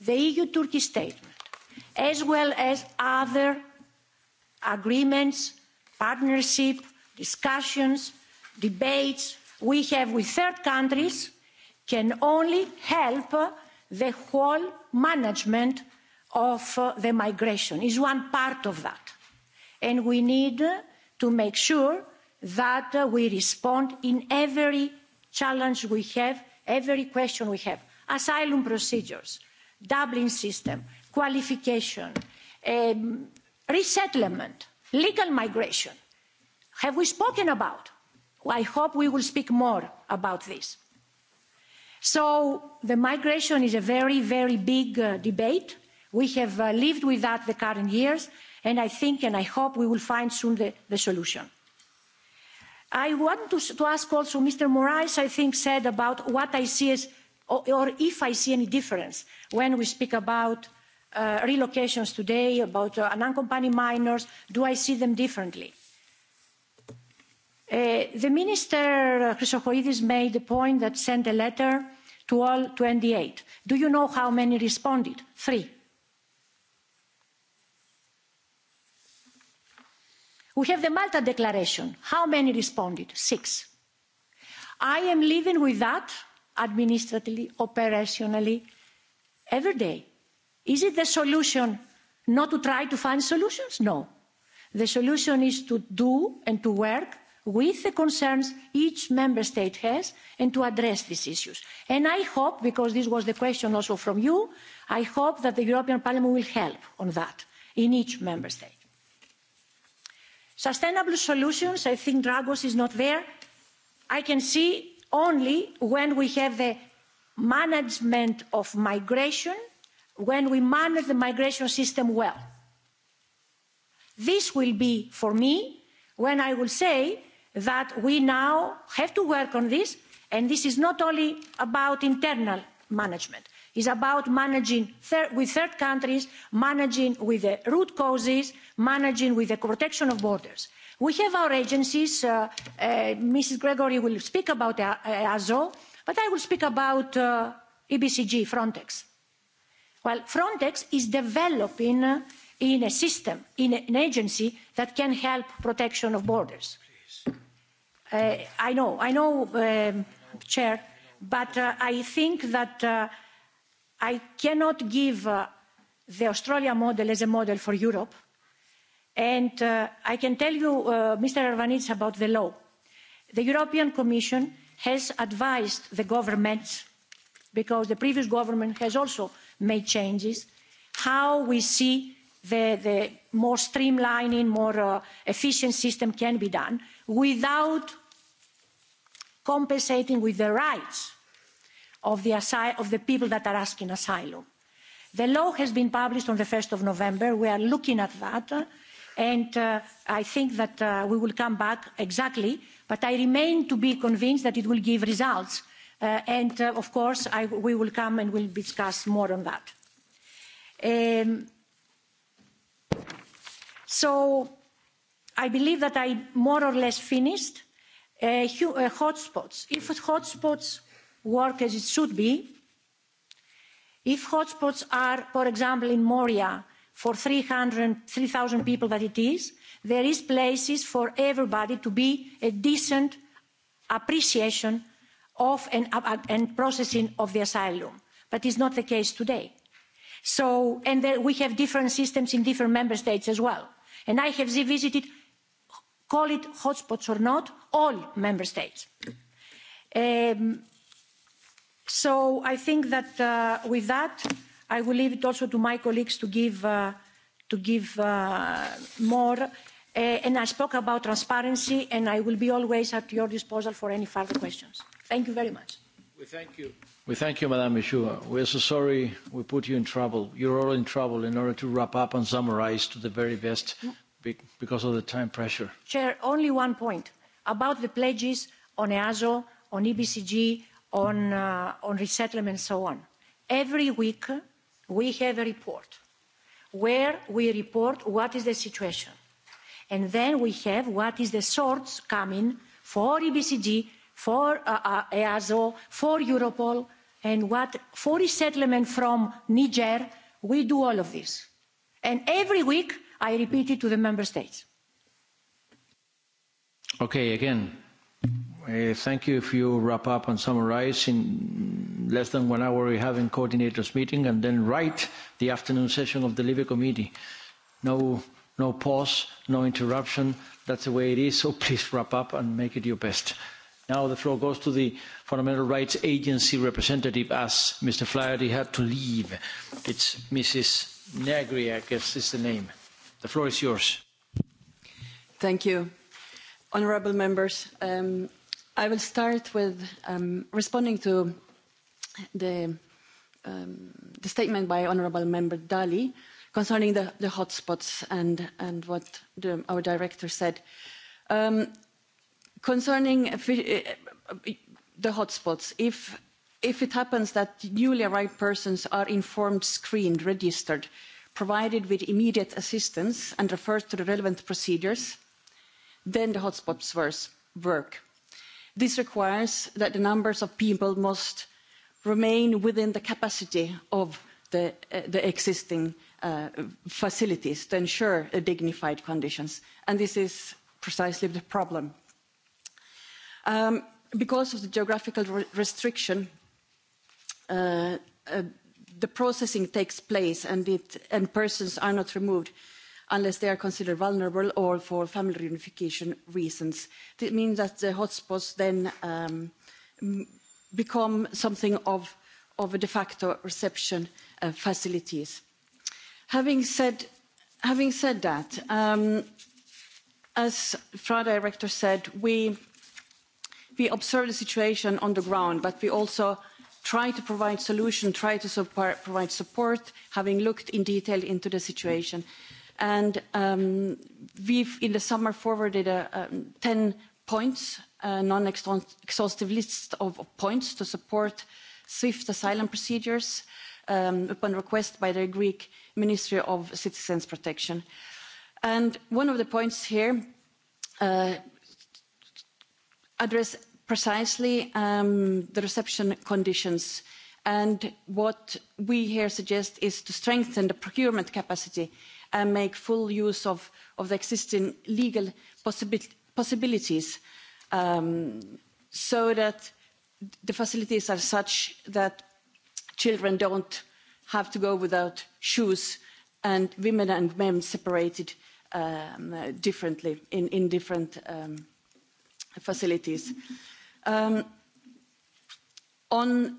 The EU Turkey statement, as well as other agreements, partnership, discussions, debates we have with third countries can only help the whole management of the migration is one part of that. And we need to make sure that we respond in every challenge we have, every question we have. Asylum procedures, Dublin system, qualification, resettlement, legal migration. Have we spoken about? I hope we will speak more about this. So the migration is a very, very big debate we have lived with that the current years and i think and i hope we will find soon the solution. i want to ask also mr moraes i think said about what i see as or if i see any difference when we speak about relocations today about unaccompanied minors do i see them differently? the minister christofoidis made the point that sent a letter to all twenty eight. do you know how many responded? three we have the malta declaration how many responded? six. i am living with that administratively operationally every day. is it the solution not to try to find solutions? no. the solution is to do and to work with the concerns each member state has and to address these issues. and i hope because this was the question also from you i hope that the european parliament will help on that in each member state sustainable solutions i think dragos is not there i can see only when we have the management of migration when we manage the migration system well. this will be for me when i will say that we now have to work on this and this is not only about internal management is about managing with third countries managing with the root causes managing with the protection of borders. we have our agencies ms gregory will speak about easo but i will speak about ebcg frontex. well frontex is developing in a system in an agency that can help protection of borders. i know i know chair but i think that i cannot give the australia model as a model for europe and i can tell you mr Arvanitz, about the law. the european commission has advised the governments because the previous government has also made changes how we see the more streamlining more efficient system can be done without compensating with the rights of the, asyl of the people that are asking asylum. The law has been published on the 1st of November. We are looking at that. And uh, I think that uh, we will come back exactly. But I remain to be convinced that it will give results. Uh, and uh, of course, I, we will come and we'll discuss more on that. Um, so I believe that I more or less finished. Uh, hotspots. If hotspots work as it should be. If hotspots are, for example, in Moria, for three three thousand people that it is, there is places for everybody to be a decent appreciation of and, and processing of the asylum. But it's not the case today. So, and there, we have different systems in different member states as well. And I have visited, call it hotspots or not, all member states. Um, So I think that uh, with that, I will leave it also to my colleagues to give, uh, to give uh, more. Uh, and I spoke about transparency, and I will be always at your disposal for any further questions. Thank you very much. We thank you. We thank you, Madam Michoud. are so sorry we put you in trouble. You're all in trouble in order to wrap up and summarize to the very best because of the time pressure. Chair, only one point about the pledges on EASO, on EBCG, on, uh, on resettlement and so on. Every week we have a report where we report what is the situation. And then we have what is the source coming for EBCG, for uh, EASO, for Europol, and what for resettlement from Niger. We do all of this. And every week I repeat it to the member states. Okay, again, Thank you if you wrap up and summarize. In less than one hour, we're having coordinators meeting and then right the afternoon session of the LIBE committee. No, no pause, no interruption. That's the way it is. So please wrap up and make it your best. Now the floor goes to the Fundamental Rights Agency representative as Mr. Flaherty had to leave. It's Mrs. Negri, I guess is the name. The floor is yours. Thank you. Honourable members, um, I will start with responding to the, um, the statement by Honourable Member Dalli concerning the, the hotspots and, and what the, our director said. concerning the hotspots, if, if it happens that newly arrived persons are informed, screened, registered, provided with immediate assistance and referred to the relevant procedures, then the hotspots work this requires that the numbers of people must remain within the capacity of the, existing facilities to ensure dignified conditions and this is precisely the problem. because of the geographical restriction the processing takes place and persons are not removed unless they are considered vulnerable or for family reunification reasons. This means that the hotspots then um, become something of, of a de facto reception uh, facilities. Having said, having said that, um, as FRA director said, we, we observe the situation on the ground, but we also try to provide solutions, try to support, provide support, having looked in detail into the situation. Mm And um, we've, in the summer, forwarded a, um 10 points, a non-exhaustive list of points to support swift asylum procedures um, upon request by the Greek Ministry of Citizens Protection. And one of the points here uh, address precisely um, the reception conditions. And what we here suggest is to strengthen the procurement capacity and make full use of the existing legal possibilities so that the facilities are such that children don't have to go without shoes and women and men separated differently in different facilities. on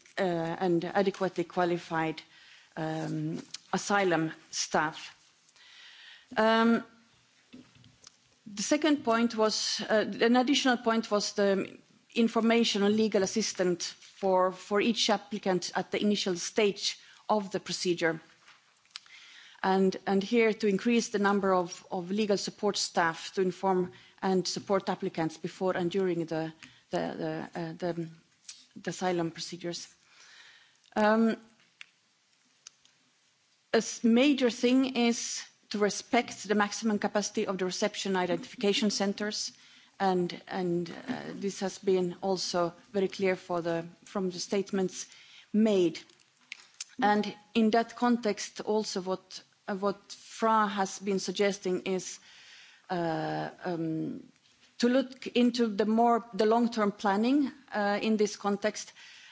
and adequately qualified asylum staff. the second point was, an additional point was the information on legal assistance for, for each applicant at the initial stage of the procedure. And, and here to increase the number of, of legal support staff to inform and support applicants before and during the, the, the, uh, the, the asylum procedures. Um, a major thing is to respect the maximum capacity of the reception identification centres and, and uh, this has been also very clear for the, from the statements made. And in that context, also what, uh, what FRA has been suggesting is uh, um, to look into the more the long-term planning uh, in this context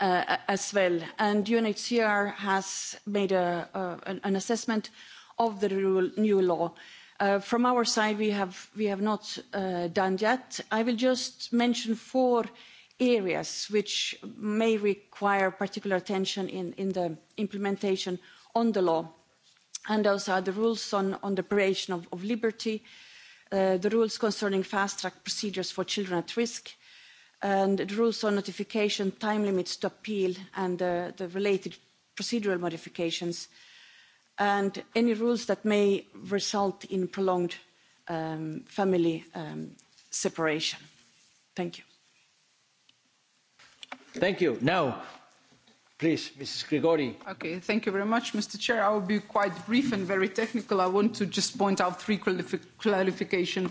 as well. And UNHCR has made an, assessment of the new law. from our side, we have, we have not done yet. I will just mention four areas which may require particular attention in, in the implementation of the law. And those are the rules on, on the privation of, of liberty, the rules concerning fast-track procedures for children at risk, and it rules on notification, time limits to appeal, and the related procedural modifications, and any rules that may result in prolonged um, family um, separation. Thank you. Thank you. Now, Please, Mrs. Grigori. Okay, thank you very much, Mr. Chair. I will be quite brief and very technical. I want to just point out three clarifications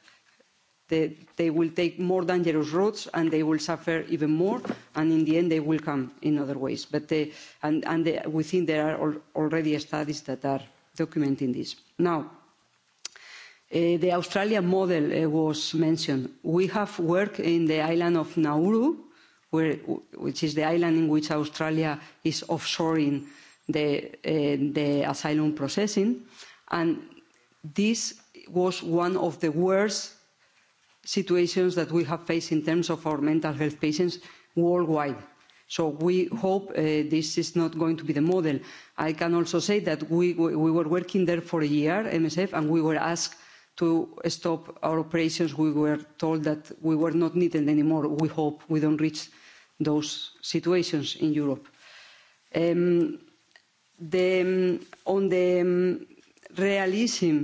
they, they will take more dangerous roads and they will suffer even more and in the end they will come in other ways but they, and, and they, there are al already studies that are documenting this now the Australian model was mentioned. We have worked in the island of Nauru, where, which is the island in which Australia is offshoring the, the asylum processing. And this was one of the worst situations that we have faced in terms of our mental health patients worldwide. So we hope this is not going to be the model. I can also say that we, we were working there for a year, MSF, and we were asked to stop our operations. We were told that we were not needed anymore. We hope we don't reach those situations in Europe. on the realism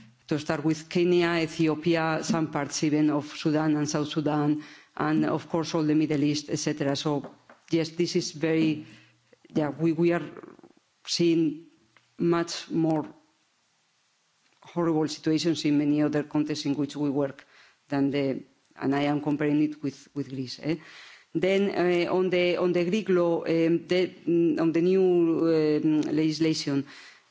to start with Kenya, Ethiopia, some parts even of Sudan and South Sudan, and of course all the Middle East, etc. So yes, this is very, yeah, we, we are seeing much more horrible situations in many other contexts in which we work than the, and I am comparing it with, with Greece. Eh? Then uh, on, the, on the Greek law, um, the, on the new um, legislation, uh,